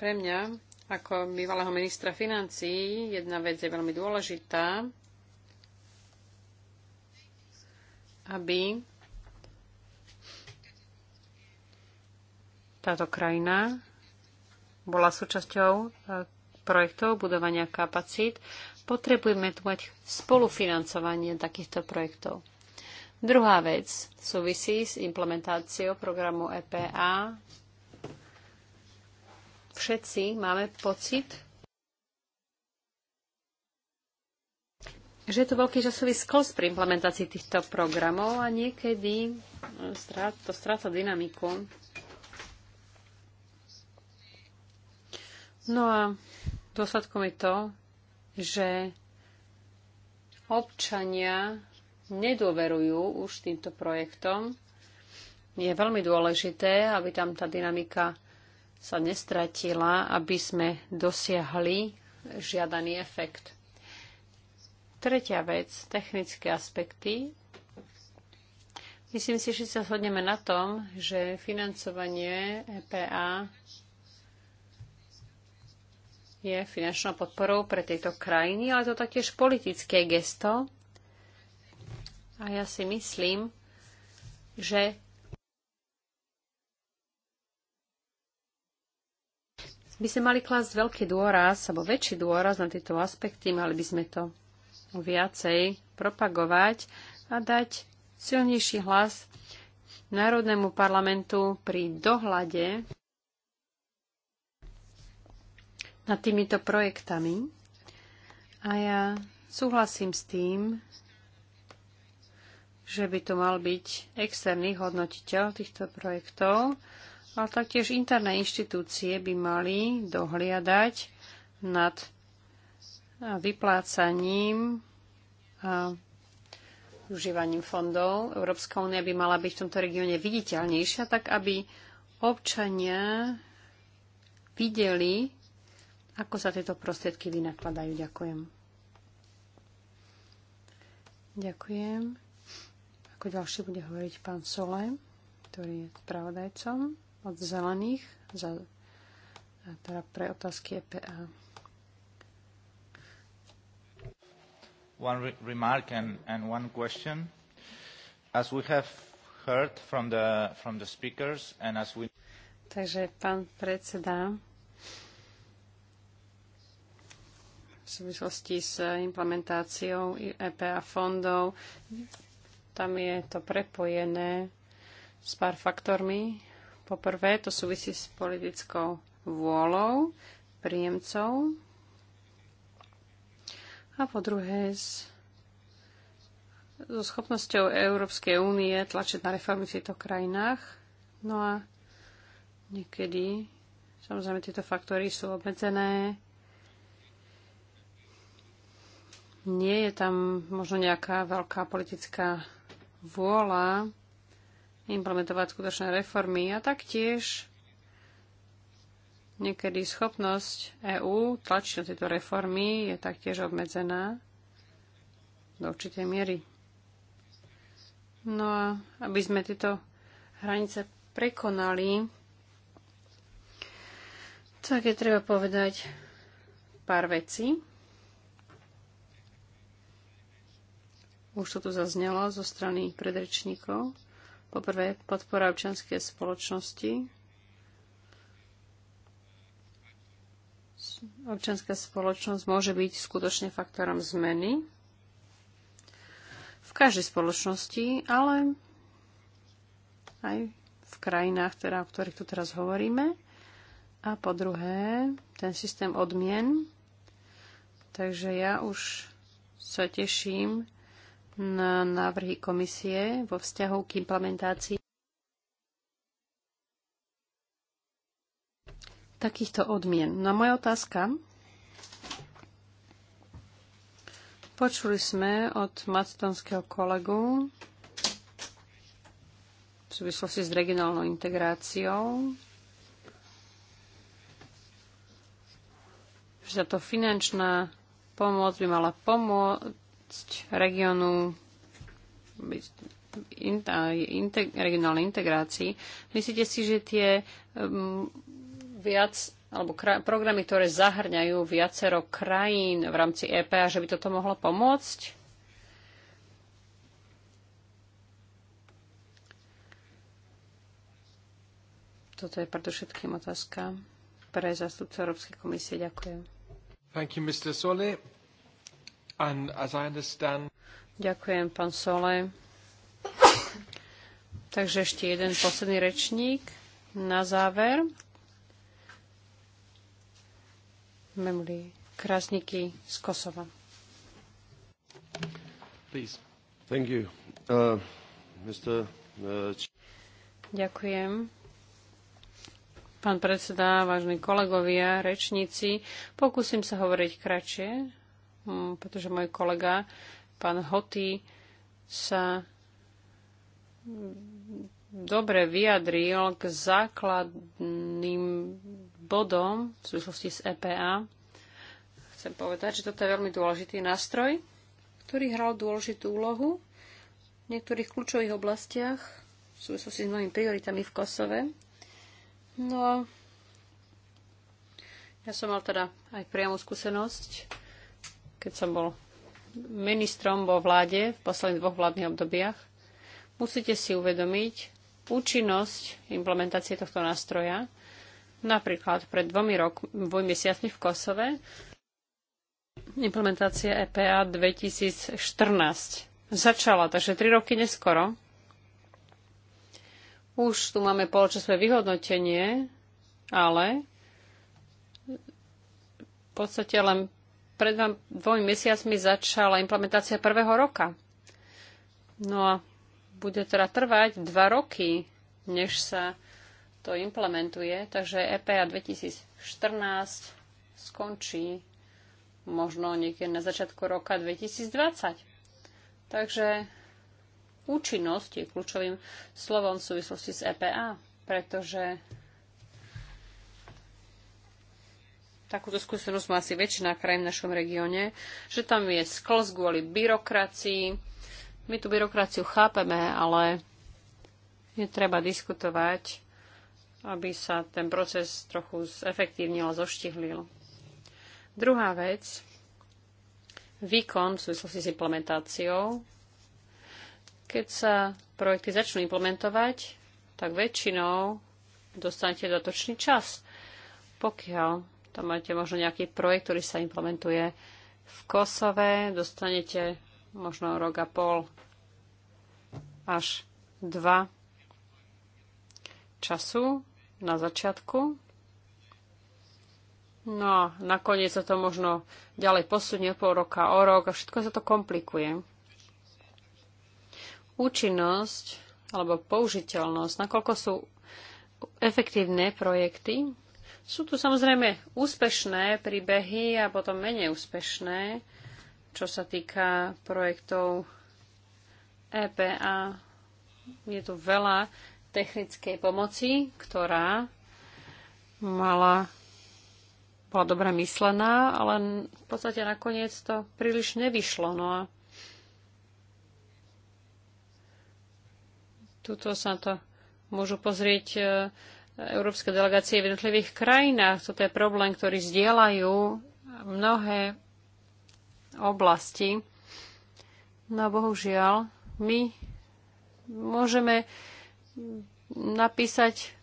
pre mňa ako bývalého ministra financí, jedna vec je veľmi dôležitá, aby táto krajina bola súčasťou e, projektov budovania kapacít, potrebujeme tu mať spolufinancovanie takýchto projektov. Druhá vec súvisí s implementáciou programu EPA všetci máme pocit, že je to veľký časový sklos pri implementácii týchto programov a niekedy eh, to stráca dynamiku. No a dôsledkom je to, že občania nedôverujú už týmto projektom. Je veľmi dôležité, aby tam tá dynamika sa nestratila, aby sme dosiahli žiadaný efekt. Tretia vec, technické aspekty. Myslím si, že sa shodneme na tom, že financovanie EPA je finančnou podporou pre tejto krajiny, ale to taktiež politické gesto. A ja si myslím, že by sme mali klásť veľký dôraz, alebo väčší dôraz na tieto aspekty, mali by sme to viacej propagovať a dať silnejší hlas Národnému parlamentu pri dohľade nad týmito projektami. A ja súhlasím s tým, že by tu mal byť externý hodnotiteľ týchto projektov, ale taktiež interné inštitúcie by mali dohliadať nad vyplácaním a užívaním fondov. Európska únia by mala byť v tomto regióne viditeľnejšia, tak aby občania videli, ako sa tieto prostriedky vynakladajú. Ďakujem. Ďakujem. Ako ďalší bude hovoriť pán Sole, ktorý je spravodajcom od zelených za, teda pre otázky EPA. One re- remark and, and one question. As we have heard from the, from the speakers and as we... Takže pán predseda, v súvislosti s implementáciou EPA fondov, tam je to prepojené s pár faktormi, Poprvé, to súvisí s politickou vôľou príjemcov a po druhé s so schopnosťou Európskej únie tlačiť na reformy v týchto krajinách. No a niekedy, samozrejme, tieto faktory sú obmedzené. Nie je tam možno nejaká veľká politická vôľa implementovať skutočné reformy a taktiež niekedy schopnosť EÚ tlačiť na tieto reformy je taktiež obmedzená do určitej miery. No a aby sme tieto hranice prekonali, tak je treba povedať pár vecí. Už to tu zaznelo zo strany predrečníkov. Poprvé, podpora občianskej spoločnosti. Občianská spoločnosť môže byť skutočne faktorom zmeny v každej spoločnosti, ale aj v krajinách, teda, o ktorých tu teraz hovoríme. A po druhé, ten systém odmien. Takže ja už sa teším na návrhy komisie vo vzťahu k implementácii takýchto odmien. No a moja otázka. Počuli sme od macedonského kolegu v súvislosti s regionálnou integráciou, že táto finančná pomoc by mala pomôcť regiónu regionu regionálnej integrácii. Myslíte si, že tie um, viac alebo programy, ktoré zahrňajú viacero krajín v rámci EP, a že by toto mohlo pomôcť? Toto je predovšetkým otázka pre zástupcu Európskej komisie. Ďakujem. Thank you, Mr. Sole. Ďakujem, pán Sole. Takže ešte jeden posledný rečník na záver. Memli Krasniky z Kosova. Please. Thank you. Uh, Mr. Uh... Ďakujem. Pán predseda, vážni kolegovia, rečníci, pokúsim sa hovoriť kratšie, Hm, pretože môj kolega, pán Hoty, sa dobre vyjadril k základným bodom v súvislosti s EPA. Chcem povedať, že toto je veľmi dôležitý nástroj, ktorý hral dôležitú úlohu v niektorých kľúčových oblastiach v súvislosti s mnohými prioritami v Kosove. No a ja som mal teda aj priamu skúsenosť keď som bol ministrom vo vláde v posledných dvoch vládnych obdobiach, musíte si uvedomiť účinnosť implementácie tohto nástroja. Napríklad pred dvomi, rok, dvoj mesiacmi v Kosove implementácia EPA 2014 začala, takže tri roky neskoro. Už tu máme poločasové vyhodnotenie, ale v podstate len pred dvomi mesiacmi začala implementácia prvého roka. No a bude teda trvať dva roky, než sa to implementuje, takže EPA 2014 skončí možno niekedy na začiatku roka 2020. Takže účinnosť je kľúčovým slovom v súvislosti s EPA, pretože takúto skúsenosť má asi väčšina krajín v našom regióne, že tam je sklz kvôli byrokracii. My tú byrokraciu chápeme, ale je treba diskutovať, aby sa ten proces trochu zefektívnil a zoštihlil. Druhá vec, výkon v súvislosti s implementáciou. Keď sa projekty začnú implementovať, tak väčšinou dostanete dotočný čas. Pokiaľ tam máte možno nejaký projekt, ktorý sa implementuje v Kosove. Dostanete možno rok a pol až dva času na začiatku. No a nakoniec sa to možno ďalej posunie pol roka o rok a všetko sa to komplikuje. Účinnosť alebo použiteľnosť, nakoľko sú efektívne projekty, sú tu samozrejme úspešné príbehy a potom menej úspešné, čo sa týka projektov EPA. Je tu veľa technickej pomoci, ktorá mala bola dobre myslená, ale v podstate nakoniec to príliš nevyšlo. No a tuto sa to môžu pozrieť e, európske delegácie v jednotlivých krajinách. Toto je problém, ktorý zdieľajú mnohé oblasti. No bohužiaľ, my môžeme napísať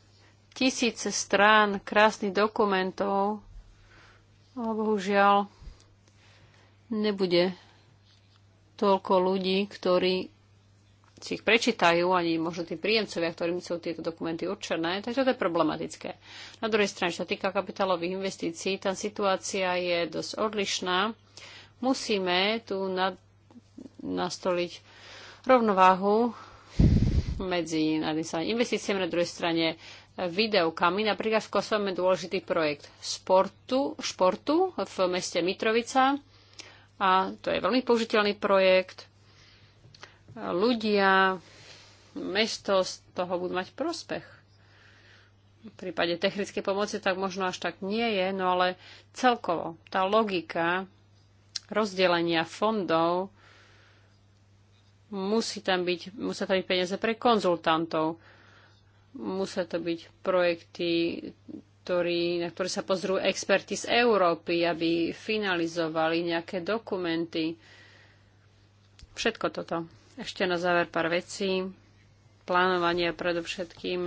tisíce strán krásnych dokumentov, ale bohužiaľ nebude toľko ľudí, ktorí si ich prečítajú, ani možno tí príjemcovia, ktorým sú tieto dokumenty určené, takže to je problematické. Na druhej strane, čo sa týka kapitálových investícií, tá situácia je dosť odlišná. Musíme tu nad, nastoliť rovnováhu medzi investíciami, na druhej strane videokami. Napríklad v Kosove máme dôležitý projekt sportu, športu v meste Mitrovica a to je veľmi použiteľný projekt ľudia, mesto z toho budú mať prospech. V prípade technickej pomoci tak možno až tak nie je, no ale celkovo tá logika rozdelenia fondov musí tam byť, musia tam byť peniaze pre konzultantov, musia to byť projekty, ktorý, na ktoré sa pozrú experti z Európy, aby finalizovali nejaké dokumenty. Všetko toto. Ešte na záver pár vecí. Plánovanie a predovšetkým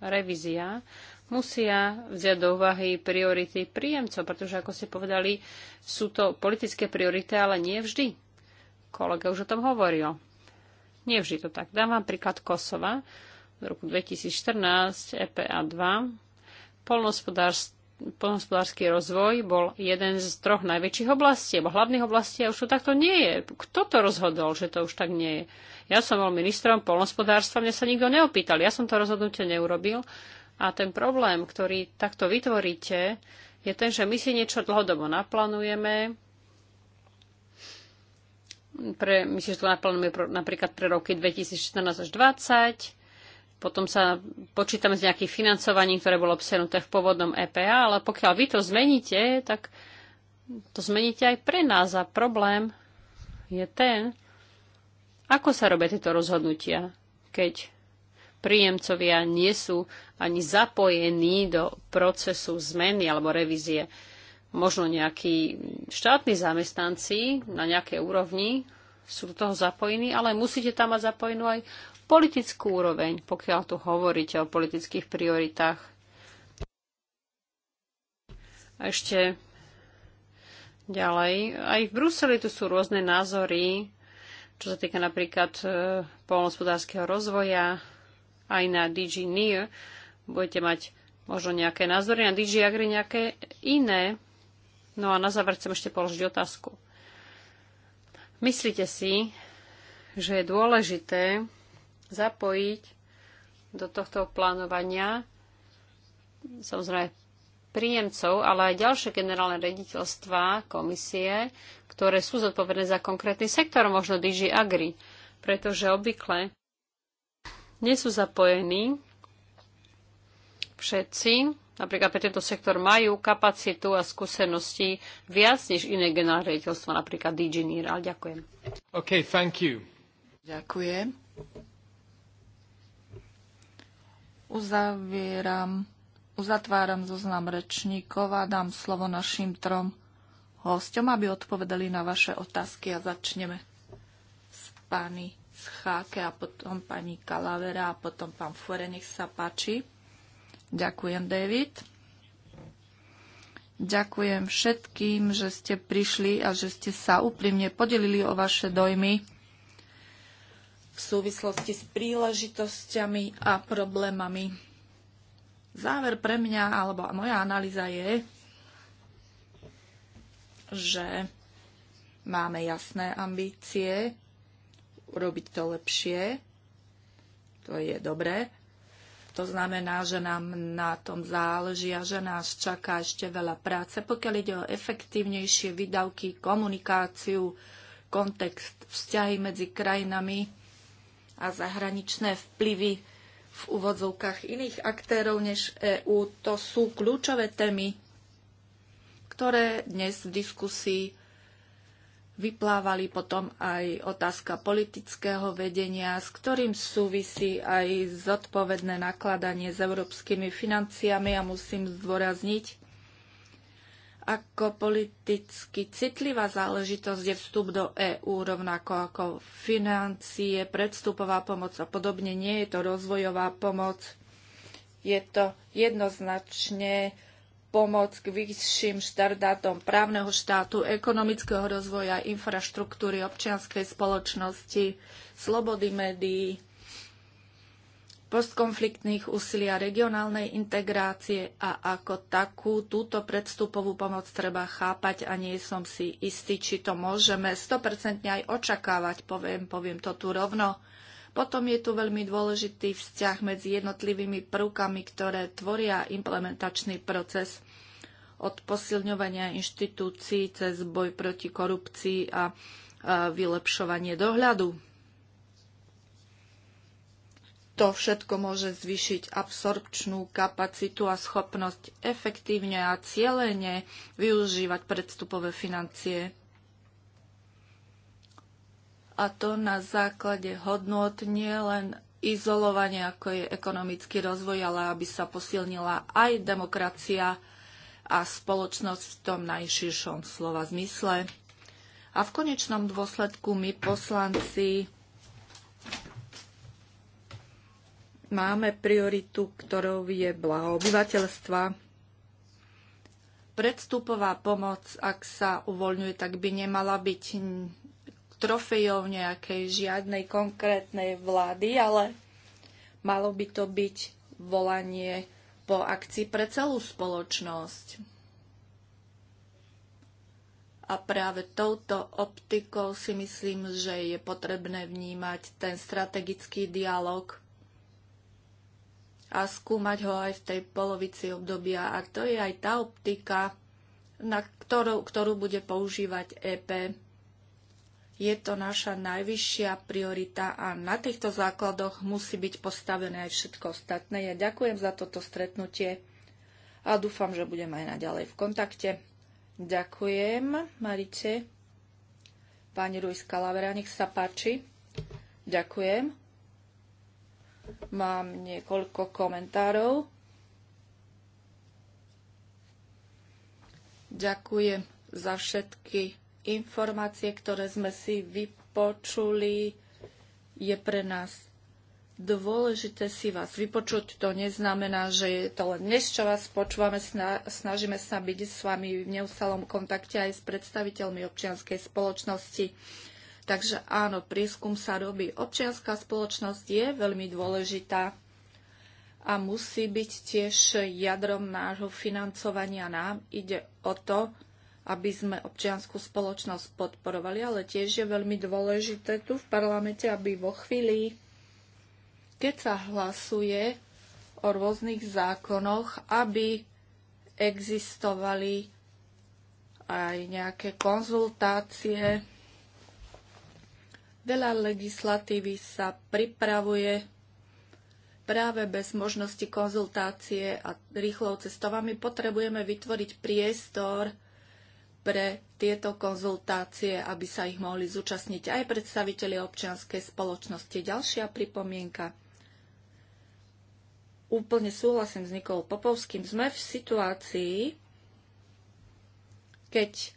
revízia musia vziať do úvahy priority príjemcov, pretože, ako ste povedali, sú to politické priority, ale nie vždy. Kolega už o tom hovoril. Nie vždy to tak. Dám vám príklad Kosova. V roku 2014 EPA 2 polnospodárstvo poľnohospodársky rozvoj bol jeden z troch najväčších oblastí, alebo hlavných oblastí a už to takto nie je. Kto to rozhodol, že to už tak nie je? Ja som bol ministrom poľnohospodárstva, mňa sa nikto neopýtal, ja som to rozhodnutie neurobil a ten problém, ktorý takto vytvoríte, je ten, že my si niečo dlhodobo naplánujeme, pre, my si to naplánujeme napríklad pre roky 2014 až 2020, potom sa počítam z nejakých financovaní, ktoré bolo obsenuté v pôvodnom EPA, ale pokiaľ vy to zmeníte, tak to zmeníte aj pre nás a problém je ten, ako sa robia tieto rozhodnutia, keď príjemcovia nie sú ani zapojení do procesu zmeny alebo revízie. Možno nejakí štátni zamestnanci na nejakej úrovni sú do toho zapojení, ale musíte tam mať zapojenú aj politickú úroveň, pokiaľ tu hovoríte o politických prioritách. A ešte ďalej. Aj v Bruseli tu sú rôzne názory, čo sa týka napríklad e, polnospodárskeho rozvoja, aj na DG NIR. Budete mať možno nejaké názory na DG Agri, nejaké iné. No a na záver chcem ešte položiť otázku. Myslíte si, že je dôležité zapojiť do tohto plánovania samozrejme príjemcov, ale aj ďalšie generálne rediteľstva, komisie, ktoré sú zodpovedné za konkrétny sektor, možno DG Agri, pretože obvykle nie sú zapojení všetci, napríklad pre tento sektor majú kapacitu a skúsenosti viac než iné generálne rediteľstvo, napríklad DG NIR. ďakujem. OK, thank you. Ďakujem uzavieram, uzatváram zoznam rečníkov a dám slovo našim trom hosťom, aby odpovedali na vaše otázky a začneme s pani Scháke a potom pani Kalavera a potom pán Fore, nech sa páči. Ďakujem, David. Ďakujem všetkým, že ste prišli a že ste sa úprimne podelili o vaše dojmy v súvislosti s príležitosťami a problémami. Záver pre mňa, alebo moja analýza je, že máme jasné ambície, urobiť to lepšie, to je dobré. To znamená, že nám na tom záleží a že nás čaká ešte veľa práce, pokiaľ ide o efektívnejšie výdavky, komunikáciu, kontext, vzťahy medzi krajinami a zahraničné vplyvy v úvodzovkách iných aktérov než EÚ. To sú kľúčové témy, ktoré dnes v diskusii vyplávali potom aj otázka politického vedenia, s ktorým súvisí aj zodpovedné nakladanie s európskymi financiami a musím zdôrazniť, ako politicky citlivá záležitosť je vstup do EÚ rovnako ako financie, predstupová pomoc a podobne. Nie je to rozvojová pomoc. Je to jednoznačne pomoc k vyšším štardátom právneho štátu, ekonomického rozvoja, infraštruktúry, občianskej spoločnosti, slobody médií, postkonfliktných úsilí a regionálnej integrácie a ako takú túto predstupovú pomoc treba chápať a nie som si istý, či to môžeme 100% aj očakávať, poviem, poviem to tu rovno. Potom je tu veľmi dôležitý vzťah medzi jednotlivými prvkami, ktoré tvoria implementačný proces od posilňovania inštitúcií cez boj proti korupcii a vylepšovanie dohľadu. To všetko môže zvýšiť absorpčnú kapacitu a schopnosť efektívne a cieľene využívať predstupové financie. A to na základe hodnot nielen izolovanie, ako je ekonomický rozvoj, ale aby sa posilnila aj demokracia a spoločnosť v tom najširšom slova zmysle. A v konečnom dôsledku my poslanci máme prioritu, ktorou je blaho obyvateľstva. Predstupová pomoc, ak sa uvoľňuje, tak by nemala byť trofejov nejakej žiadnej konkrétnej vlády, ale malo by to byť volanie po akcii pre celú spoločnosť. A práve touto optikou si myslím, že je potrebné vnímať ten strategický dialog a skúmať ho aj v tej polovici obdobia. A to je aj tá optika, na ktorú, ktorú bude používať EP. Je to naša najvyššia priorita a na týchto základoch musí byť postavené aj všetko ostatné. Ja ďakujem za toto stretnutie a dúfam, že budem aj naďalej v kontakte. Ďakujem, Marice. Pani Rujska Lavera, nech sa páči. Ďakujem. Mám niekoľko komentárov. Ďakujem za všetky informácie, ktoré sme si vypočuli. Je pre nás dôležité si vás vypočuť. To neznamená, že je to len dnes, čo vás počúvame. Snažíme sa byť s vami v neustalom kontakte aj s predstaviteľmi občianskej spoločnosti. Takže áno, prieskum sa robí. Občianská spoločnosť je veľmi dôležitá a musí byť tiež jadrom nášho financovania nám. Ide o to, aby sme občianskú spoločnosť podporovali, ale tiež je veľmi dôležité tu v parlamente, aby vo chvíli, keď sa hlasuje o rôznych zákonoch, aby existovali aj nejaké konzultácie Veľa legislatívy sa pripravuje práve bez možnosti konzultácie a rýchlou cestovami. Potrebujeme vytvoriť priestor pre tieto konzultácie, aby sa ich mohli zúčastniť aj predstavitelia občianskej spoločnosti. Ďalšia pripomienka. Úplne súhlasím s Nikolou Popovským. Sme v situácii, keď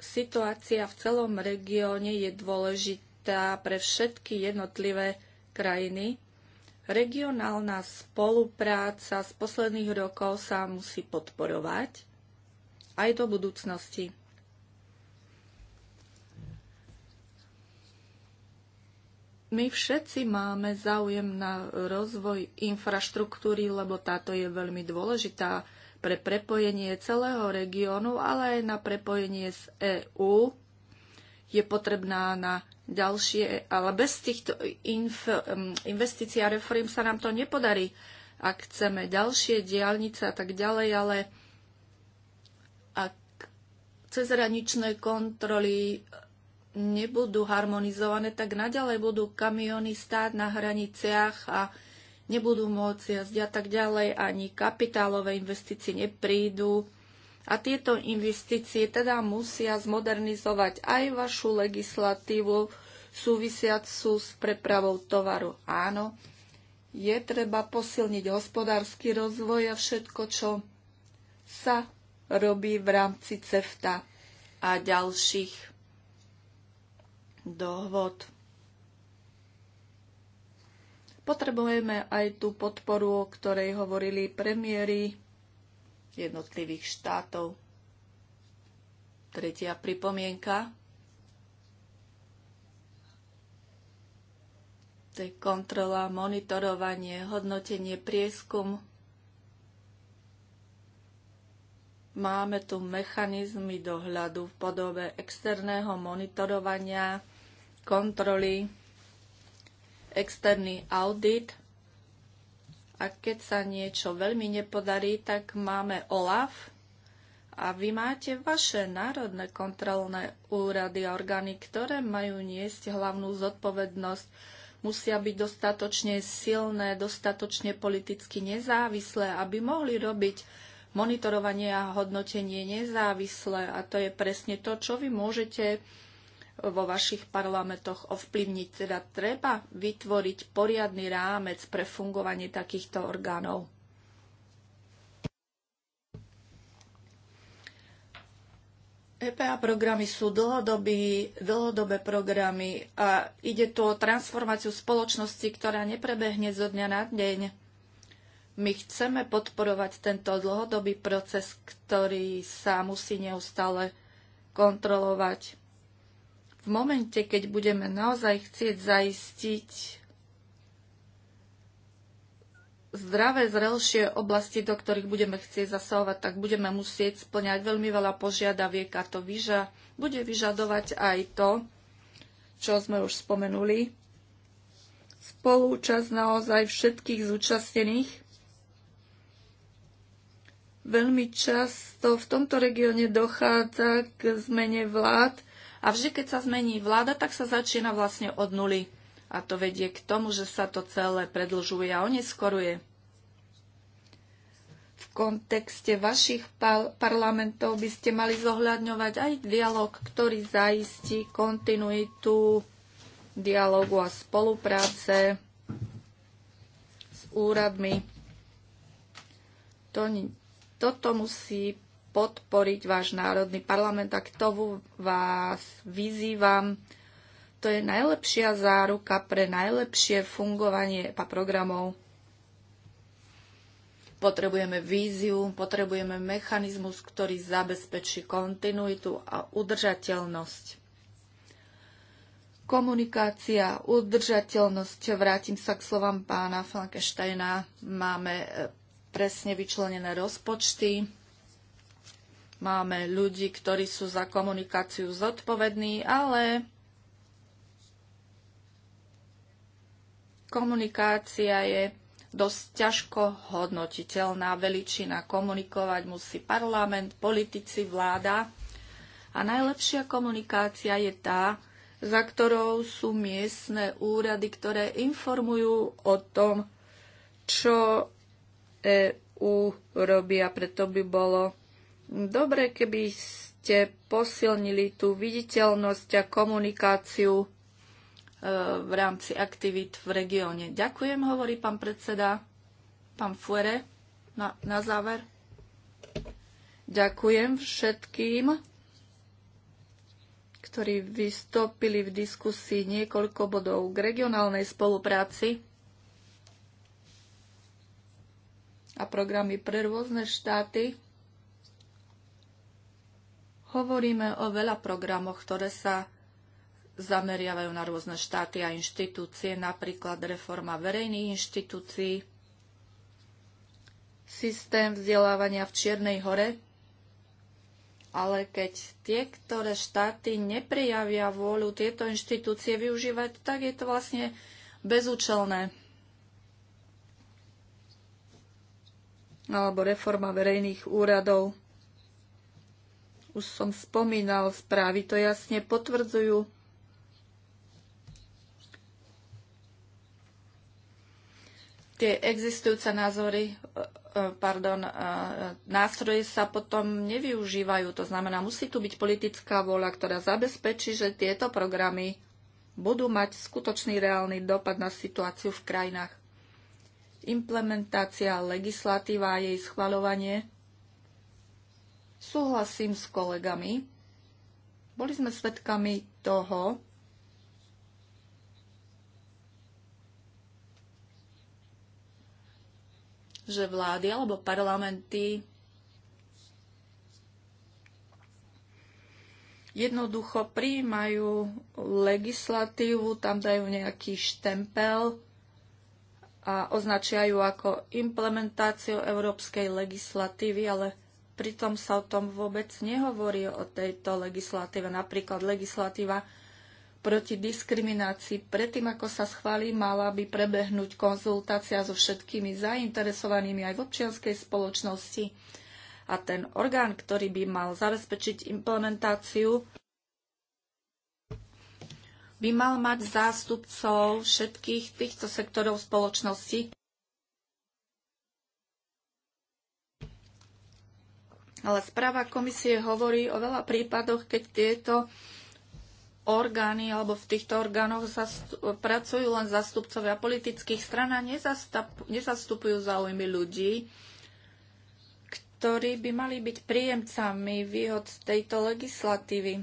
situácia v celom regióne je dôležitá pre všetky jednotlivé krajiny. Regionálna spolupráca z posledných rokov sa musí podporovať aj do budúcnosti. My všetci máme záujem na rozvoj infraštruktúry, lebo táto je veľmi dôležitá pre prepojenie celého regiónu, ale aj na prepojenie s EÚ je potrebná na ďalšie, ale bez týchto inf, investícií a reform sa nám to nepodarí. Ak chceme ďalšie diálnice a tak ďalej, ale ak cezhraničné kontroly nebudú harmonizované, tak naďalej budú kamiony stáť na hraniciach a nebudú môcť jazdiť a tak ďalej, ani kapitálové investície neprídu. A tieto investície teda musia zmodernizovať aj vašu legislatívu súvisiacu s prepravou tovaru. Áno, je treba posilniť hospodársky rozvoj a všetko, čo sa robí v rámci CEFTA a ďalších dohod. Potrebujeme aj tú podporu, o ktorej hovorili premiéry jednotlivých štátov. Tretia pripomienka. To je kontrola, monitorovanie, hodnotenie, prieskum. Máme tu mechanizmy dohľadu v podobe externého monitorovania, kontroly externý audit a keď sa niečo veľmi nepodarí, tak máme OLAF a vy máte vaše národné kontrolné úrady a orgány, ktoré majú niesť hlavnú zodpovednosť. Musia byť dostatočne silné, dostatočne politicky nezávislé, aby mohli robiť monitorovanie a hodnotenie nezávislé. A to je presne to, čo vy môžete vo vašich parlamentoch ovplyvniť. Teda treba vytvoriť poriadny rámec pre fungovanie takýchto orgánov. EPA programy sú dlhodobý, dlhodobé programy a ide tu o transformáciu spoločnosti, ktorá neprebehne zo dňa na deň. My chceme podporovať tento dlhodobý proces, ktorý sa musí neustále kontrolovať v momente, keď budeme naozaj chcieť zaistiť zdravé, zrelšie oblasti, do ktorých budeme chcieť zasahovať, tak budeme musieť splňať veľmi veľa požiadaviek a to vyža, bude vyžadovať aj to, čo sme už spomenuli, spolúčasť naozaj všetkých zúčastnených. Veľmi často v tomto regióne dochádza k zmene vlád – a vždy, keď sa zmení vláda, tak sa začína vlastne od nuly. A to vedie k tomu, že sa to celé predlžuje a oneskoruje. V kontekste vašich parlamentov by ste mali zohľadňovať aj dialog, ktorý zaistí kontinuitu dialogu a spolupráce s úradmi. To, toto musí podporiť váš národný parlament a k tomu vás vyzývam. To je najlepšia záruka pre najlepšie fungovanie EPA programov. Potrebujeme víziu, potrebujeme mechanizmus, ktorý zabezpečí kontinuitu a udržateľnosť. Komunikácia, udržateľnosť, vrátim sa k slovám pána Frankensteina, máme e, presne vyčlenené rozpočty, Máme ľudí, ktorí sú za komunikáciu zodpovední, ale komunikácia je dosť ťažko hodnotiteľná veličina. Komunikovať musí parlament, politici, vláda. A najlepšia komunikácia je tá, za ktorou sú miestne úrady, ktoré informujú o tom, čo EU robia. Preto by bolo dobre, keby ste posilnili tú viditeľnosť a komunikáciu e, v rámci aktivít v regióne. Ďakujem, hovorí pán predseda, pán Fuere, na, na záver. Ďakujem všetkým, ktorí vystúpili v diskusii niekoľko bodov k regionálnej spolupráci a programy pre rôzne štáty. Hovoríme o veľa programoch, ktoré sa zameriavajú na rôzne štáty a inštitúcie, napríklad reforma verejných inštitúcií, systém vzdelávania v Čiernej hore, ale keď tie, ktoré štáty neprijavia vôľu tieto inštitúcie využívať, tak je to vlastne bezúčelné. Alebo reforma verejných úradov. Už som spomínal, správy to jasne potvrdzujú. Tie existujúce názory, e, e, pardon, e, nástroje sa potom nevyužívajú. To znamená, musí tu byť politická vôľa, ktorá zabezpečí, že tieto programy budú mať skutočný reálny dopad na situáciu v krajinách. Implementácia legislatíva a jej schvaľovanie Súhlasím s kolegami. Boli sme svedkami toho, že vlády alebo parlamenty jednoducho prijímajú legislatívu, tam dajú nejaký štempel a označia ju ako implementáciu európskej legislatívy, ale pritom sa o tom vôbec nehovorí o tejto legislatíve. Napríklad legislatíva proti diskriminácii. Predtým, ako sa schválí, mala by prebehnúť konzultácia so všetkými zainteresovanými aj v občianskej spoločnosti. A ten orgán, ktorý by mal zabezpečiť implementáciu, by mal mať zástupcov všetkých týchto sektorov spoločnosti Ale správa komisie hovorí o veľa prípadoch, keď tieto orgány alebo v týchto orgánoch pracujú len zastupcovia politických stran a nezastupujú záujmy ľudí, ktorí by mali byť príjemcami výhod tejto legislatívy.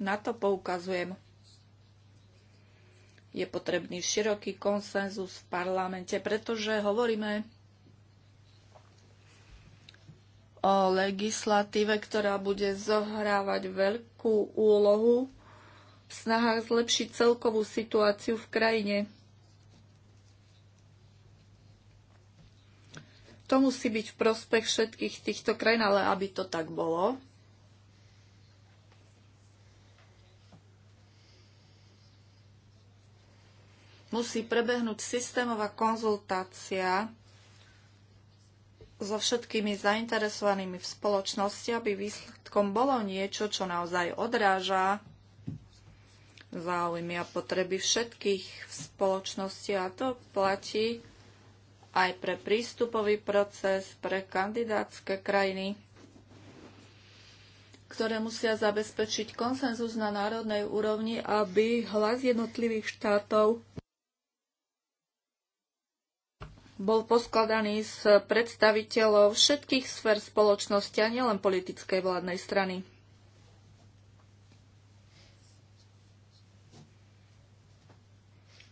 Na to poukazujem. Je potrebný široký konsenzus v parlamente, pretože hovoríme o legislatíve, ktorá bude zohrávať veľkú úlohu v snahách zlepšiť celkovú situáciu v krajine. To musí byť v prospech všetkých týchto krajín, ale aby to tak bolo, musí prebehnúť systémová konzultácia so všetkými zainteresovanými v spoločnosti, aby výsledkom bolo niečo, čo naozaj odráža záujmy a potreby všetkých v spoločnosti. A to platí aj pre prístupový proces, pre kandidátske krajiny, ktoré musia zabezpečiť konsenzus na národnej úrovni, aby hlas jednotlivých štátov bol poskladaný z predstaviteľov všetkých sfér spoločnosti a nielen politickej vládnej strany.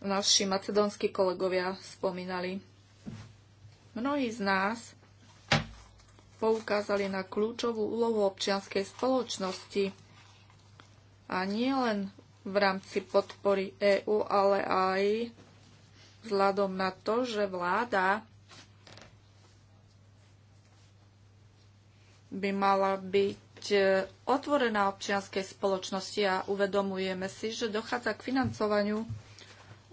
Naši macedónsky kolegovia spomínali. Mnohí z nás poukázali na kľúčovú úlohu občianskej spoločnosti a nielen v rámci podpory EÚ, ale aj vzhľadom na to, že vláda by mala byť e, otvorená občianskej spoločnosti a uvedomujeme si, že dochádza k financovaniu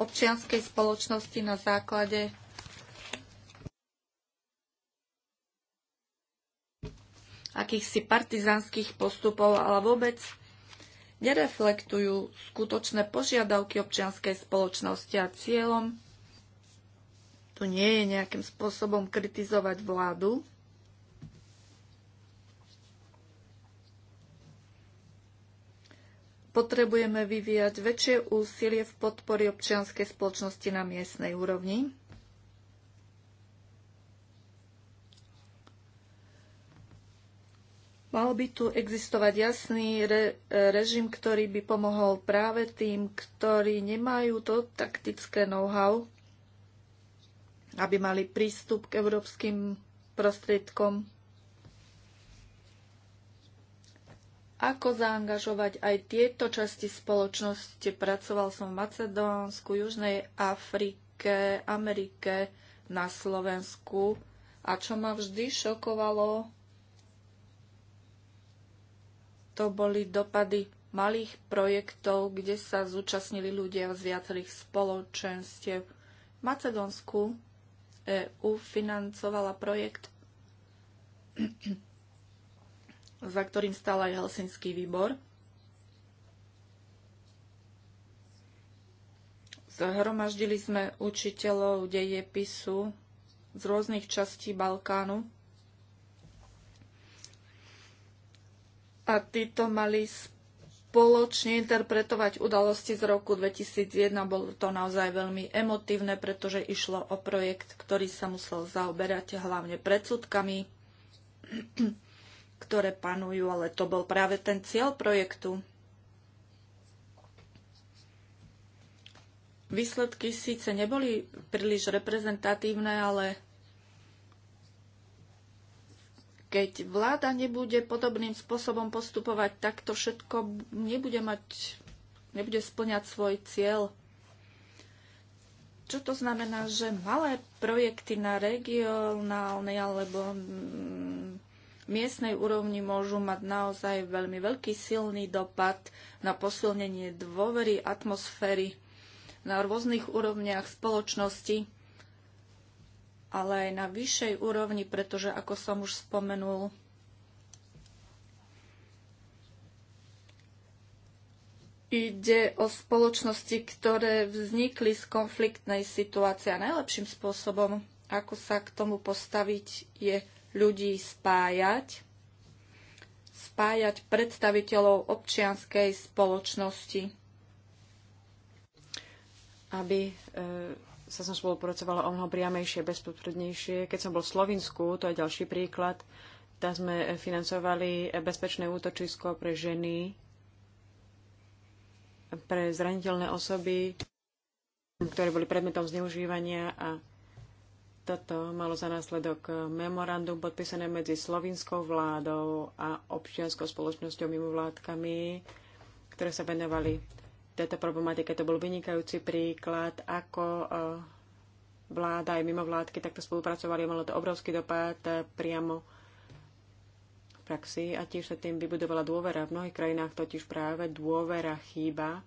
občianskej spoločnosti na základe akýchsi partizánskych postupov, ale vôbec nereflektujú skutočné požiadavky občianskej spoločnosti a cieľom tu nie je nejakým spôsobom kritizovať vládu. Potrebujeme vyvíjať väčšie úsilie v podpory občianskej spoločnosti na miestnej úrovni. Mal by tu existovať jasný re, režim, ktorý by pomohol práve tým, ktorí nemajú to taktické know-how, aby mali prístup k európskym prostriedkom. Ako zaangažovať aj tieto časti spoločnosti? Pracoval som v Macedónsku, Južnej Afrike, Amerike, na Slovensku. A čo ma vždy šokovalo, to boli dopady malých projektov, kde sa zúčastnili ľudia z viacerých spoločenstiev. V Macedónsku EÚ financovala projekt, za ktorým stál aj Helsinský výbor. Zhromaždili sme učiteľov dejepisu z rôznych častí Balkánu. A títo mali spoločne interpretovať udalosti z roku 2001. Bolo to naozaj veľmi emotívne, pretože išlo o projekt, ktorý sa musel zaoberať hlavne predsudkami, ktoré panujú, ale to bol práve ten cieľ projektu. Výsledky síce neboli príliš reprezentatívne, ale keď vláda nebude podobným spôsobom postupovať, tak to všetko nebude mať, nebude splňať svoj cieľ. Čo to znamená, že malé projekty na regionálnej alebo miestnej úrovni môžu mať naozaj veľmi veľký silný dopad na posilnenie dôvery atmosféry na rôznych úrovniach spoločnosti ale aj na vyššej úrovni, pretože ako som už spomenul, ide o spoločnosti, ktoré vznikli z konfliktnej situácie a najlepším spôsobom, ako sa k tomu postaviť, je ľudí spájať, spájať predstaviteľov občianskej spoločnosti. Aby e sa som spolupracovala o mnoho priamejšie, bezprostrednejšie. Keď som bol v Slovensku, to je ďalší príklad, tam sme financovali bezpečné útočisko pre ženy, pre zraniteľné osoby, ktoré boli predmetom zneužívania a toto malo za následok memorandum podpísané medzi slovinskou vládou a občianskou spoločnosťou mimovládkami, ktoré sa venovali tejto problematike. To bol vynikajúci príklad, ako eh, vláda aj vládky takto spolupracovali. Malo to obrovský dopad eh, priamo v praxi a tiež sa tým vybudovala dôvera. V mnohých krajinách totiž práve dôvera chýba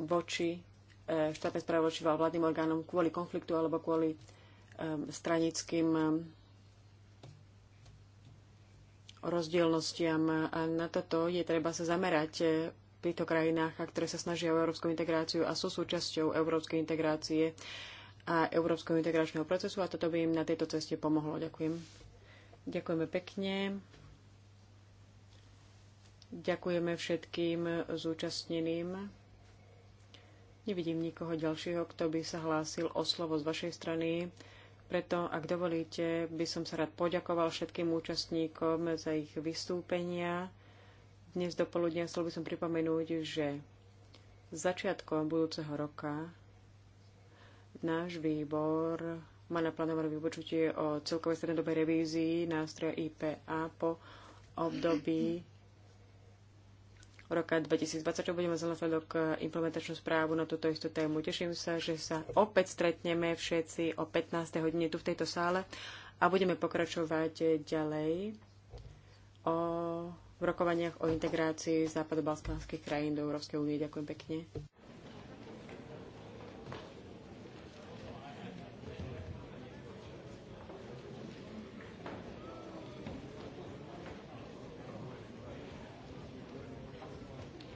voči eh, štátne správe voči vládnym orgánom kvôli konfliktu alebo kvôli stranickým rozdielnostiam. A na toto je treba sa zamerať týchto krajinách, a ktoré sa snažia o európsku integráciu a sú súčasťou európskej integrácie a európskeho integračného procesu a toto by im na tejto ceste pomohlo. Ďakujem. Ďakujeme pekne. Ďakujeme všetkým zúčastneným. Nevidím nikoho ďalšieho, kto by sa hlásil o slovo z vašej strany. Preto, ak dovolíte, by som sa rád poďakoval všetkým účastníkom za ich vystúpenia dnes do poludnia chcel by som pripomenúť, že začiatkom budúceho roka náš výbor má naplánované vypočutie o celkovej strednodobej revízii nástroja IPA po období roka 2020, čo budeme za následok e, implementačnú správu na túto istú tému. Teším sa, že sa opäť stretneme všetci o 15. hodine tu v tejto sále a budeme pokračovať ďalej o v rokovaniach o integrácii západobalkánskych krajín do Európskej únie. Ďakujem pekne.